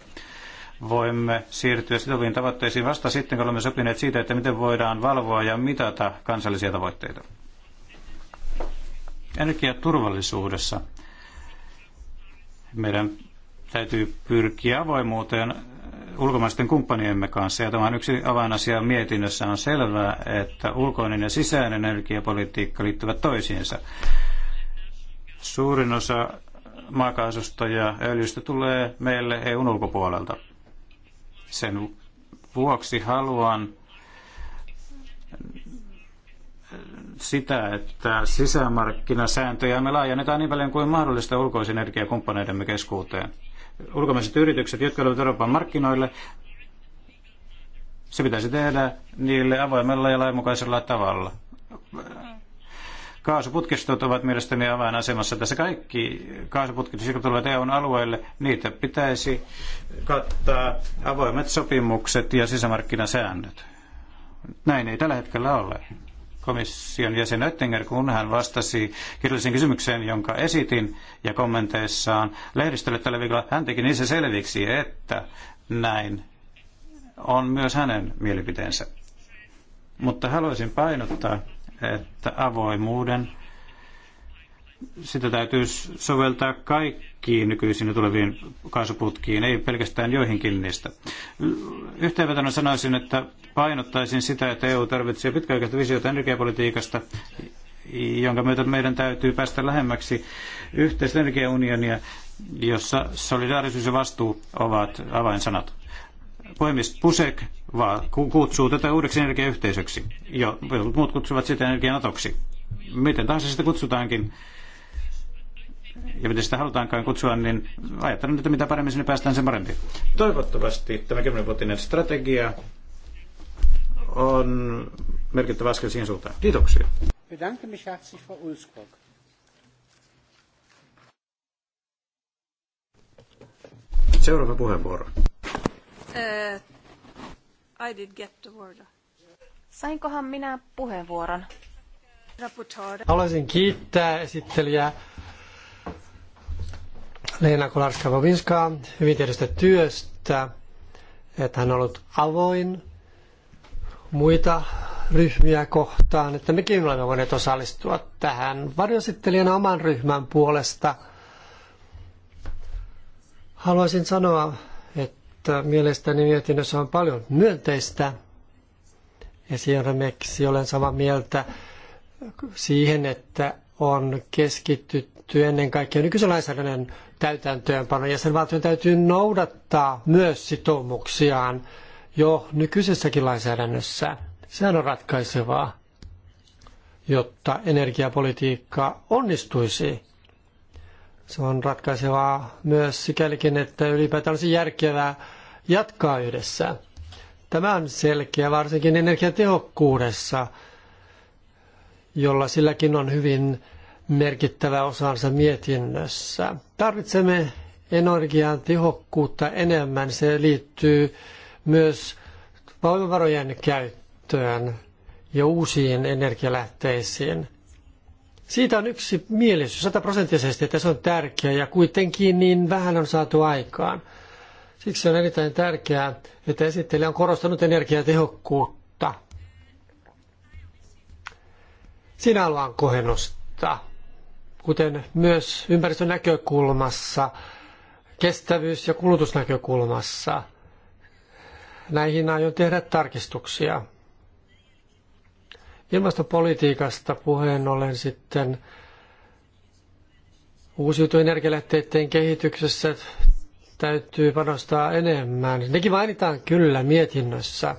Voimme siirtyä sitoviin tavoitteisiin vasta sitten, kun olemme sopineet siitä, että miten voidaan valvoa ja mitata kansallisia tavoitteita. Energiaturvallisuudessa meidän Täytyy pyrkiä avoimuuteen ulkomaisten kumppaniemme kanssa. Ja tämä on yksi avainasia mietinnössä on selvää, että ulkoinen ja sisäinen energiapolitiikka liittyvät toisiinsa. Suurin osa maakaasusta ja öljystä tulee meille EUn ulkopuolelta. Sen vuoksi haluan sitä, että sisämarkkinasääntöjä me laajennetaan niin paljon kuin mahdollista ulkoisen energiakumppaneidemme keskuuteen ulkomaiset yritykset, jotka olivat Euroopan markkinoille, se pitäisi tehdä niille avoimella ja lainmukaisella tavalla. Kaasuputkistot ovat mielestäni avainasemassa tässä. Kaikki kaasuputkistot, jotka tulevat EUn alueelle, niitä pitäisi kattaa avoimet sopimukset ja sisämarkkinasäännöt. Näin ei tällä hetkellä ole komission jäsen Oettinger, kun hän vastasi kirjalliseen kysymykseen, jonka esitin, ja kommenteissaan lehdistölle tällä viikolla, hän teki niissä selviksi, että näin on myös hänen mielipiteensä. Mutta haluaisin painottaa, että avoimuuden sitä täytyy soveltaa kaikkiin nykyisiin ja tuleviin kaasuputkiin, ei pelkästään joihinkin niistä. Yhteenvetona sanoisin, että painottaisin sitä, että EU tarvitsee pitkäaikaista visiota energiapolitiikasta, jonka myötä meidän täytyy päästä lähemmäksi yhteistä energiaunionia, jossa solidaarisuus ja vastuu ovat avainsanat. Puhemies Pusek vaan kutsuu tätä uudeksi energiayhteisöksi, jo muut kutsuvat sitä energianatoksi. Miten tahansa sitä kutsutaankin, ja miten sitä halutaankaan kutsua, niin ajattelen, että mitä paremmin sinne päästään, sen parempi. Toivottavasti tämä 10-vuotinen strategia on merkittävä askel siihen suuntaan. Kiitoksia. Bedanke mich herzlich, Frau Ulskog. Seuraava puheenvuoro. Uh, I did get the word. Sainkohan minä puheenvuoron? Haluaisin kiittää esittelijää Leena Kolarska-Vovinskaa hyvin tiedosta työstä, että hän on ollut avoin muita ryhmiä kohtaan, että mekin olemme voineet osallistua tähän varjosittelijana oman ryhmän puolesta. Haluaisin sanoa, että mielestäni mietinnössä on paljon myönteistä. Esimerkiksi olen samaa mieltä siihen, että on keskitytty ennen kaikkea nykyisen lainsäädännön täytäntöönpanoon. Jäsenvaltion täytyy noudattaa myös sitoumuksiaan jo nykyisessäkin lainsäädännössä. Sehän on ratkaisevaa, jotta energiapolitiikka onnistuisi. Se on ratkaisevaa myös sikälikin, että ylipäätään olisi järkevää jatkaa yhdessä. Tämä on selkeä varsinkin energiatehokkuudessa, jolla silläkin on hyvin merkittävä osansa mietinnössä. Tarvitsemme energian tehokkuutta enemmän. Se liittyy myös voimavarojen käyttöön ja uusiin energialähteisiin. Siitä on yksi mielisyys sataprosenttisesti, että se on tärkeää ja kuitenkin niin vähän on saatu aikaan. Siksi on erittäin tärkeää, että esittelijä on korostanut energiatehokkuutta. Siinä haluan kohennusta, kuten myös ympäristön näkökulmassa, kestävyys- ja kulutusnäkökulmassa – Näihin aion tehdä tarkistuksia. Ilmastopolitiikasta puheen ollen sitten uusiutuvien energialähteiden kehityksessä täytyy panostaa enemmän. Nekin mainitaan kyllä mietinnössä,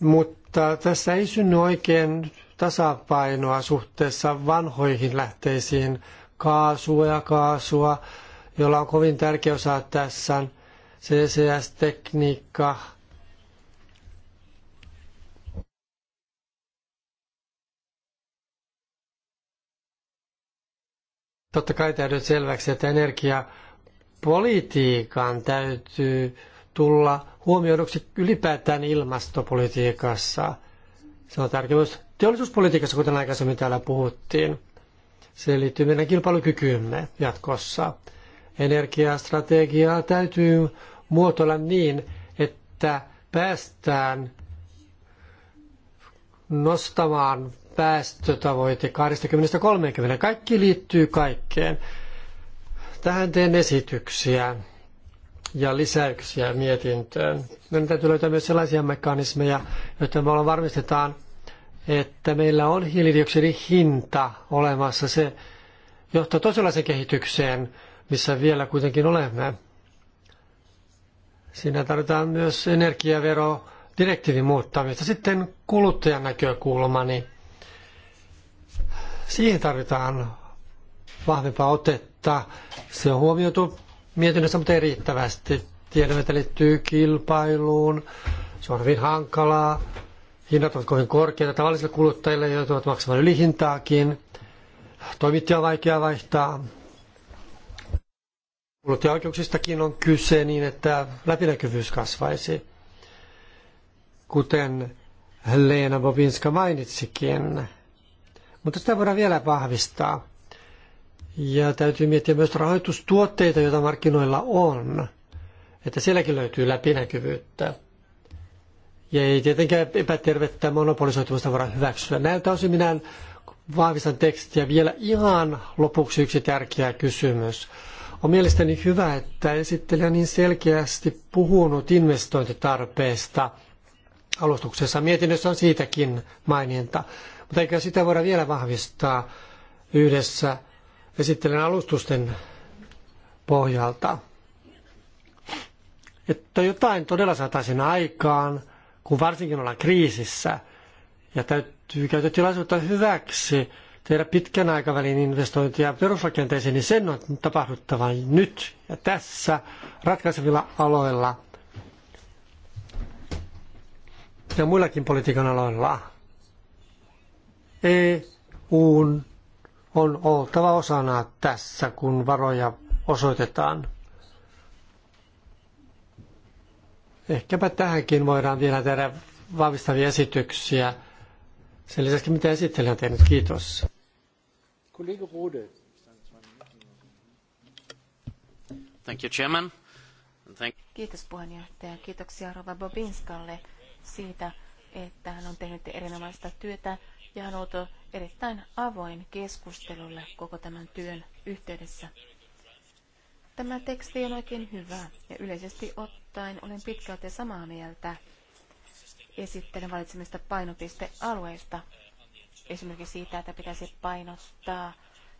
mutta tässä ei synny oikein tasapainoa suhteessa vanhoihin lähteisiin, kaasua ja kaasua, jolla on kovin tärkeä osa tässä CCS-tekniikka, Totta kai täytyy selväksi, että energiapolitiikan täytyy tulla huomioiduksi ylipäätään ilmastopolitiikassa. Se on tärkeää myös teollisuuspolitiikassa, kuten aikaisemmin täällä puhuttiin. Se liittyy meidän kilpailukykyymme jatkossa. Energiastrategiaa täytyy muotoilla niin, että päästään nostamaan päästötavoite 20-30. Kaikki liittyy kaikkeen. Tähän teen esityksiä ja lisäyksiä mietintöön. Meidän täytyy löytää myös sellaisia mekanismeja, joita me varmistetaan, että meillä on hiilidioksidin hinta olemassa. Se johtaa toisenlaiseen kehitykseen missä vielä kuitenkin olemme. Siinä tarvitaan myös energiavero direktiivin muuttamista. Sitten kuluttajan näkökulma, niin siihen tarvitaan vahvempaa otetta. Se on huomioitu mietinnössä, mutta ei riittävästi. Tiedämme, että liittyy kilpailuun. Se on hyvin hankalaa. Hinnat ovat kovin korkeita tavallisille kuluttajille, ovat maksamaan ylihintaakin. Toimittaja on vaikea vaihtaa Kuluttajaoikeuksistakin on kyse niin, että läpinäkyvyys kasvaisi. Kuten Leena Bobinska mainitsikin. Mutta sitä voidaan vielä vahvistaa. Ja täytyy miettiä myös rahoitustuotteita, joita markkinoilla on. Että sielläkin löytyy läpinäkyvyyttä. Ja ei tietenkään epätervettä monopolisoitumista voida hyväksyä. Näiltä osin minä vahvistan tekstiä vielä ihan lopuksi yksi tärkeä kysymys. On mielestäni hyvä, että esittelijä niin selkeästi puhunut investointitarpeesta alustuksessa. Mietinnössä on siitäkin maininta, mutta eikö sitä voida vielä vahvistaa yhdessä esittelijän alustusten pohjalta? Että jotain todella saataisiin aikaan, kun varsinkin ollaan kriisissä ja täytyy käyttää tilaisuutta hyväksi – tehdä pitkän aikavälin investointia perusrakenteisiin, niin sen on tapahduttava nyt ja tässä ratkaisevilla aloilla ja muillakin politiikan aloilla. EUn on oltava osana tässä, kun varoja osoitetaan. Ehkäpä tähänkin voidaan vielä tehdä vahvistavia esityksiä. Sen lisäksi mitä esittelijä on tehnyt. Kiitos. Kollege Rode. Thank you, Chairman. Thank... Kiitos puheenjohtaja. Kiitoksia Rova Bobinskalle siitä, että hän on tehnyt erinomaista työtä ja hän on ollut erittäin avoin keskustelulle koko tämän työn yhteydessä. Tämä teksti on oikein hyvä ja yleisesti ottaen olen pitkälti samaa mieltä esittelen valitsemista painopistealueista esimerkiksi siitä, että pitäisi painostaa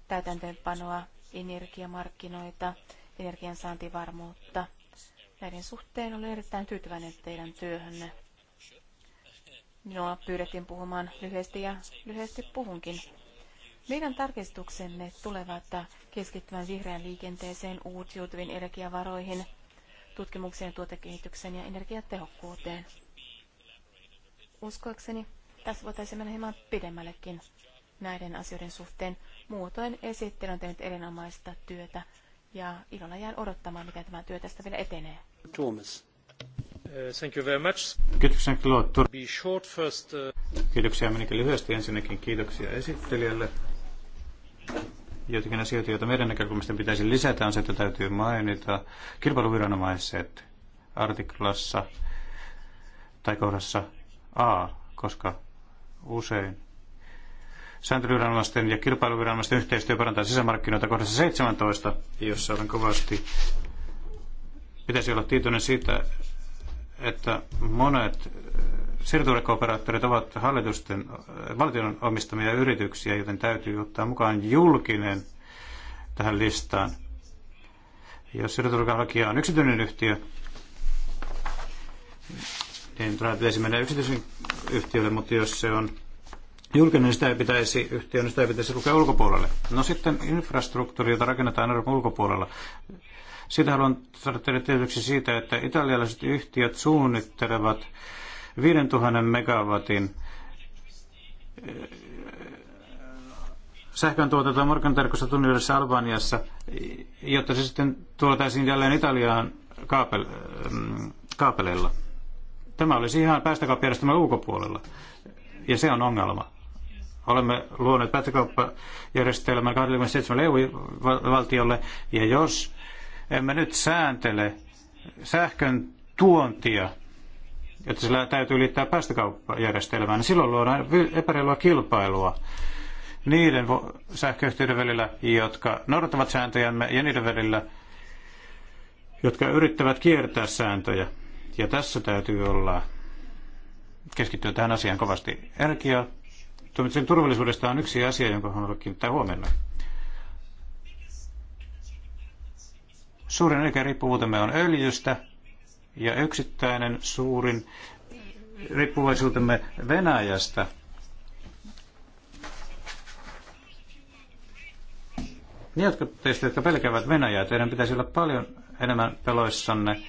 täytäntöönpanoa, energiamarkkinoita, energiansaantivarmuutta. Näiden suhteen olen erittäin tyytyväinen teidän työhönne. Minua pyydettiin puhumaan lyhyesti ja lyhyesti puhunkin. Meidän tarkistuksemme tulevat keskittymään vihreän liikenteeseen, uusiutuviin energiavaroihin, tutkimukseen, tuotekehitykseen ja energiatehokkuuteen. Uskoakseni tässä voitaisiin mennä hieman pidemmällekin näiden asioiden suhteen. Muutoin esittely on tehnyt erinomaista työtä ja ilolla jään odottamaan, miten tämä työ tästä vielä etenee. Tuomas. Uh, thank you very much. Kiitoksia, Claude. Be short first. Uh, kiitoksia menikin lyhyesti ensinnäkin. Kiitoksia esittelijälle. Joitakin asioita, joita meidän näkökulmasta pitäisi lisätä, on se, että täytyy mainita kilpailuviranomaiset artiklassa tai kohdassa A, koska usein. Sääntelyviranomaisten ja kilpailuviranomaisten yhteistyö parantaa sisämarkkinoita kohdassa 17, jossa olen kovasti pitäisi olla tietoinen siitä, että monet äh, siirtoverkko-operaattorit ovat hallitusten, äh, valtion omistamia yrityksiä, joten täytyy ottaa mukaan julkinen tähän listaan. Jos siirtoverkon on yksityinen yhtiö, niin pitäisi mennä yksityisen yhtiölle, mutta jos se on julkinen, niin sitä ei pitäisi, yhtiö, niin sitä ei pitäisi lukea ulkopuolelle. No sitten infrastruktuuri, jota rakennetaan Euroopan ulkopuolella. Siitä haluan saada teille tietysti siitä, että italialaiset yhtiöt suunnittelevat 5000 megawatin eh, sähkön tuotetaan Morganterkossa tunnillisessa Albaniassa, jotta se sitten tuotaisiin jälleen Italiaan kaapel, mm, kaapeleilla. Tämä olisi ihan päästökauppajärjestelmän ulkopuolella, ja se on ongelma. Olemme luoneet päästökauppajärjestelmän 27 EU-valtiolle, ja jos emme nyt sääntele sähkön tuontia, että sillä täytyy liittää päästökauppajärjestelmään, niin silloin luodaan epäreilua kilpailua niiden sähköyhtiöiden välillä, jotka noudattavat sääntöjämme, ja niiden välillä, jotka yrittävät kiertää sääntöjä. Ja tässä täytyy olla keskittyä tähän asiaan kovasti. Energia sen turvallisuudesta on yksi asia, jonka haluan kiinnittää huomenna. Suurin energiariippuvuutemme on öljystä ja yksittäinen suurin riippuvaisuutemme Venäjästä Ne, niin, jotka teistä, jotka pelkäävät Venäjää, teidän pitäisi olla paljon enemmän peloissanne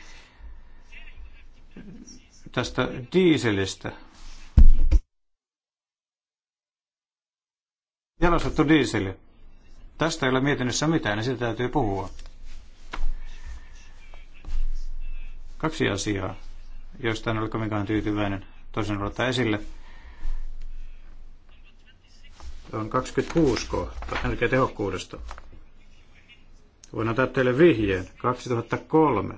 tästä diiselistä. Jalostettu diiseli. Tästä ei ole mietinnössä mitään, niin siitä täytyy puhua. Kaksi asiaa, joista en ole kovinkaan tyytyväinen toisen ottaa esille. On 26 kohta energiatehokkuudesta. Voin antaa teille vihjeen. 2003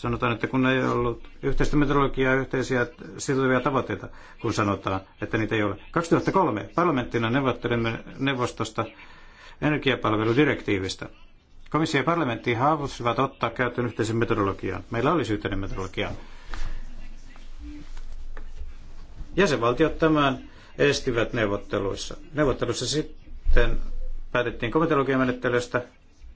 sanotaan, että kun ei ollut yhteistä metodologiaa, yhteisiä sitovia tavoitteita, kun sanotaan, että niitä ei ole. 2003 parlamenttina neuvottelimme neuvostosta energiapalveludirektiivistä. Komissio ja parlamentti halusivat ottaa käyttöön yhteisen metodologian. Meillä oli yhteinen metodologia. Jäsenvaltiot tämän estivät neuvotteluissa. Neuvotteluissa sitten päätettiin komiteologian menettelystä,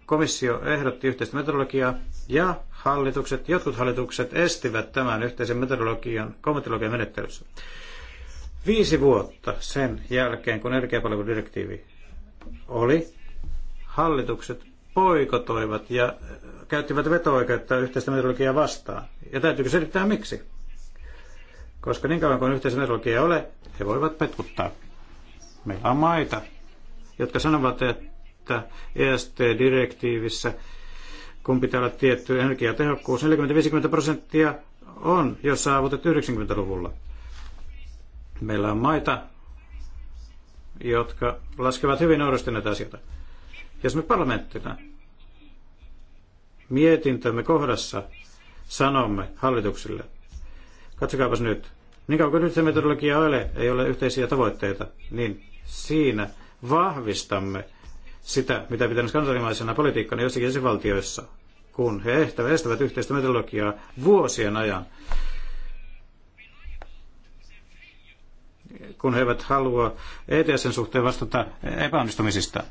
komissio ehdotti yhteistä metodologiaa ja hallitukset, jotkut hallitukset estivät tämän yhteisen metodologian komitologian menettelyssä. Viisi vuotta sen jälkeen, kun energiapalveludirektiivi oli, hallitukset poikotoivat ja äh, käyttivät veto-oikeutta yhteistä metodologiaa vastaan. Ja täytyykö selittää miksi? Koska niin kauan kuin yhteistä metodologiaa ei ole, he voivat petkuttaa. Meillä on maita, jotka sanovat, että että EST-direktiivissä, kun pitää olla tietty energiatehokkuus, 40-50 prosenttia on jo saavutettu 90-luvulla. Meillä on maita, jotka laskevat hyvin oudosti näitä asioita. Jos me parlamenttina mietintömme kohdassa sanomme hallituksille, katsokaapas nyt, niin kauan kuin nyt se metodologia ei ole, ei ole yhteisiä tavoitteita, niin siinä vahvistamme sitä, mitä pitäisi kansallimaisena politiikkana jossakin jäsenvaltioissa, kun he ehtävät, estävät yhteistä metodologiaa vuosien ajan, kun he eivät halua ETSn suhteen vastata epäonnistumisista.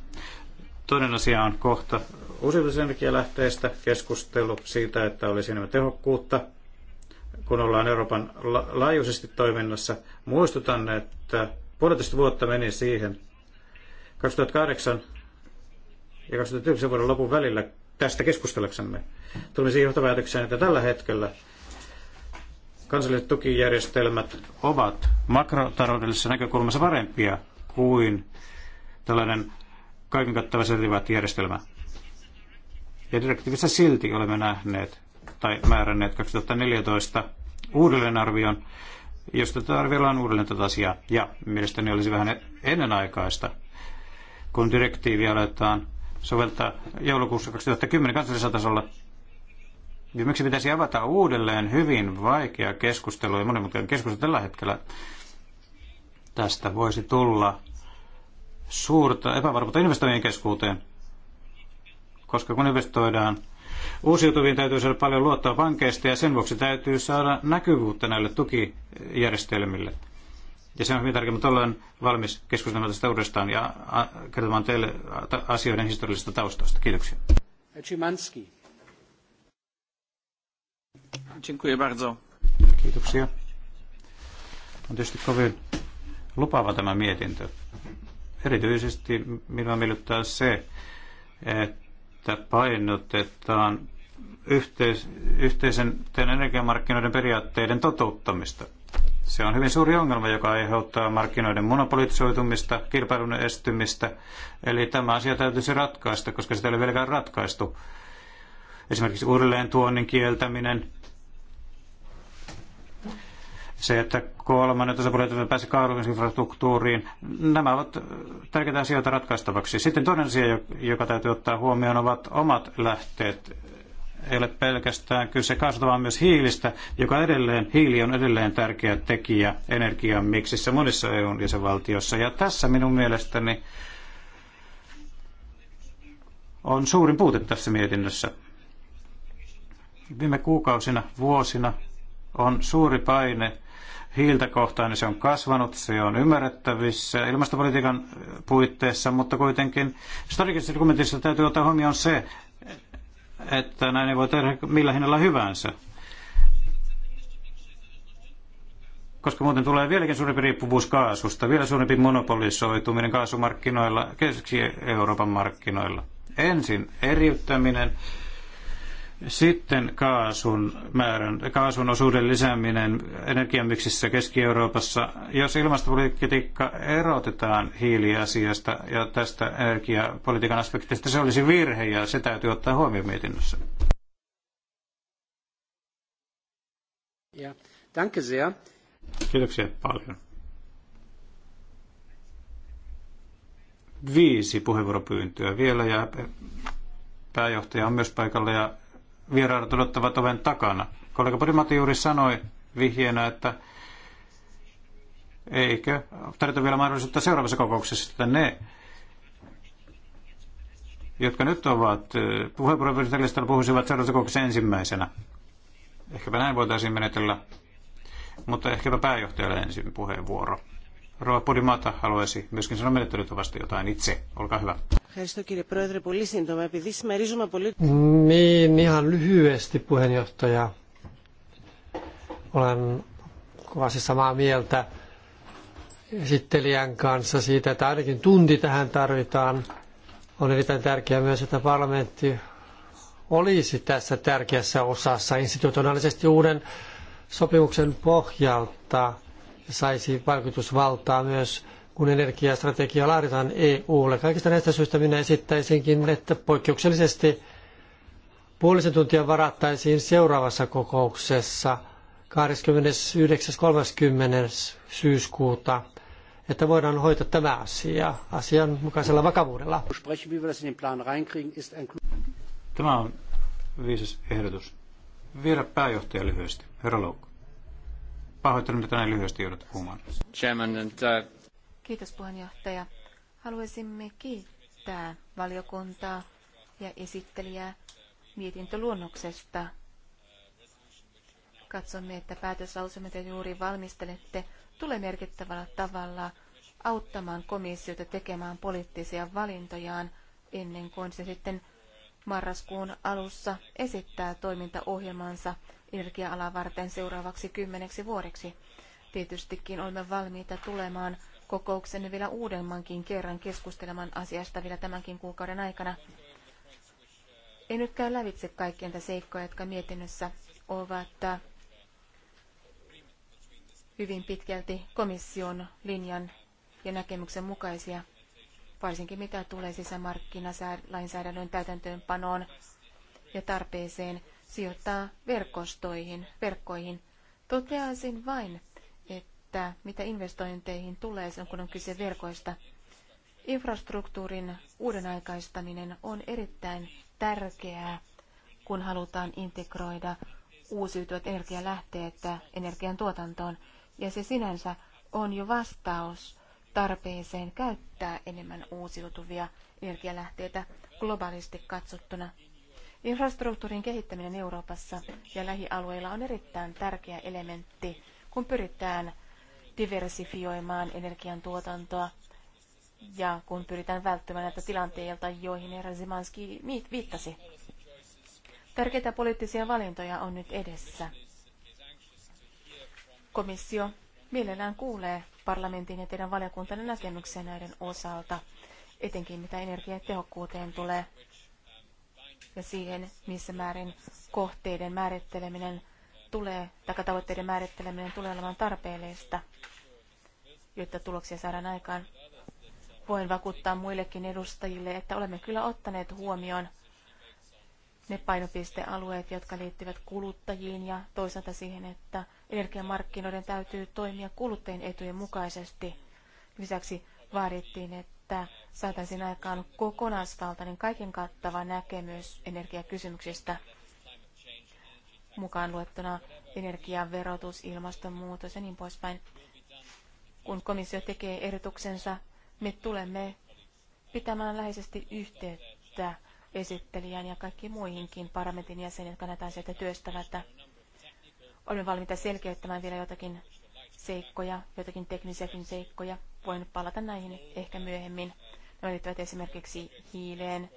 Toinen asia on kohta uusiutuisen energialähteistä keskustelu siitä, että olisi enemmän tehokkuutta, kun ollaan Euroopan la- laajuisesti toiminnassa. Muistutan, että puolitoista vuotta meni siihen 2008 ja 2009 vuoden lopun välillä tästä keskustellaksemme. Tulemme siihen johtopäätökseen, että tällä hetkellä kansalliset tukijärjestelmät ovat makrotaloudellisessa näkökulmassa parempia kuin tällainen kaiken kattava selvät järjestelmä. Ja direktiivissä silti olemme nähneet tai määränneet 2014 uudelleenarvion, josta arvioidaan uudelleen tätä asiaa. Ja mielestäni olisi vähän ennenaikaista, kun direktiivi aletaan soveltaa joulukuussa 2010 kansallisella tasolla. Viimeksi pitäisi avata uudelleen hyvin vaikea keskustelu ja monimutkainen keskustelu tällä hetkellä. Tästä voisi tulla suurta epävarmuutta investoijien keskuuteen, koska kun investoidaan uusiutuviin täytyy saada paljon luottoa pankeista ja sen vuoksi täytyy saada näkyvyyttä näille tukijärjestelmille. Ja se on hyvin tärkeää, mutta ollaan valmis keskustelemaan tästä uudestaan ja kertomaan teille asioiden historiallisesta taustasta. Kiitoksia. Szymanski. Dziękuję bardzo. Kiitoksia. On tietysti kovin lupaava tämä mietintö. Erityisesti minua miellyttää se, että painotetaan yhteis- yhteisen energiamarkkinoiden periaatteiden toteuttamista. Se on hyvin suuri ongelma, joka aiheuttaa markkinoiden monopolisoitumista, kilpailun estymistä. Eli tämä asia täytyisi ratkaista, koska sitä ei ole vieläkään ratkaistu. Esimerkiksi uudelleen tuonnin kieltäminen, se, että kolmannet osapuolet eivät pääse kaavoitusinfrastruktuuriin. Nämä ovat tärkeitä asioita ratkaistavaksi. Sitten toinen asia, joka täytyy ottaa huomioon, ovat omat lähteet ei ole pelkästään kyse kaasusta, vaan myös hiilistä, joka edelleen, hiili on edelleen tärkeä tekijä energian miksissä monissa EUn jäsenvaltioissa. Ja tässä minun mielestäni on suurin puute tässä mietinnössä. Viime kuukausina, vuosina on suuri paine hiiltä kohtaan, niin se on kasvanut, se on ymmärrettävissä ilmastopolitiikan puitteissa, mutta kuitenkin strategisessa dokumentissa täytyy ottaa huomioon se, että näin ei voi tehdä millä hinnalla hyvänsä. Koska muuten tulee vieläkin suurempi riippuvuus kaasusta, vielä suurempi monopolisoituminen kaasumarkkinoilla, keski-Euroopan markkinoilla. Ensin eriyttäminen sitten kaasun, määrän, kaasun osuuden lisääminen energiamiksissä Keski-Euroopassa. Jos ilmastopolitiikka erotetaan hiiliasiasta ja tästä energiapolitiikan aspektista, se olisi virhe ja se täytyy ottaa huomioon mietinnössä. Ja, danke sehr. Kiitoksia paljon. Viisi puheenvuoropyyntöä vielä ja pääjohtaja on myös paikalla ja vieraat odottavat oven takana. Kollega Podimati juuri sanoi vihjeenä, että eikö tarjota vielä mahdollisuutta seuraavassa kokouksessa, että ne, jotka nyt ovat puheenvuoroviritelistalla, puhuisivat seuraavassa kokouksessa ensimmäisenä. Ehkäpä näin voitaisiin menetellä, mutta ehkäpä pääjohtajalle ensin puheenvuoro. Rova Podimata haluaisi myöskin sanoa menettelytavasta jotain itse. Olkaa hyvä. Ευχαριστώ κύριε Πρόεδρε. Πολύ σύντομα, επειδή πολύ... Niin, ihan lyhyesti puheenjohtaja. Olen kovasti samaa mieltä esittelijän kanssa siitä, että ainakin tunti tähän tarvitaan. On erittäin tärkeää myös, että parlamentti olisi tässä tärkeässä osassa institutionaalisesti uuden sopimuksen pohjalta ja saisi vaikutusvaltaa myös kun energiastrategia laaditaan EUlle. Kaikista näistä syistä minä esittäisinkin, että poikkeuksellisesti puolisen tuntia varattaisiin seuraavassa kokouksessa 29.30. syyskuuta, että voidaan hoitaa tämä asia asianmukaisella vakavuudella. Tämä on viisas ehdotus. Viedä pääjohtaja lyhyesti. Herra Louk. Pahoittelen, että näin lyhyesti joudut puhumaan. Chairman, and, uh... Kiitos puheenjohtaja. Haluaisimme kiittää valiokuntaa ja esittelijää mietintöluonnoksesta. Katsomme, että päätöslausumat ja juuri valmistelette tulee merkittävällä tavalla auttamaan komissiota tekemään poliittisia valintojaan ennen kuin se sitten marraskuun alussa esittää toimintaohjelmansa energia-alaa varten seuraavaksi kymmeneksi vuodeksi. Tietystikin olemme valmiita tulemaan kokouksen vielä uudemmankin kerran keskustelemaan asiasta vielä tämänkin kuukauden aikana. En nyt käy lävitse kaikkia niitä seikkoja, jotka mietinnössä ovat äh, hyvin pitkälti komission linjan ja näkemyksen mukaisia, varsinkin mitä tulee sisämarkkinalainsäädännön täytäntöönpanoon ja tarpeeseen sijoittaa verkostoihin, verkkoihin. Toteaisin vain, että mitä investointeihin tulee silloin, kun on kyse verkoista. Infrastruktuurin uudenaikaistaminen on erittäin tärkeää, kun halutaan integroida uusiutuvat energialähteet energiantuotantoon, ja se sinänsä on jo vastaus tarpeeseen käyttää enemmän uusiutuvia energialähteitä globaalisti katsottuna. Infrastruktuurin kehittäminen Euroopassa ja lähialueilla on erittäin tärkeä elementti, kun pyritään diversifioimaan energiantuotantoa ja kun pyritään välttämään näitä tilanteilta, joihin herra Zimanski viittasi. Tärkeitä poliittisia valintoja on nyt edessä. Komissio mielellään kuulee parlamentin ja teidän valiokuntanne näkemyksiä näiden osalta, etenkin mitä energiatehokkuuteen tulee ja siihen, missä määrin kohteiden määritteleminen – tulee, tai tavoitteiden määritteleminen tulee olemaan tarpeellista, jotta tuloksia saadaan aikaan. Voin vakuuttaa muillekin edustajille, että olemme kyllä ottaneet huomioon ne painopistealueet, jotka liittyvät kuluttajiin ja toisaalta siihen, että energiamarkkinoiden täytyy toimia kuluttajien etujen mukaisesti. Lisäksi vaadittiin, että saataisiin aikaan kokonaisvaltainen kaiken kattava näkemys energiakysymyksistä mukaan luettuna energian verotus, ilmastonmuutos ja niin poispäin. Kun komissio tekee ehdotuksensa, me tulemme pitämään läheisesti yhteyttä esittelijän ja kaikkiin muihinkin parlamentin jäseniin, jotka näitä asioita työstävät. Olemme valmiita selkeyttämään vielä jotakin seikkoja, jotakin teknisiäkin seikkoja. Voin palata näihin ehkä myöhemmin. Nämä liittyvät esimerkiksi hiileen,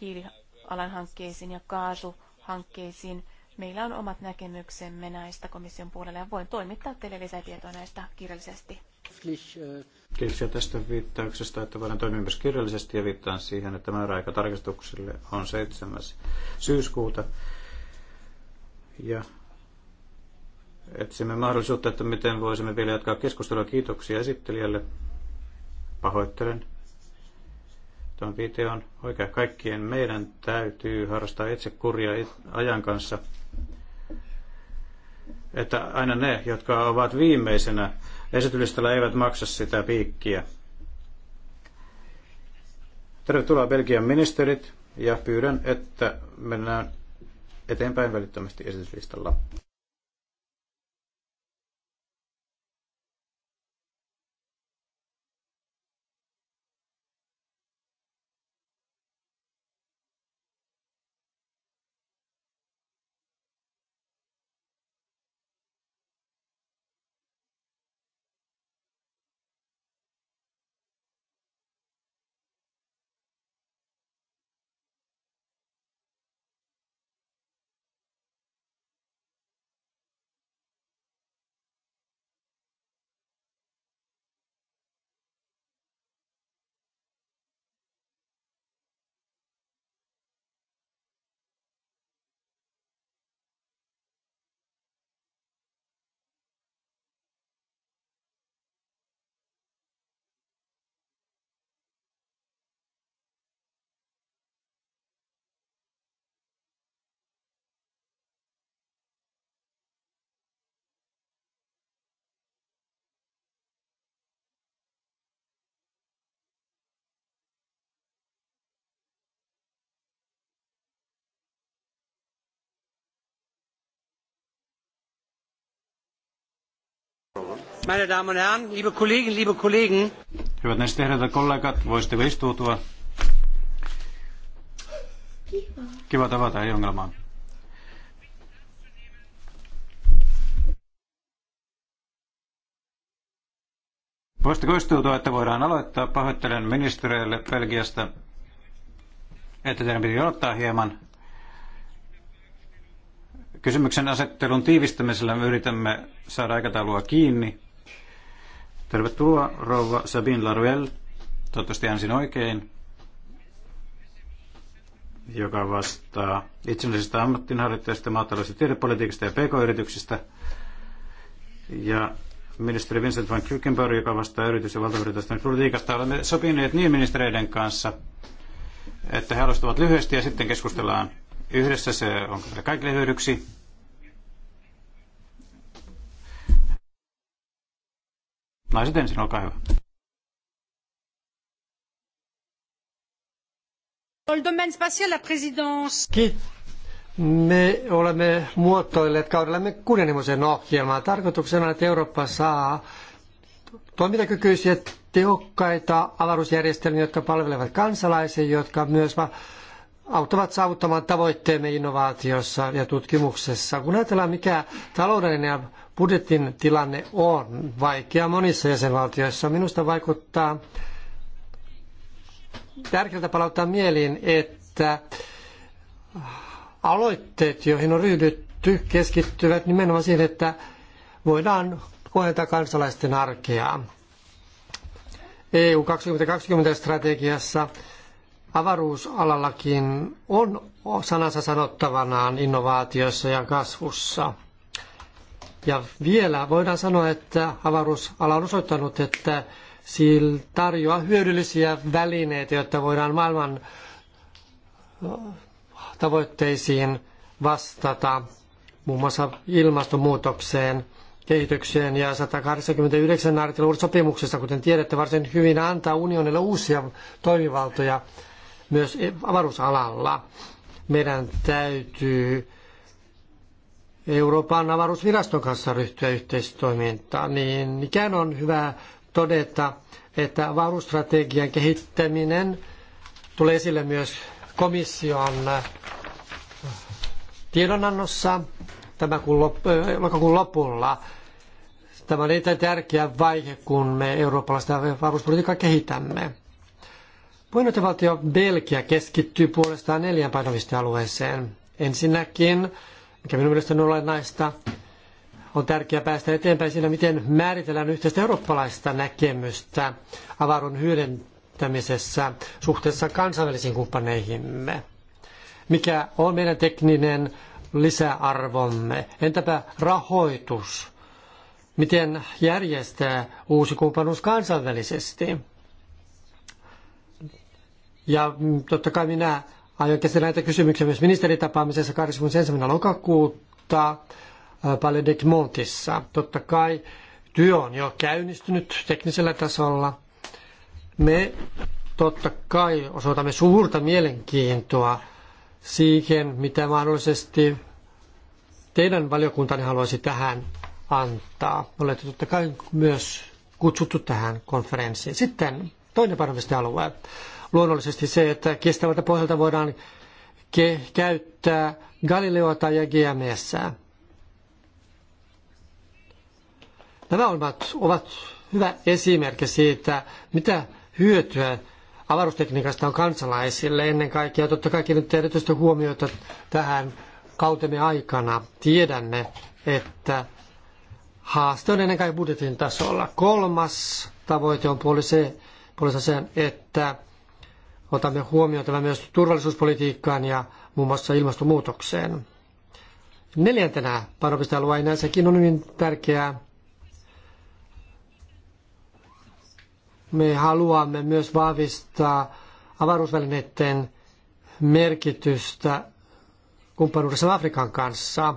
hiilialan hankkeisiin ja kaasuhankkeisiin, Meillä on omat näkemyksemme näistä komission puolella ja voin toimittaa teille lisätietoa näistä kirjallisesti. Kiitoksia tästä viittauksesta, että voidaan toimia myös kirjallisesti ja viittaan siihen, että määräaika tarkistuksille on 7. syyskuuta. Ja etsimme mahdollisuutta, että miten voisimme vielä jatkaa keskustelua. Kiitoksia esittelijälle. Pahoittelen. Tuon videon oikein kaikkien meidän täytyy harrastaa itse kuria ajan kanssa että aina ne, jotka ovat viimeisenä esitylistalla, eivät maksa sitä piikkiä. Tervetuloa Belgian ministerit ja pyydän, että mennään eteenpäin välittömästi esityslistalla. Meine Damen und Herren, liebe Kollegen, liebe Kollegen. Hyvät naiset ja herrat kollegat, voisitteko istuutua? Kiva. Kiva tavata, ei ongelmaa. Voisitteko istuutua, että voidaan aloittaa? Pahoittelen ministereille Belgiasta, että teidän piti odottaa hieman. Kysymyksen asettelun tiivistämisellä me yritämme saada aikataulua kiinni. Tervetuloa rouva Sabine Laruel, toivottavasti ensin oikein, joka vastaa itsenäisestä ammattinharjoittajasta, maatalous- ja tiedepolitiikasta ja pk-yrityksistä. Ja ministeri Vincent van Kukenberg, joka vastaa yritys- ja valtavirtaisten politiikasta. Olemme sopineet niin ministereiden kanssa, että he alustavat lyhyesti ja sitten keskustellaan Yhdessä se on kaikille hyödyksi. Naiset ensin, olkaa hyvä. Me olemme muotoilleet kaudellemme kunnianhimoisen ohjelmaa. Tarkoituksena on, että Eurooppa saa toimintakykyisiä tehokkaita avaruusjärjestelmiä, jotka palvelevat kansalaisia, jotka myös auttavat saavuttamaan tavoitteemme innovaatiossa ja tutkimuksessa. Kun ajatellaan, mikä taloudellinen ja budjetin tilanne on vaikea monissa jäsenvaltioissa, minusta vaikuttaa tärkeältä palauttaa mieliin, että aloitteet, joihin on ryhdytty, keskittyvät nimenomaan siihen, että voidaan kohentaa kansalaisten arkea. EU 2020 strategiassa avaruusalallakin on sanansa sanottavanaan innovaatioissa ja kasvussa. Ja vielä voidaan sanoa, että avaruusala on osoittanut, että sillä tarjoaa hyödyllisiä välineitä, jotta voidaan maailman äh, tavoitteisiin vastata, muun muassa ilmastonmuutokseen, kehitykseen ja 189 artiklan sopimuksesta, kuten tiedätte, varsin hyvin antaa unionille uusia toimivaltoja myös avaruusalalla. Meidän täytyy Euroopan avaruusviraston kanssa ryhtyä yhteistoimintaan, niin ikään on hyvä todeta, että avaruusstrategian kehittäminen tulee esille myös komission tiedonannossa tämän kuun lop- lokakuun lopulla. Tämä on erittäin tärkeä vaihe, kun me eurooppalaista avaruuspolitiikkaa kehitämme. Puheenjohtajavaltio Belgia keskittyy puolestaan neljän painopistealueeseen. Ensinnäkin, mikä minun mielestäni on olennaista, on tärkeää päästä eteenpäin siinä, miten määritellään yhteistä eurooppalaista näkemystä avaruuden hyödyntämisessä suhteessa kansainvälisiin kumppaneihimme. Mikä on meidän tekninen lisäarvomme? Entäpä rahoitus? Miten järjestää uusi kumppanuus kansainvälisesti? Ja mm, totta kai minä aion käsitellä näitä kysymyksiä myös ministeritapaamisessa 21. lokakuuta äh, Palais de Montissa. Totta kai työ on jo käynnistynyt teknisellä tasolla. Me totta kai osoitamme suurta mielenkiintoa siihen, mitä mahdollisesti teidän valiokuntanne haluaisi tähän antaa. Olette totta kai myös kutsuttu tähän konferenssiin. Sitten toinen painopistealue. alue luonnollisesti se, että kestävältä pohjalta voidaan käyttää Galileota ja GMS. Nämä ovat, ovat hyvä esimerkki siitä, mitä hyötyä avaruustekniikasta on kansalaisille ennen kaikkea. Totta kai kiinnittää erityistä huomiota tähän kautemme aikana. Tiedämme, että haaste on ennen kaikkea budjetin tasolla. Kolmas tavoite on puoli se, se että otamme huomioon tämän myös turvallisuuspolitiikkaan ja muun muassa ilmastonmuutokseen. Neljäntenä painopistealueena sekin on hyvin tärkeää. Me haluamme myös vahvistaa avaruusvälineiden merkitystä kumppanuudessa Afrikan kanssa.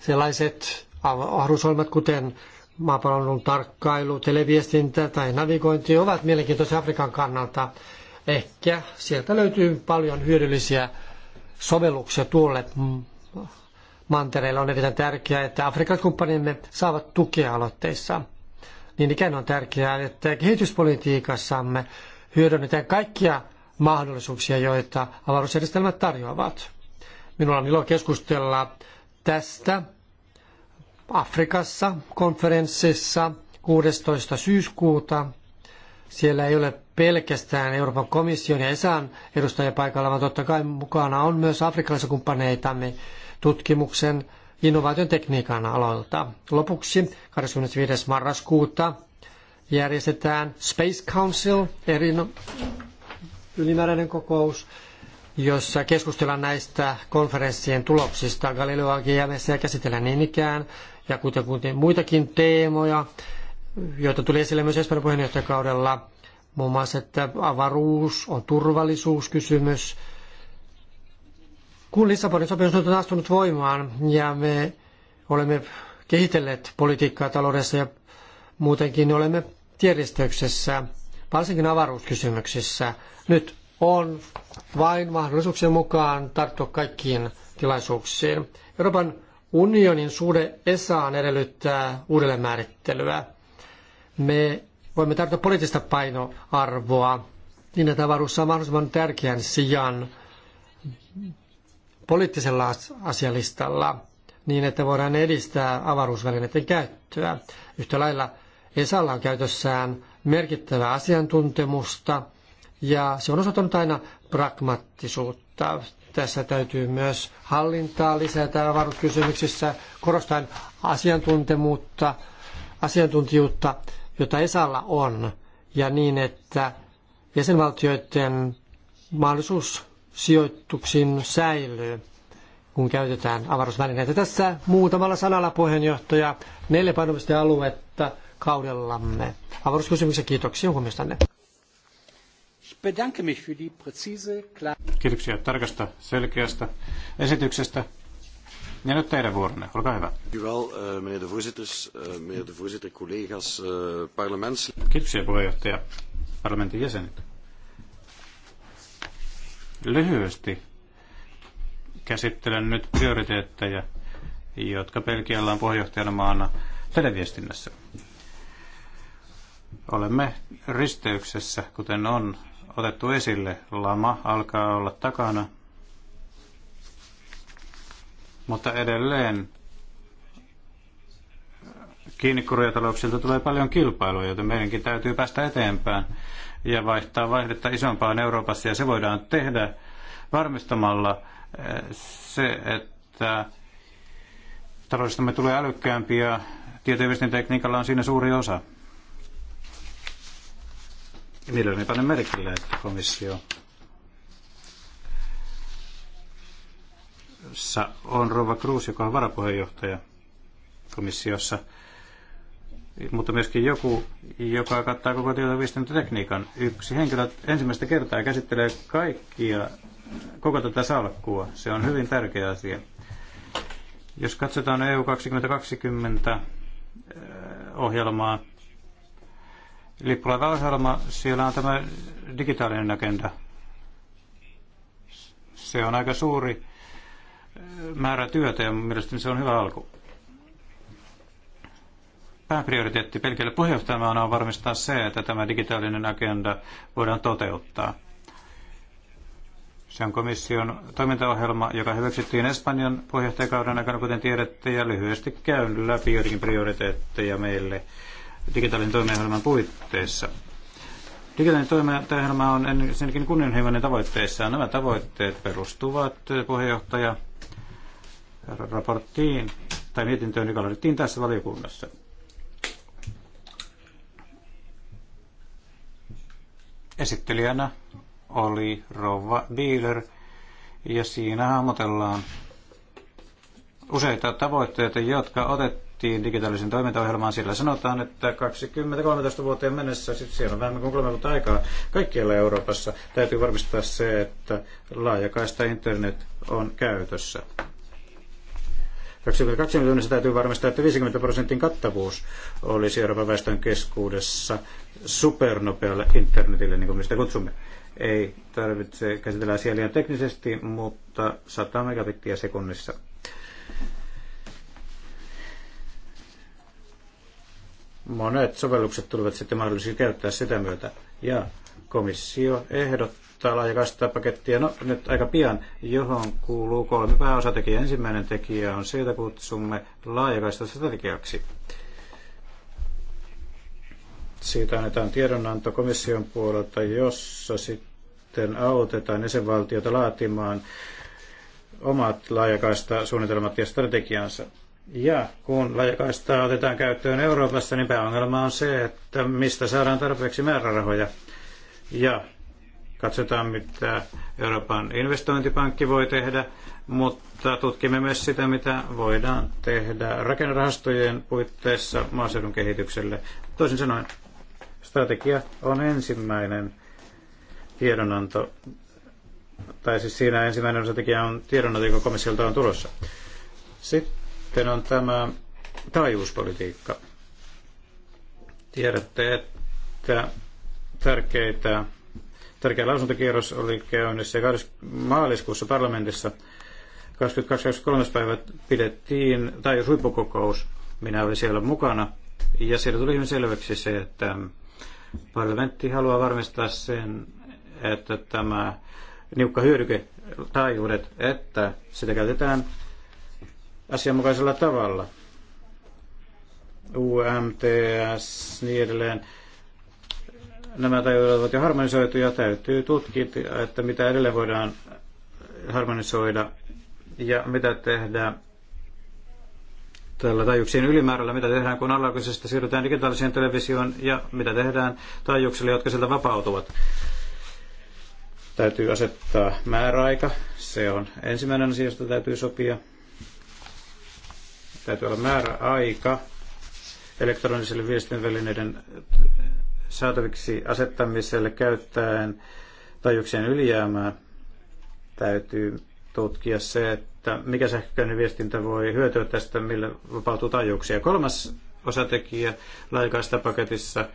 Sellaiset avaruusohjelmat, kuten maapallon tarkkailu, televiestintä tai navigointi, ovat mielenkiintoisia Afrikan kannalta. Ehkä sieltä löytyy paljon hyödyllisiä sovelluksia tuolle mantereelle. On erittäin tärkeää, että Afrikan kumppanimme saavat tukea aloitteissa. Niin ikään on tärkeää, että kehityspolitiikassamme hyödynnetään kaikkia mahdollisuuksia, joita avaruusjärjestelmät tarjoavat. Minulla on ilo keskustella tästä Afrikassa konferenssissa 16. syyskuuta. Siellä ei ole pelkästään Euroopan komission ja ESAn edustajia paikalla, vaan totta kai mukana on myös afrikkalaisia kumppaneitamme tutkimuksen innovaation tekniikan aloilta. Lopuksi 25. marraskuuta järjestetään Space Council, erino, ylimääräinen kokous, jossa keskustellaan näistä konferenssien tuloksista. Galileo AGMssä käsitellään niin ikään, ja kuten muitakin teemoja, joita tuli esille myös Espanjan puheenjohtajakaudella – Muun muassa, että avaruus on turvallisuuskysymys. Kun Lissabonin sopimus on astunut voimaan ja me olemme kehitelleet politiikkaa taloudessa ja muutenkin olemme tiedistöksessä, varsinkin avaruuskysymyksissä. Nyt on vain mahdollisuuksien mukaan tarttua kaikkiin tilaisuuksiin. Euroopan unionin suhde ESAan edellyttää uudelleenmäärittelyä. Me voimme tarjota poliittista painoarvoa niin, että avaruus saa mahdollisimman tärkeän sijan poliittisella asialistalla niin, että voidaan edistää avaruusvälineiden käyttöä. Yhtä lailla Esalla on käytössään merkittävää asiantuntemusta ja se on osoittanut aina pragmaattisuutta. Tässä täytyy myös hallintaa lisätä avaruuskysymyksissä, korostaen asiantuntemuutta, asiantuntijuutta jota Esalla on, ja niin, että jäsenvaltioiden mahdollisuus sijoituksiin säilyy, kun käytetään avaruusvälineitä. Tässä muutamalla sanalla puheenjohtaja neljä aluetta kaudellamme. Avaruuskysymyksiä kiitoksia huomiostanne. Kiitoksia tarkasta, selkeästä esityksestä. Ja nyt teidän vuoronne, olkaa eh, eh, eh, parlementsleden. puheenjohtaja, parlamentin jäsenet. Lyhyesti käsittelen nyt prioriteetteja, jotka Belgialla on puheenjohtajana maana televiestinnässä. Olemme risteyksessä, kuten on otettu esille. Lama alkaa olla takana, mutta edelleen kiinnikurjatalouksilta tulee paljon kilpailua, joten meidänkin täytyy päästä eteenpäin ja vaihtaa vaihdetta isompaan Euroopassa. Ja se voidaan tehdä varmistamalla eh, se, että taloudestamme tulee älykkäämpi ja tieto- tekniikalla on siinä suuri osa. Mielelläni panen merkille, että komissio jossa on Rova Cruz, joka on varapuheenjohtaja komissiossa, mutta myöskin joku, joka kattaa koko tekniikan. Yksi henkilö ensimmäistä kertaa käsittelee kaikkia, koko tätä salkkua. Se on hyvin tärkeä asia. Jos katsotaan EU 2020 eh, ohjelmaa, ohjelma siellä on tämä digitaalinen agenda. Se on aika suuri määrä työtä ja mielestäni se on hyvä alku. Pääprioriteetti pelkälle puheenjohtajamaana on varmistaa se, että tämä digitaalinen agenda voidaan toteuttaa. Se on komission toimintaohjelma, joka hyväksyttiin Espanjan puheenjohtajakauden aikana, kuten tiedätte, ja lyhyesti käyn läpi joidenkin prioriteetteja meille digitaalinen toimintaohjelman puitteissa. Digitaalinen toimintaohjelma on ensinnäkin kunnianhimoinen tavoitteissa. Nämä tavoitteet perustuvat puheenjohtaja raporttiin tai mietintöön, joka laadittiin tässä valiokunnassa. Esittelijänä oli Rova Bieler ja siinä hahmotellaan useita tavoitteita, jotka otettiin digitaalisen toimintaohjelmaan. Sillä sanotaan, että 2013 vuoteen mennessä, siis siellä on vähemmän kuin kolme vuotta aikaa, kaikkialla Euroopassa täytyy varmistaa se, että laajakaista internet on käytössä. 2020 täytyy varmistaa, että 50 prosentin kattavuus olisi Euroopan väestön keskuudessa supernopealle internetille, niin kuin me sitä kutsumme. Ei tarvitse käsitellä asiaa liian teknisesti, mutta 100 megabittiä sekunnissa. Monet sovellukset tulevat sitten mahdollisesti käyttää sitä myötä. Ja komissio ehdottaa, ehdottaa laajakasta pakettia no, nyt aika pian, johon kuuluu kolme pääosatekijää. Ensimmäinen tekijä on se, jota kutsumme laajakaista strategiaksi. Siitä annetaan tiedonanto komission puolelta, jossa sitten autetaan jäsenvaltiota laatimaan omat laajakaista suunnitelmat ja strategiansa. Ja kun laajakaista otetaan käyttöön Euroopassa, niin pääongelma on se, että mistä saadaan tarpeeksi määrärahoja ja Katsotaan, mitä Euroopan investointipankki voi tehdä, mutta tutkimme myös sitä, mitä voidaan tehdä rakennerahastojen puitteissa maaseudun kehitykselle. Toisin sanoen, strategia on ensimmäinen tiedonanto, tai siis siinä ensimmäinen strategia on tiedonanto, joka komissiolta on tulossa. Sitten on tämä taajuuspolitiikka. Tiedätte, että tärkeitä Tärkeä lausuntokierros oli käynnissä maaliskuussa parlamentissa 22.3. päivä pidettiin, tai huippukokous, minä olin siellä mukana, ja siellä tuli hyvin selväksi se, että parlamentti haluaa varmistaa sen, että tämä niukka hyödyke taajuudet, että sitä käytetään asianmukaisella tavalla. UMTS, niin edelleen nämä tajunnat ovat jo harmonisoituja, täytyy tutkia, että mitä edelleen voidaan harmonisoida ja mitä tehdään tällä taajuuksien ylimäärällä, mitä tehdään, kun analogisesta siirrytään digitaaliseen televisioon ja mitä tehdään taajuuksille, jotka sieltä vapautuvat. Täytyy asettaa määräaika. Se on ensimmäinen asia, josta täytyy sopia. Täytyy olla määräaika elektronisille viestinvälineiden saataviksi asettamiselle käyttäen taajuuksien ylijäämää täytyy tutkia se, että mikä sähköinen viestintä voi hyötyä tästä, millä vapautuu taajuuksia. Kolmas osatekijä laajakaista paketissa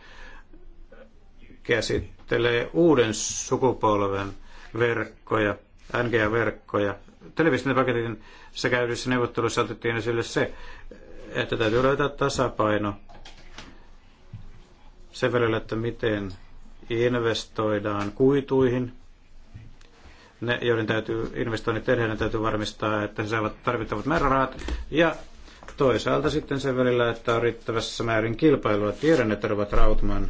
käsittelee uuden sukupolven verkkoja, NGA-verkkoja. paketin sekä yhdessä neuvottelussa otettiin esille se, että täytyy löytää tasapaino sen verran, että miten investoidaan kuituihin. Ne, joiden täytyy investoinnit tehdä, ne täytyy varmistaa, että he saavat tarvittavat määrärahat. Ja toisaalta sitten sen välillä, että on riittävässä määrin kilpailua. Tiedän, että Robert Rautman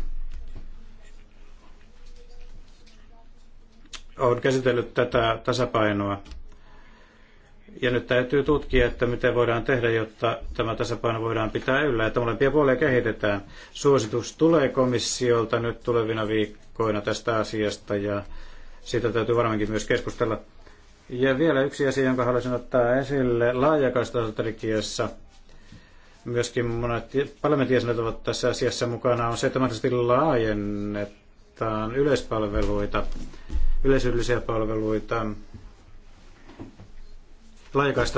on käsitellyt tätä tasapainoa ja nyt täytyy tutkia, että mitä voidaan tehdä, jotta tämä tasapaino voidaan pitää yllä, että molempia puolia kehitetään. Suositus tulee komissiolta nyt tulevina viikkoina tästä asiasta ja siitä täytyy varmaankin myös keskustella. Ja vielä yksi asia, jonka haluaisin ottaa esille laajakaistastrategiassa. Myöskin monet parlamentin ovat tässä asiassa mukana, on se, että mahdollisesti laajennetaan yleispalveluita, yleisöllisiä palveluita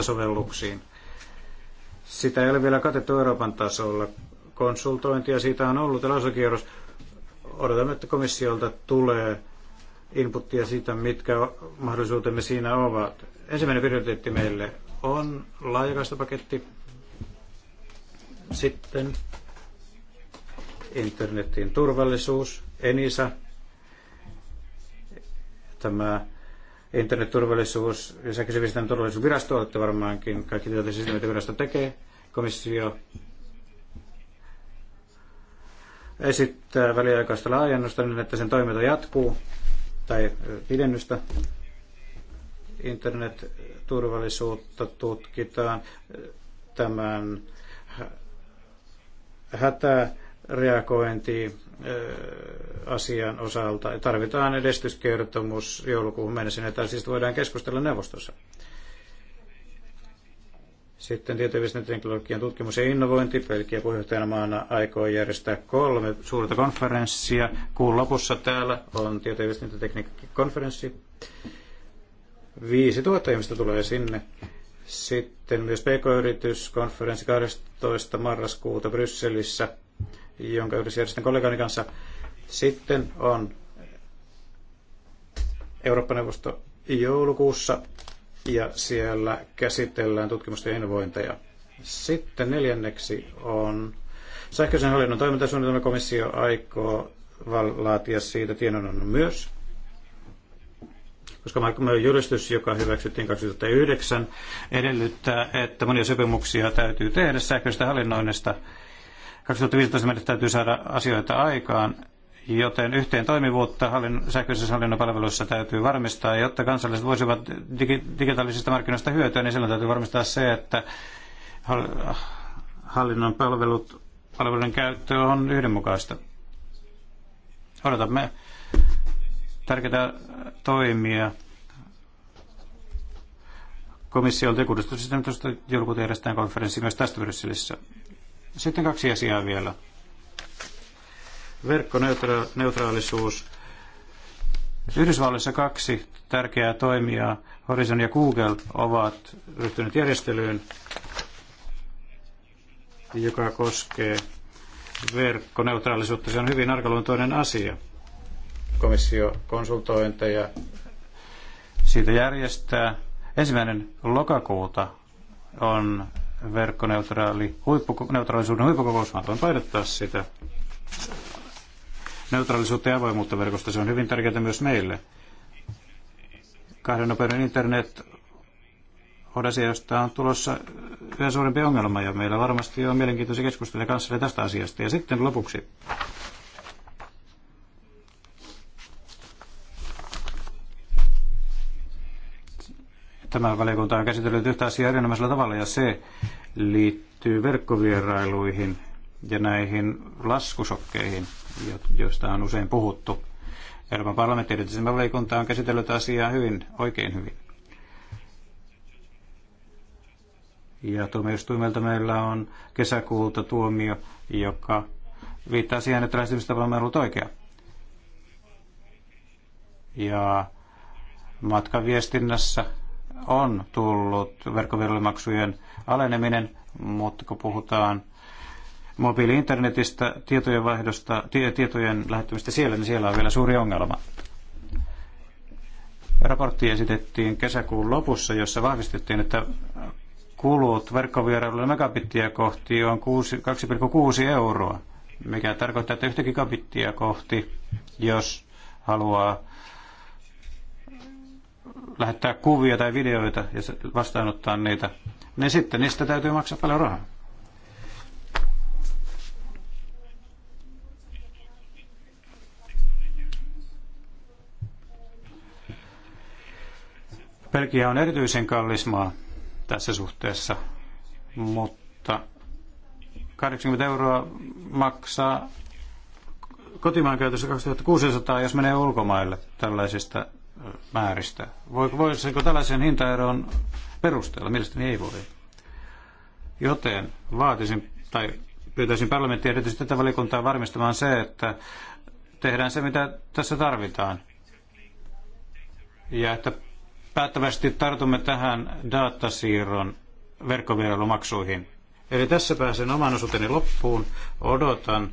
sovelluksiin. Sitä ei ole vielä katettu Euroopan tasolla. Konsultointia siitä on ollut ja lausukierros. Odotamme, että komissiolta tulee inputtia siitä, mitkä mahdollisuutemme siinä ovat. Ensimmäinen prioriteetti meille on laajakaistapaketti. Sitten internetin turvallisuus, ENISA, tämä internetturvallisuus ja sähköisen turvallisuusvirasto olette varmaankin kaikki tietoisia siitä, mitä virasto tekee. Komissio esittää väliaikaista laajennusta niin, että sen toiminta jatkuu tai pidennystä. Internetturvallisuutta tutkitaan tämän hätä reagointi asian osalta. Tarvitaan edistyskertomus joulukuuhun mennessä, että siis voidaan keskustella neuvostossa. Sitten teknologian tutkimus ja innovointi. Pelkiä maana aikoo järjestää kolme suurta konferenssia. Kuun lopussa täällä on konferenssi viisi tuhatta ihmistä tulee sinne. Sitten myös PK-yrityskonferenssi 12. marraskuuta Brysselissä jonka yhdessä järjestän kollegani kanssa. Sitten on Eurooppa-neuvosto joulukuussa ja siellä käsitellään tutkimusta ja innovointeja. Sitten neljänneksi on sähköisen hallinnon toimintasuunnitelma komissio aikoo laatia siitä tiedonannon myös. Koska julistus, joka hyväksyttiin 2009, edellyttää, että monia sopimuksia täytyy tehdä sähköistä hallinnoinnista 2015 mennessä täytyy saada asioita aikaan, joten yhteen toimivuutta hallin, sähköisessä hallinnon palveluissa täytyy varmistaa, jotta kansalaiset voisivat digi, digitaalisista markkinoista hyötyä, niin silloin täytyy varmistaa se, että hallinnon palvelut, palveluiden käyttö on yhdenmukaista. Odotamme tärkeitä toimia Komission ja 16. joulukuuta järjestetään konferenssi myös tästä Brysselissä. Sitten kaksi asiaa vielä. Verkkoneutraalisuus. Yhdysvalloissa kaksi tärkeää toimijaa, Horizon ja Google, ovat ryhtyneet järjestelyyn, joka koskee verkkoneutraalisuutta. Se on hyvin arkaluontoinen asia. Komissio konsultointeja siitä järjestää. Ensimmäinen lokakuuta on verkkoneutraali huippuneutraalisuuden huippukokous. Haluan painottaa sitä neutraalisuutta ja avoimuutta verkosta. Se on hyvin tärkeää myös meille. Kahden nopeuden internet on asia, josta on tulossa yhä suurempi ongelma ja meillä varmasti on mielenkiintoisia keskusteluja kanssa tästä asiasta. Ja sitten lopuksi Tämä valiokunta on käsitellyt yhtä asiaa erinomaisella tavalla ja se liittyy verkkovierailuihin ja näihin laskusokkeihin, joista on usein puhuttu. Euroopan parlamentti valiokunta on käsitellyt asiaa hyvin, oikein hyvin. Ja tuomioistuimelta meillä on kesäkuulta tuomio, joka viittaa siihen, että lähestymistapa on ollut oikea. Ja matkaviestinnässä on tullut verkkoviljelymaksujen aleneminen, mutta kun puhutaan mobiili-internetistä, tietojen vaihdosta, tietojen lähettämistä siellä, niin siellä on vielä suuri ongelma. Raportti esitettiin kesäkuun lopussa, jossa vahvistettiin, että kulut verkkovierailulle megabittiä kohti on 2,6 euroa, mikä tarkoittaa, että yhtä gigabittiä kohti, jos haluaa lähettää kuvia tai videoita ja vastaanottaa niitä, niin sitten niistä täytyy maksaa paljon rahaa. Pelkiä on erityisen kallis maa tässä suhteessa, mutta 80 euroa maksaa kotimaan käytössä 2600, jos menee ulkomaille tällaisista määristä. Voisiko tällaisen hintaeron perusteella? Mielestäni ei voi. Joten vaatisin tai pyytäisin parlamenttia erityisesti tätä valiokuntaa varmistamaan se, että tehdään se, mitä tässä tarvitaan. Ja että päättävästi tartumme tähän datasiirron verkkovierailumaksuihin. Eli tässä pääsen oman osuuteni loppuun. Odotan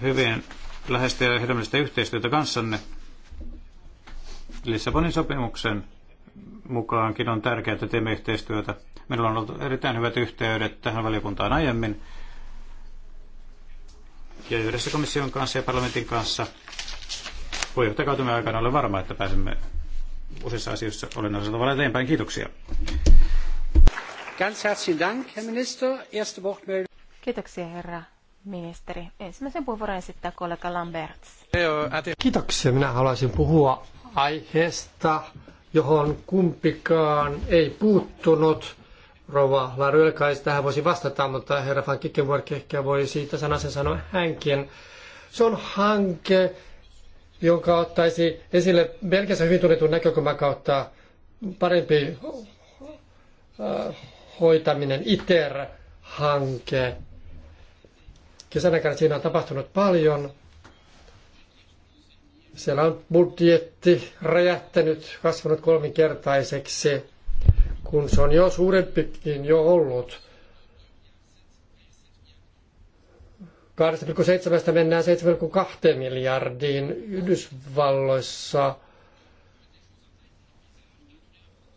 hyvin lähestyä ja hedelmällistä yhteistyötä kanssanne. Lissabonin sopimuksen mukaankin on tärkeää, että teemme yhteistyötä. Meillä on ollut erittäin hyvät yhteydet tähän valiokuntaan aiemmin. Ja yhdessä komission kanssa ja parlamentin kanssa puheenjohtajakautemme aikana olen varma, että pääsemme useissa asioissa olennaisella tavalla eteenpäin. Kiitoksia. Ganz herzlichen Dank, Herr Minister. Erste Wortmeldung. Kiitoksia, herra ministeri. Ensimmäisen puheenvuoron esittää kollega Lamberts. Kiitoksia. Minä haluaisin puhua aiheesta, johon kumpikaan ei puuttunut. Rova Elkais tähän voisi vastata, mutta herra Van Kikkenborg ehkä voi siitä sanasen sanoa hänkin. Se on hanke, joka ottaisi esille Belgiassa hyvin tunnetun näkökulman kautta parempi äh, hoitaminen, ITER-hanke. Kesänä siinä on tapahtunut paljon siellä on budjetti räjähtänyt, kasvanut kolminkertaiseksi, kun se on jo suurempikin jo ollut. 2,7 mennään 7,2 miljardiin Yhdysvalloissa.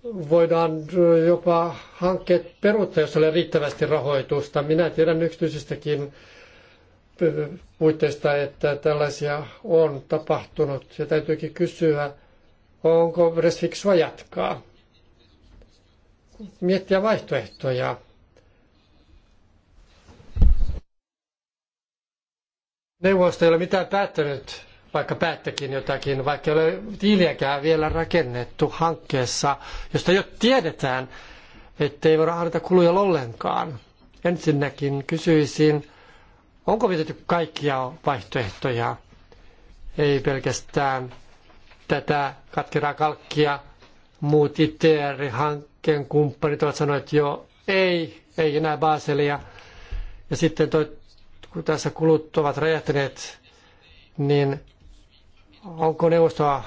Voidaan jopa hankkeet peruuttaa, jos ei ole riittävästi rahoitusta. Minä tiedän yksityisistäkin puitteista, että tällaisia on tapahtunut. Ja täytyykin kysyä, onko edes fiksua jatkaa. Miettiä vaihtoehtoja. Neuvosto ei ole mitään päättänyt, vaikka päättäkin jotakin, vaikka ei ole tiiliäkään vielä rakennettu hankkeessa, josta jo tiedetään, ettei voida harjoita kuluja ollenkaan. Ensinnäkin kysyisin, Onko mietitty kaikkia vaihtoehtoja? Ei pelkästään tätä katkeraa kalkkia. Muut ITR-hankkeen kumppanit ovat sanoneet jo ei, ei enää Baselia. Ja sitten toi, kun tässä kulut ovat räjähtäneet, niin onko neuvostoa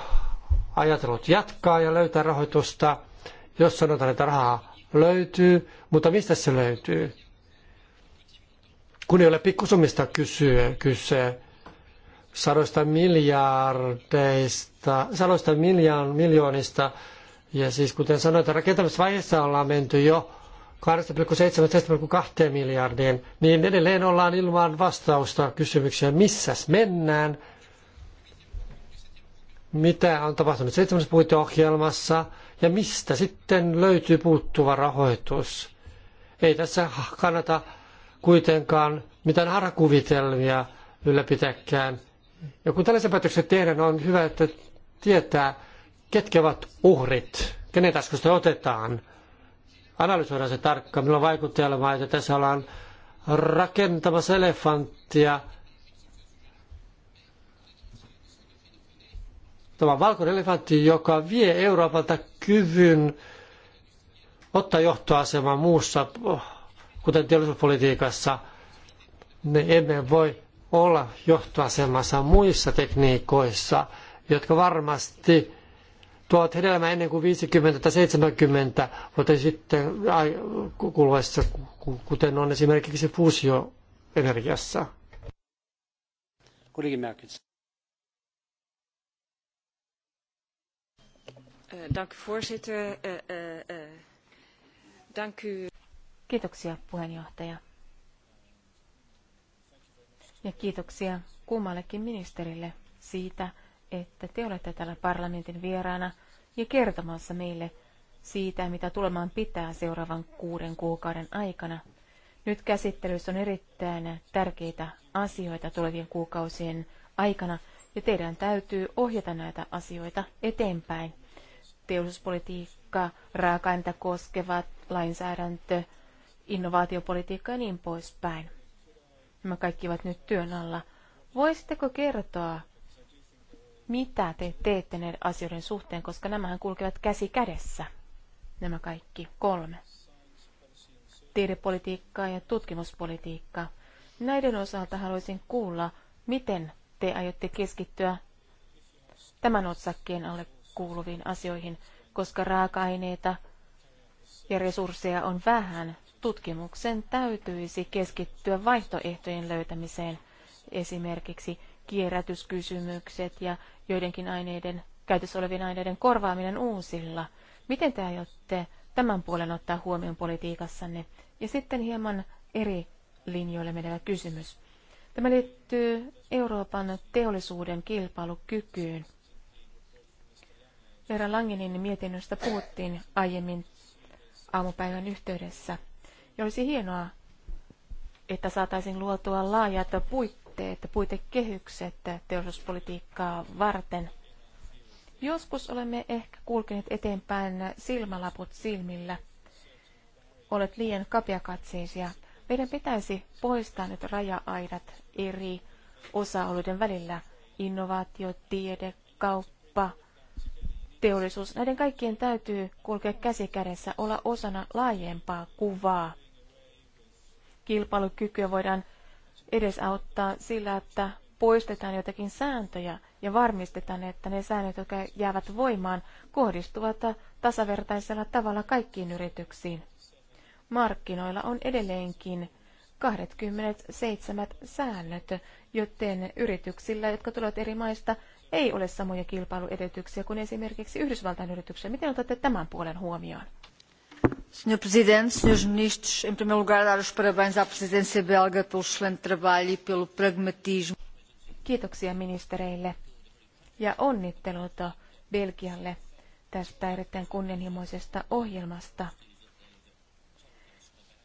ajatellut jatkaa ja löytää rahoitusta, jos sanotaan, että rahaa löytyy, mutta mistä se löytyy? kun ei ole pikkusummista kysyä, kyse sadoista miljardeista, sadoista miljaan, miljoonista, ja siis kuten sanoin, että rakentamisvaiheessa ollaan menty jo 2,7-7,2 miljardiin, niin edelleen ollaan ilman vastausta kysymykseen, missäs mennään, mitä on tapahtunut seitsemännessä puiteohjelmassa ja mistä sitten löytyy puuttuva rahoitus. Ei tässä kannata kuitenkaan mitään harhakuvitelmia ylläpitäkään. Ja kun tällaisia päätöksiä tehdään, on hyvä, että tietää, ketkä ovat uhrit, kenen taskusta otetaan. Analysoidaan se tarkkaan, milloin vaikutelma, että tässä ollaan rakentamassa elefanttia. Tämä on valkoinen elefantti, joka vie Euroopalta kyvyn ottaa johtoasema muussa kuten teollisuuspolitiikassa, me emme voi olla johtoasemassa muissa tekniikoissa, jotka varmasti tuovat hedelmää ennen kuin 50 tai 70 vuotta sitten kuluessa, kuten on esimerkiksi fuusioenergiassa. Eh, dank u voorzitter. Eh, eh, dank u. Kiitoksia puheenjohtaja. Ja kiitoksia kummallekin ministerille siitä, että te olette täällä parlamentin vieraana ja kertomassa meille siitä, mitä tulemaan pitää seuraavan kuuden kuukauden aikana. Nyt käsittelyssä on erittäin tärkeitä asioita tulevien kuukausien aikana, ja teidän täytyy ohjata näitä asioita eteenpäin. Teollisuuspolitiikka, raaka koskevat lainsäädäntö, innovaatiopolitiikka ja niin poispäin. Nämä kaikki ovat nyt työn alla. Voisitteko kertoa, mitä te teette näiden asioiden suhteen, koska nämähän kulkevat käsi kädessä, nämä kaikki kolme. Tiedepolitiikka ja tutkimuspolitiikka. Näiden osalta haluaisin kuulla, miten te aiotte keskittyä tämän otsakkeen alle kuuluviin asioihin, koska raaka-aineita ja resursseja on vähän, tutkimuksen täytyisi keskittyä vaihtoehtojen löytämiseen, esimerkiksi kierrätyskysymykset ja joidenkin aineiden, käytössä olevien aineiden korvaaminen uusilla. Miten te aiotte tämän puolen ottaa huomioon politiikassanne? Ja sitten hieman eri linjoille menevä kysymys. Tämä liittyy Euroopan teollisuuden kilpailukykyyn. Vera Langenin mietinnöstä puhuttiin aiemmin aamupäivän yhteydessä. Ja olisi hienoa, että saataisiin luotua laajat puitteet, puitekehykset teollisuuspolitiikkaa varten. Joskus olemme ehkä kulkeneet eteenpäin silmälaput silmillä. Olet liian kapeakatseisia. Meidän pitäisi poistaa nyt raja-aidat eri osa-alueiden välillä. Innovaatio, tiede, kauppa, teollisuus. Näiden kaikkien täytyy kulkea käsi kädessä, olla osana laajempaa kuvaa kilpailukykyä voidaan edesauttaa sillä, että poistetaan jotakin sääntöjä ja varmistetaan, että ne säännöt, jotka jäävät voimaan, kohdistuvat tasavertaisella tavalla kaikkiin yrityksiin. Markkinoilla on edelleenkin 27 säännöt, joten yrityksillä, jotka tulevat eri maista, ei ole samoja kilpailuedellytyksiä kuin esimerkiksi Yhdysvaltain yrityksiä. Miten otatte tämän puolen huomioon? Senhor Presidente, Senhores Ministros, em primeiro lugar dar os parabéns à presidência belga pelo excelente trabalho e pelo pragmatismo. Kiitoksia ministereille ja onnittelut Belgialle tästä erittäin kunnianhimoisesta ohjelmasta.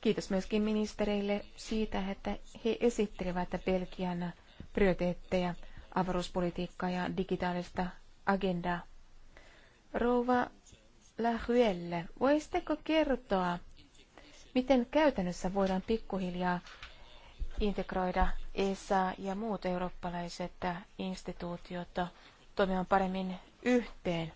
Kiitos myöskin ministereille siitä, että he esittelivät Belgian prioriteetteja, avaruuspolitiikkaa ja digitaalista agendaa. Rouva Lahyelle. Voisitteko kertoa, miten käytännössä voidaan pikkuhiljaa integroida ESA ja muut eurooppalaiset instituutiot toimimaan paremmin yhteen?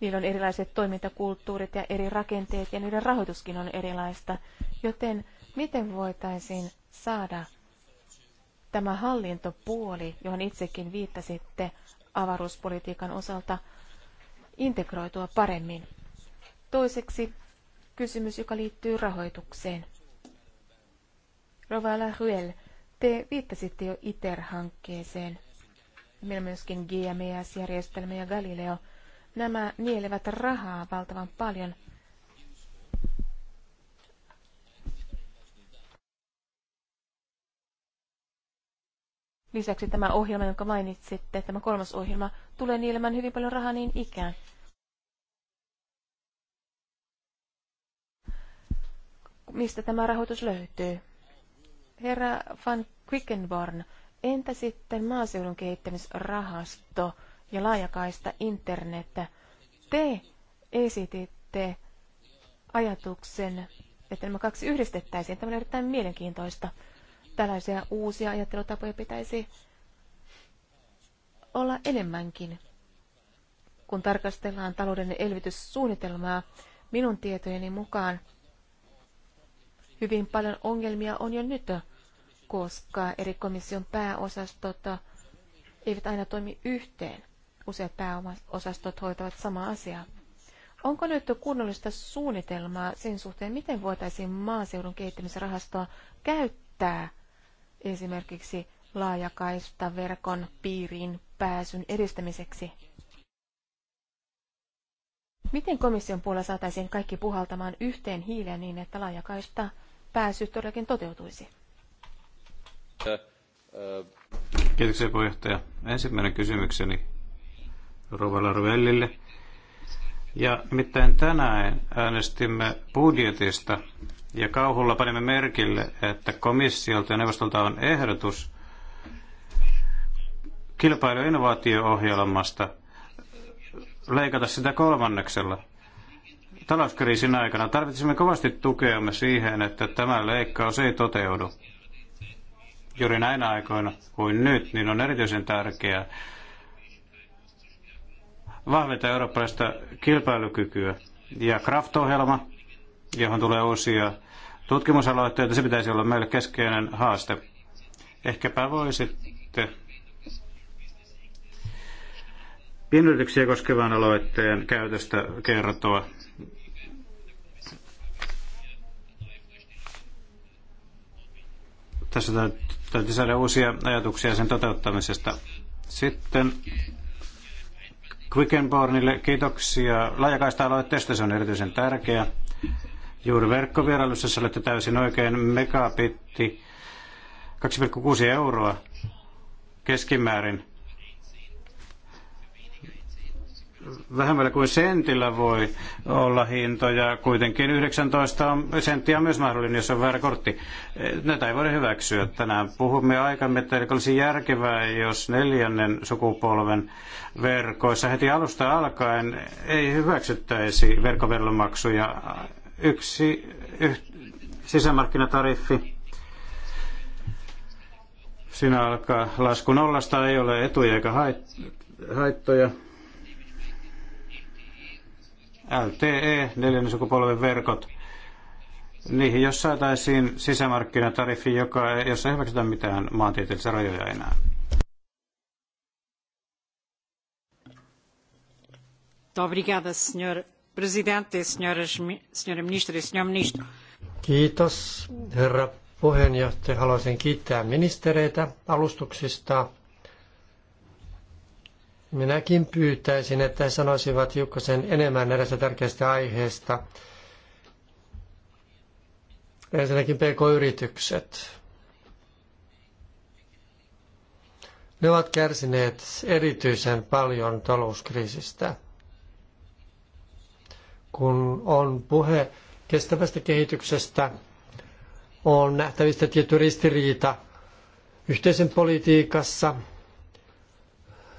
Niillä on erilaiset toimintakulttuurit ja eri rakenteet ja niiden rahoituskin on erilaista. Joten miten voitaisiin saada tämä hallintopuoli, johon itsekin viittasitte avaruuspolitiikan osalta, integroitua paremmin? Toiseksi kysymys, joka liittyy rahoitukseen. Rovala Ruel, te viittasitte jo ITER-hankkeeseen. Meillä myöskin gms e järjestelmä ja Galileo. Nämä nielevät rahaa valtavan paljon. Lisäksi tämä ohjelma, jonka mainitsitte, tämä kolmas ohjelma, tulee nielemään hyvin paljon rahaa niin ikään. mistä tämä rahoitus löytyy. Herra van Quickenborn, entä sitten maaseudun kehittämisrahasto ja laajakaista internet? Te esititte ajatuksen, että nämä kaksi yhdistettäisiin. Tämä on erittäin mielenkiintoista. Tällaisia uusia ajattelutapoja pitäisi olla enemmänkin. Kun tarkastellaan talouden elvytyssuunnitelmaa, minun tietojeni mukaan – Hyvin paljon ongelmia on jo nyt, koska eri komission pääosastot eivät aina toimi yhteen. Useat pääosastot hoitavat samaa asiaa. Onko nyt kunnollista suunnitelmaa sen suhteen, miten voitaisiin maaseudun kehittämisrahastoa käyttää esimerkiksi laajakaista verkon piiriin pääsyn edistämiseksi? Miten komission puolella saataisiin kaikki puhaltamaan yhteen hiileen niin, että laajakaista pääsy todellakin toteutuisi? Kiitoksia puheenjohtaja. Ensimmäinen kysymykseni Rovalla Rovellille. Ja nimittäin tänään äänestimme budjetista ja kauhulla panimme merkille, että komissiolta ja neuvostolta on ehdotus kilpailu- ja innovaatio-ohjelmasta leikata sitä kolmanneksella talouskriisin aikana. Tarvitsemme kovasti tukeamme siihen, että tämä leikkaus ei toteudu. Juuri näinä aikoina kuin nyt, niin on erityisen tärkeää vahvita eurooppalaista kilpailukykyä. Ja Kraft-ohjelma, johon tulee uusia tutkimusaloitteita, se pitäisi olla meille keskeinen haaste. Ehkäpä voisitte pienyrityksiä koskevan aloitteen käytöstä kertoa. Tässä täytyy saada uusia ajatuksia sen toteuttamisesta. Sitten Quickenbornille kiitoksia laajakaista-aloitteesta, se on erityisen tärkeä. Juuri verkkovierailussa olette täysin oikein megabitti 2,6 euroa keskimäärin vähemmällä kuin sentillä voi olla hintoja. Kuitenkin 19 senttiä on myös mahdollinen, jos on väärä kortti. Näitä ei voida hyväksyä. Tänään puhumme aikamme, että olisi järkevää, jos neljännen sukupolven verkoissa heti alusta alkaen ei hyväksyttäisi verkkoverlomaksuja. Yksi yh, sisämarkkinatariffi siinä alkaa lasku nollasta, ei ole etuja eikä haittoja. LTE, neljännen sukupolven verkot, niihin jos saataisiin sisämarkkinatariffi, joka, jossa ei hyväksytä mitään maantieteellisiä rajoja enää. Kiitos, herra puheenjohtaja. Haluaisin kiittää ministereitä alustuksista. Minäkin pyytäisin, että he sanoisivat hiukkasen enemmän erästä tärkeästä aiheesta. Ensinnäkin pk-yritykset. Ne ovat kärsineet erityisen paljon talouskriisistä. Kun on puhe kestävästä kehityksestä, on nähtävistä tietty ristiriita yhteisen politiikassa –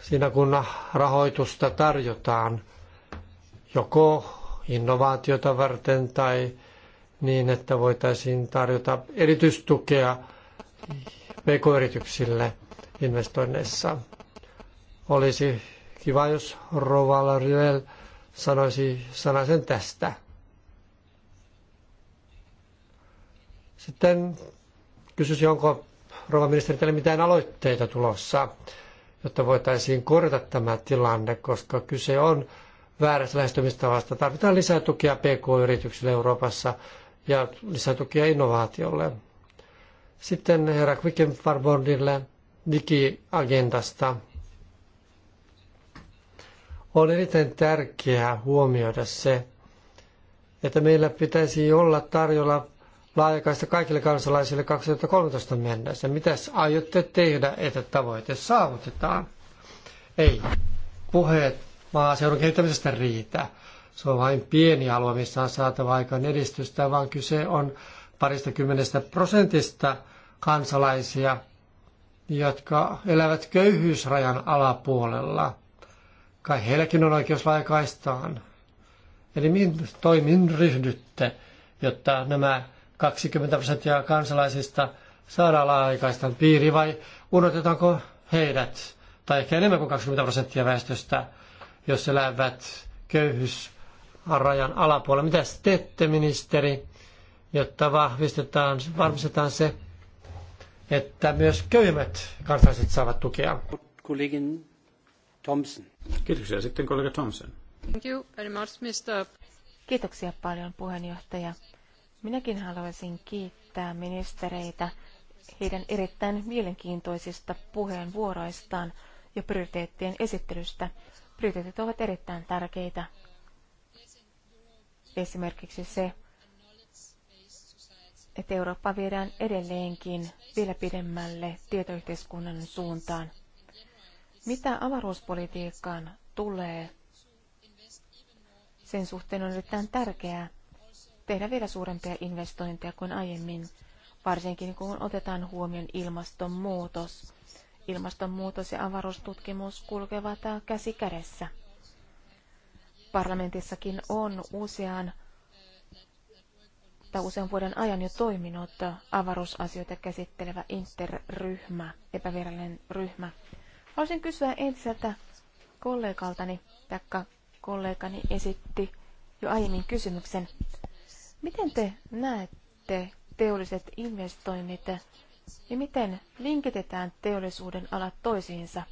siinä kun rahoitusta tarjotaan joko innovaatiota varten tai niin, että voitaisiin tarjota erityistukea pk-yrityksille investoinneissa. Olisi kiva, jos Rovala Rivel sanoisi sanasen tästä. Sitten kysyisin, onko Rova ministeri teille mitään aloitteita tulossa jotta voitaisiin korjata tämä tilanne, koska kyse on väärästä lähestymistavasta. Tarvitaan lisää tukea PK-yrityksille Euroopassa ja lisää tukea innovaatiolle. Sitten herra Quickenfarbondille digiagendasta. On erittäin tärkeää huomioida se, että meillä pitäisi olla tarjolla laajakaista kaikille kansalaisille 2013 mennessä. Mitäs aiotte tehdä, että tavoite saavutetaan? Ei puheet maaseudun kehittämisestä riitä. Se on vain pieni alue, missä on saatava aikaan edistystä, vaan kyse on parista kymmenestä prosentista kansalaisia, jotka elävät köyhyysrajan alapuolella. Kai heilläkin on oikeus laajakaistaan. Eli mihin toimin ryhdytte, jotta nämä 20 prosenttia kansalaisista saadaan laaikaistan piiri vai unohdetaanko heidät, tai ehkä enemmän kuin 20 prosenttia väestöstä, jos elävät köyhyysrajan alapuolella. Mitä teette, ministeri, jotta vahvistetaan, varmistetaan se, että myös köyhimmät kansalaiset saavat tukea? Kollegin Thompson. Kiitoksia. Sitten kollega Thompson. Thank you very much, Mr. Kiitoksia paljon puheenjohtaja. Minäkin haluaisin kiittää ministereitä heidän erittäin mielenkiintoisista puheenvuoroistaan ja prioriteettien esittelystä. Prioriteetit ovat erittäin tärkeitä. Esimerkiksi se, että Eurooppa viedään edelleenkin vielä pidemmälle tietoyhteiskunnan suuntaan. Mitä avaruuspolitiikkaan tulee, sen suhteen on erittäin tärkeää, tehdä vielä suurempia investointeja kuin aiemmin, varsinkin kun otetaan huomioon ilmastonmuutos. Ilmastonmuutos ja avaruustutkimus kulkevat käsi kädessä. Parlamentissakin on usean tai usean vuoden ajan jo toiminut avaruusasioita käsittelevä interryhmä, epävirallinen ryhmä. Haluaisin kysyä entiseltä kollegaltani, taikka kollegani esitti jo aiemmin kysymyksen. Miten te näette teolliset investoinnit ja miten linkitetään teollisuuden alat toisiinsa?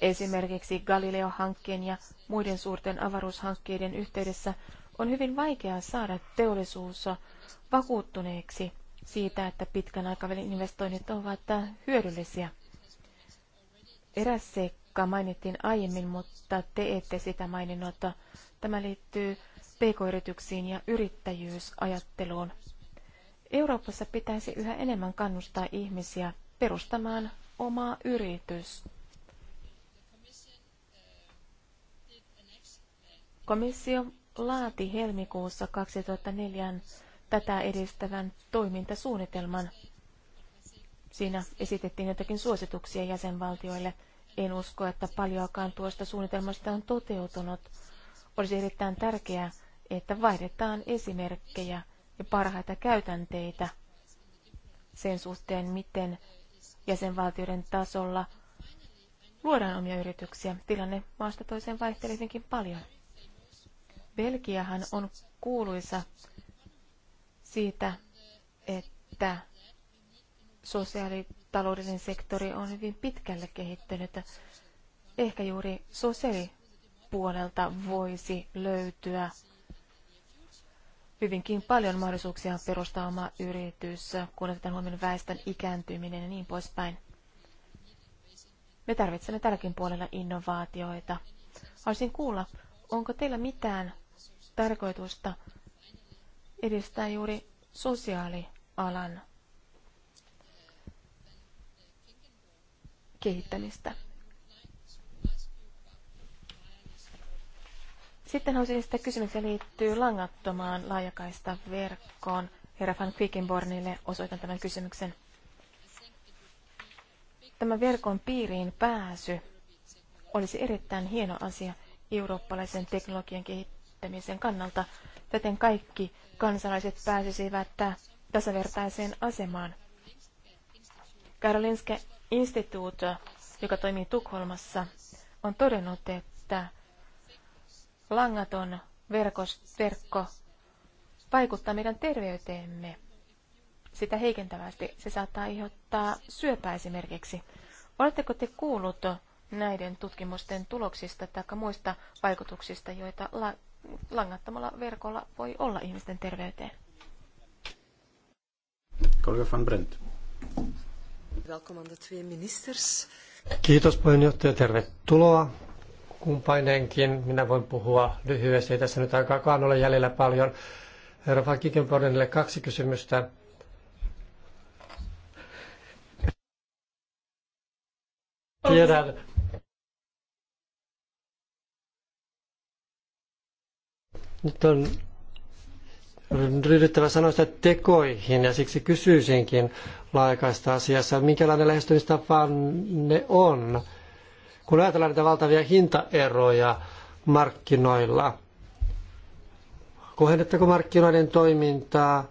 Esimerkiksi Galileo-hankkeen ja muiden suurten avaruushankkeiden yhteydessä on hyvin vaikeaa saada teollisuus vakuuttuneeksi siitä, että pitkän aikavälin investoinnit ovat hyödyllisiä. Eräs seikka mainittiin aiemmin, mutta te ette sitä maininnut. Tämä liittyy pk-yrityksiin ja yrittäjyysajatteluun. Euroopassa pitäisi yhä enemmän kannustaa ihmisiä perustamaan omaa yritys. Komissio laati helmikuussa 2004 tätä edistävän toimintasuunnitelman. Siinä esitettiin jotakin suosituksia jäsenvaltioille. En usko, että paljoakaan tuosta suunnitelmasta on toteutunut. Olisi erittäin tärkeää, että vaihdetaan esimerkkejä ja parhaita käytänteitä sen suhteen, miten jäsenvaltioiden tasolla luodaan omia yrityksiä. Tilanne maasta toiseen vaihtelee hyvinkin paljon. Belgiahan on kuuluisa siitä, että sosiaalitaloudellinen sektori on hyvin pitkälle kehittynyt. Ehkä juuri sosiaalipuolelta voisi löytyä hyvinkin paljon mahdollisuuksia perustaa oma yritys, kun otetaan huomioon väestön ikääntyminen ja niin poispäin. Me tarvitsemme tälläkin puolella innovaatioita. Haluaisin kuulla, onko teillä mitään tarkoitusta edistää juuri sosiaalialan kehittämistä? Sitten haluaisin esittää kysymyksen liittyy langattomaan laajakaista verkkoon. Herra van Quickenbornille osoitan tämän kysymyksen. Tämä verkon piiriin pääsy olisi erittäin hieno asia eurooppalaisen teknologian kehittämisen kannalta. Täten kaikki kansalaiset pääsisivät tasavertaiseen asemaan. karolinske Instituut, joka toimii Tukholmassa, on todennut, että langaton verkos, verkko vaikuttaa meidän terveyteemme sitä heikentävästi. Se saattaa aiheuttaa syöpää esimerkiksi. Oletteko te kuullut näiden tutkimusten tuloksista tai muista vaikutuksista, joita la- langattomalla verkolla voi olla ihmisten terveyteen? Kollega van Brent. Welkom aan de twee ministers. Kiitos puheenjohtaja, tervetuloa kumpainenkin. Minä voin puhua lyhyesti, ei tässä nyt aikaakaan ole jäljellä paljon. Herra Van kaksi kysymystä. Tiedän. Nyt on ryhdyttävä sanoista tekoihin ja siksi kysyisinkin laajakaista asiassa, minkälainen lähestymistapa ne on kun ajatellaan näitä valtavia hintaeroja markkinoilla, kohennetteko markkinoiden toimintaa,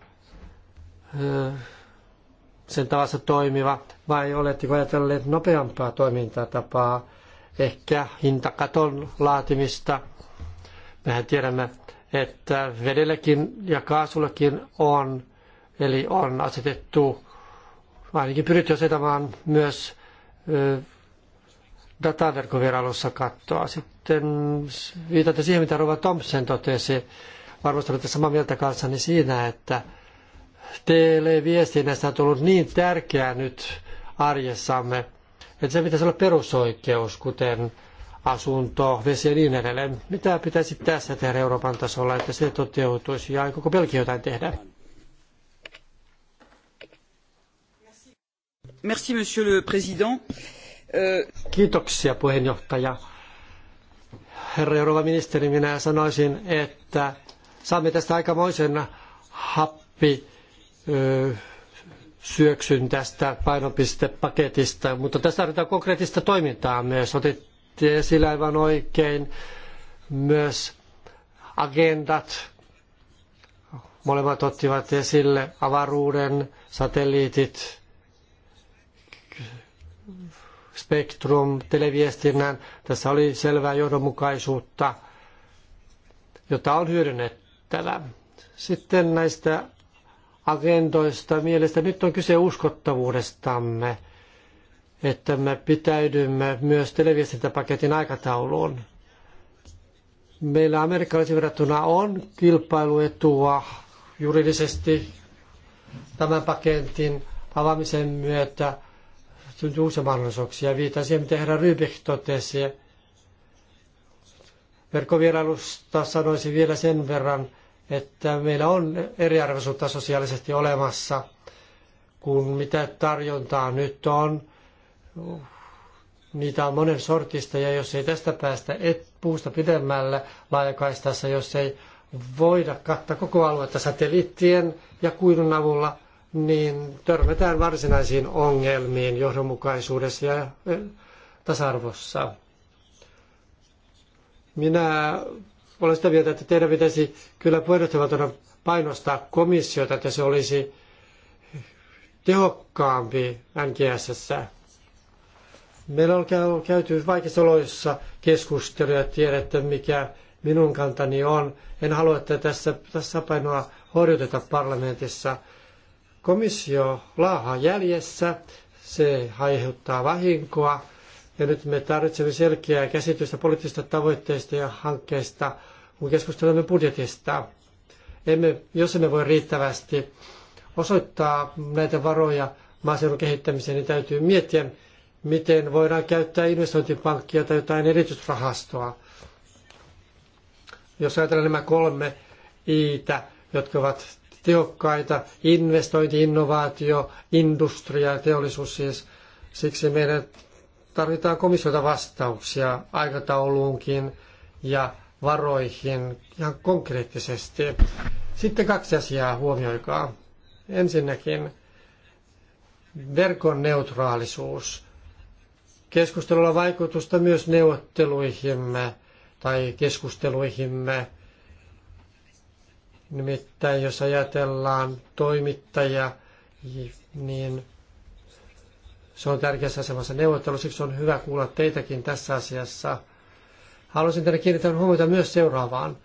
sen tavassa toimiva, vai oletteko ajatelleet nopeampaa toimintatapaa, ehkä hintakaton laatimista? Mehän tiedämme, että vedelläkin ja kaasullakin on, eli on asetettu, ainakin pyritty asetamaan myös dataverkkovierailussa katsoa. Sitten viitaten siihen, mitä Rova Thompson totesi, varmasti olette samaa mieltä kanssani siinä, että TL-viestinnästä on tullut niin tärkeää nyt arjessamme, että se pitäisi olla perusoikeus, kuten asunto, vesi ja niin edelleen. Mitä pitäisi tässä tehdä Euroopan tasolla, että se toteutuisi ja koko Belgia jotain tehdä? Merci, monsieur le président. Kiitoksia puheenjohtaja. Herra Euroopan ministeri, minä sanoisin, että saamme tästä aikamoisen happi syöksyn tästä painopistepaketista, mutta tässä tarvitaan konkreettista toimintaa myös. Otitte esille aivan oikein myös agendat. Molemmat ottivat esille avaruuden, satelliitit, spektrum televiestinnän. Tässä oli selvää johdonmukaisuutta, jota on hyödynnettävä. Sitten näistä agendoista mielestä nyt on kyse uskottavuudestamme, että me pitäydymme myös televiestintäpaketin aikatauluun. Meillä amerikkalaisen verrattuna on kilpailuetua juridisesti tämän paketin avaamisen myötä syntyy uusia mahdollisuuksia. viitaa siihen, mitä herra Rybik totesi. Verkkovierailusta sanoisin vielä sen verran, että meillä on eriarvoisuutta sosiaalisesti olemassa, kun mitä tarjontaa nyt on. Niitä on monen sortista ja jos ei tästä päästä et puusta pidemmälle laajakaistassa, jos ei voida kattaa koko aluetta satelliittien ja kuidun avulla – niin törmätään varsinaisiin ongelmiin johdonmukaisuudessa ja tasa-arvossa. Minä olen sitä mieltä, että teidän pitäisi kyllä puheenjohtajavaltiona painostaa komissiota, että se olisi tehokkaampi NGSS. Meillä on käyty vaikeissa oloissa keskusteluja, tiedätte mikä minun kantani on. En halua, että tässä tasapainoa horjuteta parlamentissa – Komissio laahaa jäljessä, se aiheuttaa vahinkoa ja nyt me tarvitsemme selkeää käsitystä poliittisista tavoitteista ja hankkeista, kun keskustelemme budjetista. Emme, jos emme voi riittävästi osoittaa näitä varoja maaseudun kehittämiseen, niin täytyy miettiä, miten voidaan käyttää investointipankkia tai jotain erityisrahastoa. Jos ajatellaan nämä kolme iitä, jotka ovat tehokkaita investointi, innovaatio, industria, teollisuus siis. Siksi meidän tarvitaan komissiolta vastauksia aikatauluunkin ja varoihin ihan konkreettisesti. Sitten kaksi asiaa huomioikaa. Ensinnäkin verkon neutraalisuus. Keskustelulla vaikutusta myös neuvotteluihimme tai keskusteluihimme Nimittäin jos ajatellaan toimittajia, niin se on tärkeässä asemassa neuvottelu. Siksi on hyvä kuulla teitäkin tässä asiassa. Haluaisin teille kiinnittää huomiota myös seuraavaan.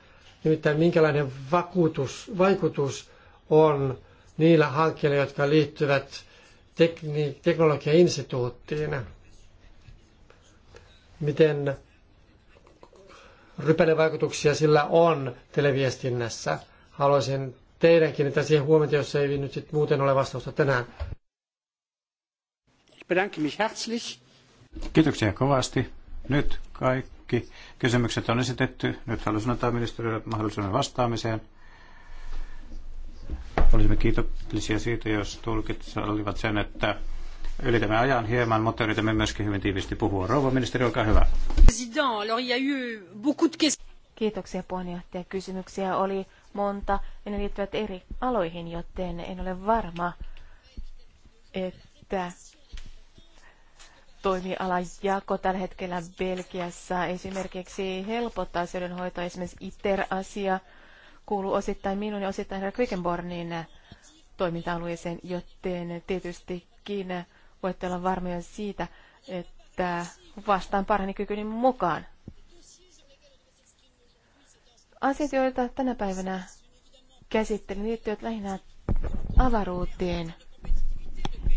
Nimittäin minkälainen vakuutus, vaikutus on niillä hankkeilla, jotka liittyvät tekni, teknologiainstituuttiin. Miten rypälevaikutuksia sillä on televiestinnässä – haluaisin teidänkin, että siihen huomiota, jos ei nyt sit muuten ole vastausta tänään. Kiitoksia kovasti. Nyt kaikki kysymykset on esitetty. Nyt haluaisin antaa ministeriölle mahdollisuuden vastaamiseen. Olisimme kiitollisia siitä, jos tulkit olivat sen, että ylitämme ajan hieman, mutta yritämme myöskin hyvin tiivisti puhua. Rouva ministeri, olkaa hyvä. Kiitoksia puheenjohtaja. Kysymyksiä oli monta ja ne liittyvät eri aloihin, joten en ole varma, että toimialajako tällä hetkellä Belgiassa esimerkiksi helpottaa asioiden hoitoa. Esimerkiksi ITER-asia kuuluu osittain minun ja osittain herra Quickenbornin toiminta-alueeseen, joten tietystikin voitte olla varmoja siitä, että vastaan parhaani kykyni mukaan Asiat, joita tänä päivänä käsittelin, liittyvät lähinnä avaruuteen,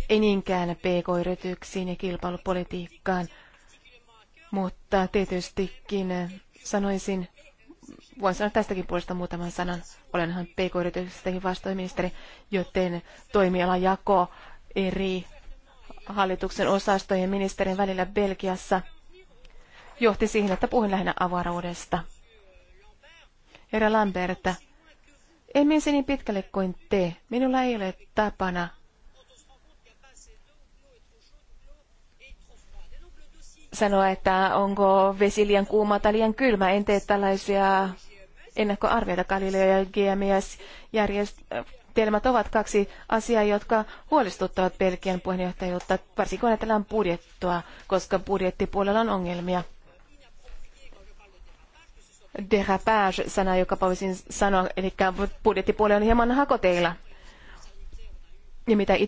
ei niinkään pk-yrityksiin ja kilpailupolitiikkaan, mutta tietystikin sanoisin, voin sanoa tästäkin puolesta muutaman sanan. Olenhan pk-yrityksistäkin vastuuministeri, joten toimialajako eri hallituksen osastojen ministerin välillä Belgiassa johti siihen, että puhuin lähinnä avaruudesta – herra Lamberta, en minä niin pitkälle kuin te. Minulla ei ole tapana sanoa, että onko vesi liian kuuma tai liian kylmä. En tee tällaisia ennakkoarvioita. Galileo ja GMS-järjestelmät ovat kaksi asiaa, jotka huolestuttavat Belgian puheenjohtajuutta, varsinkin kun ajatellaan budjettua, koska budjettipuolella on ongelmia derapage-sana, joka voisin sanoa, eli budjettipuoli on hieman hakoteilla. Ja mitä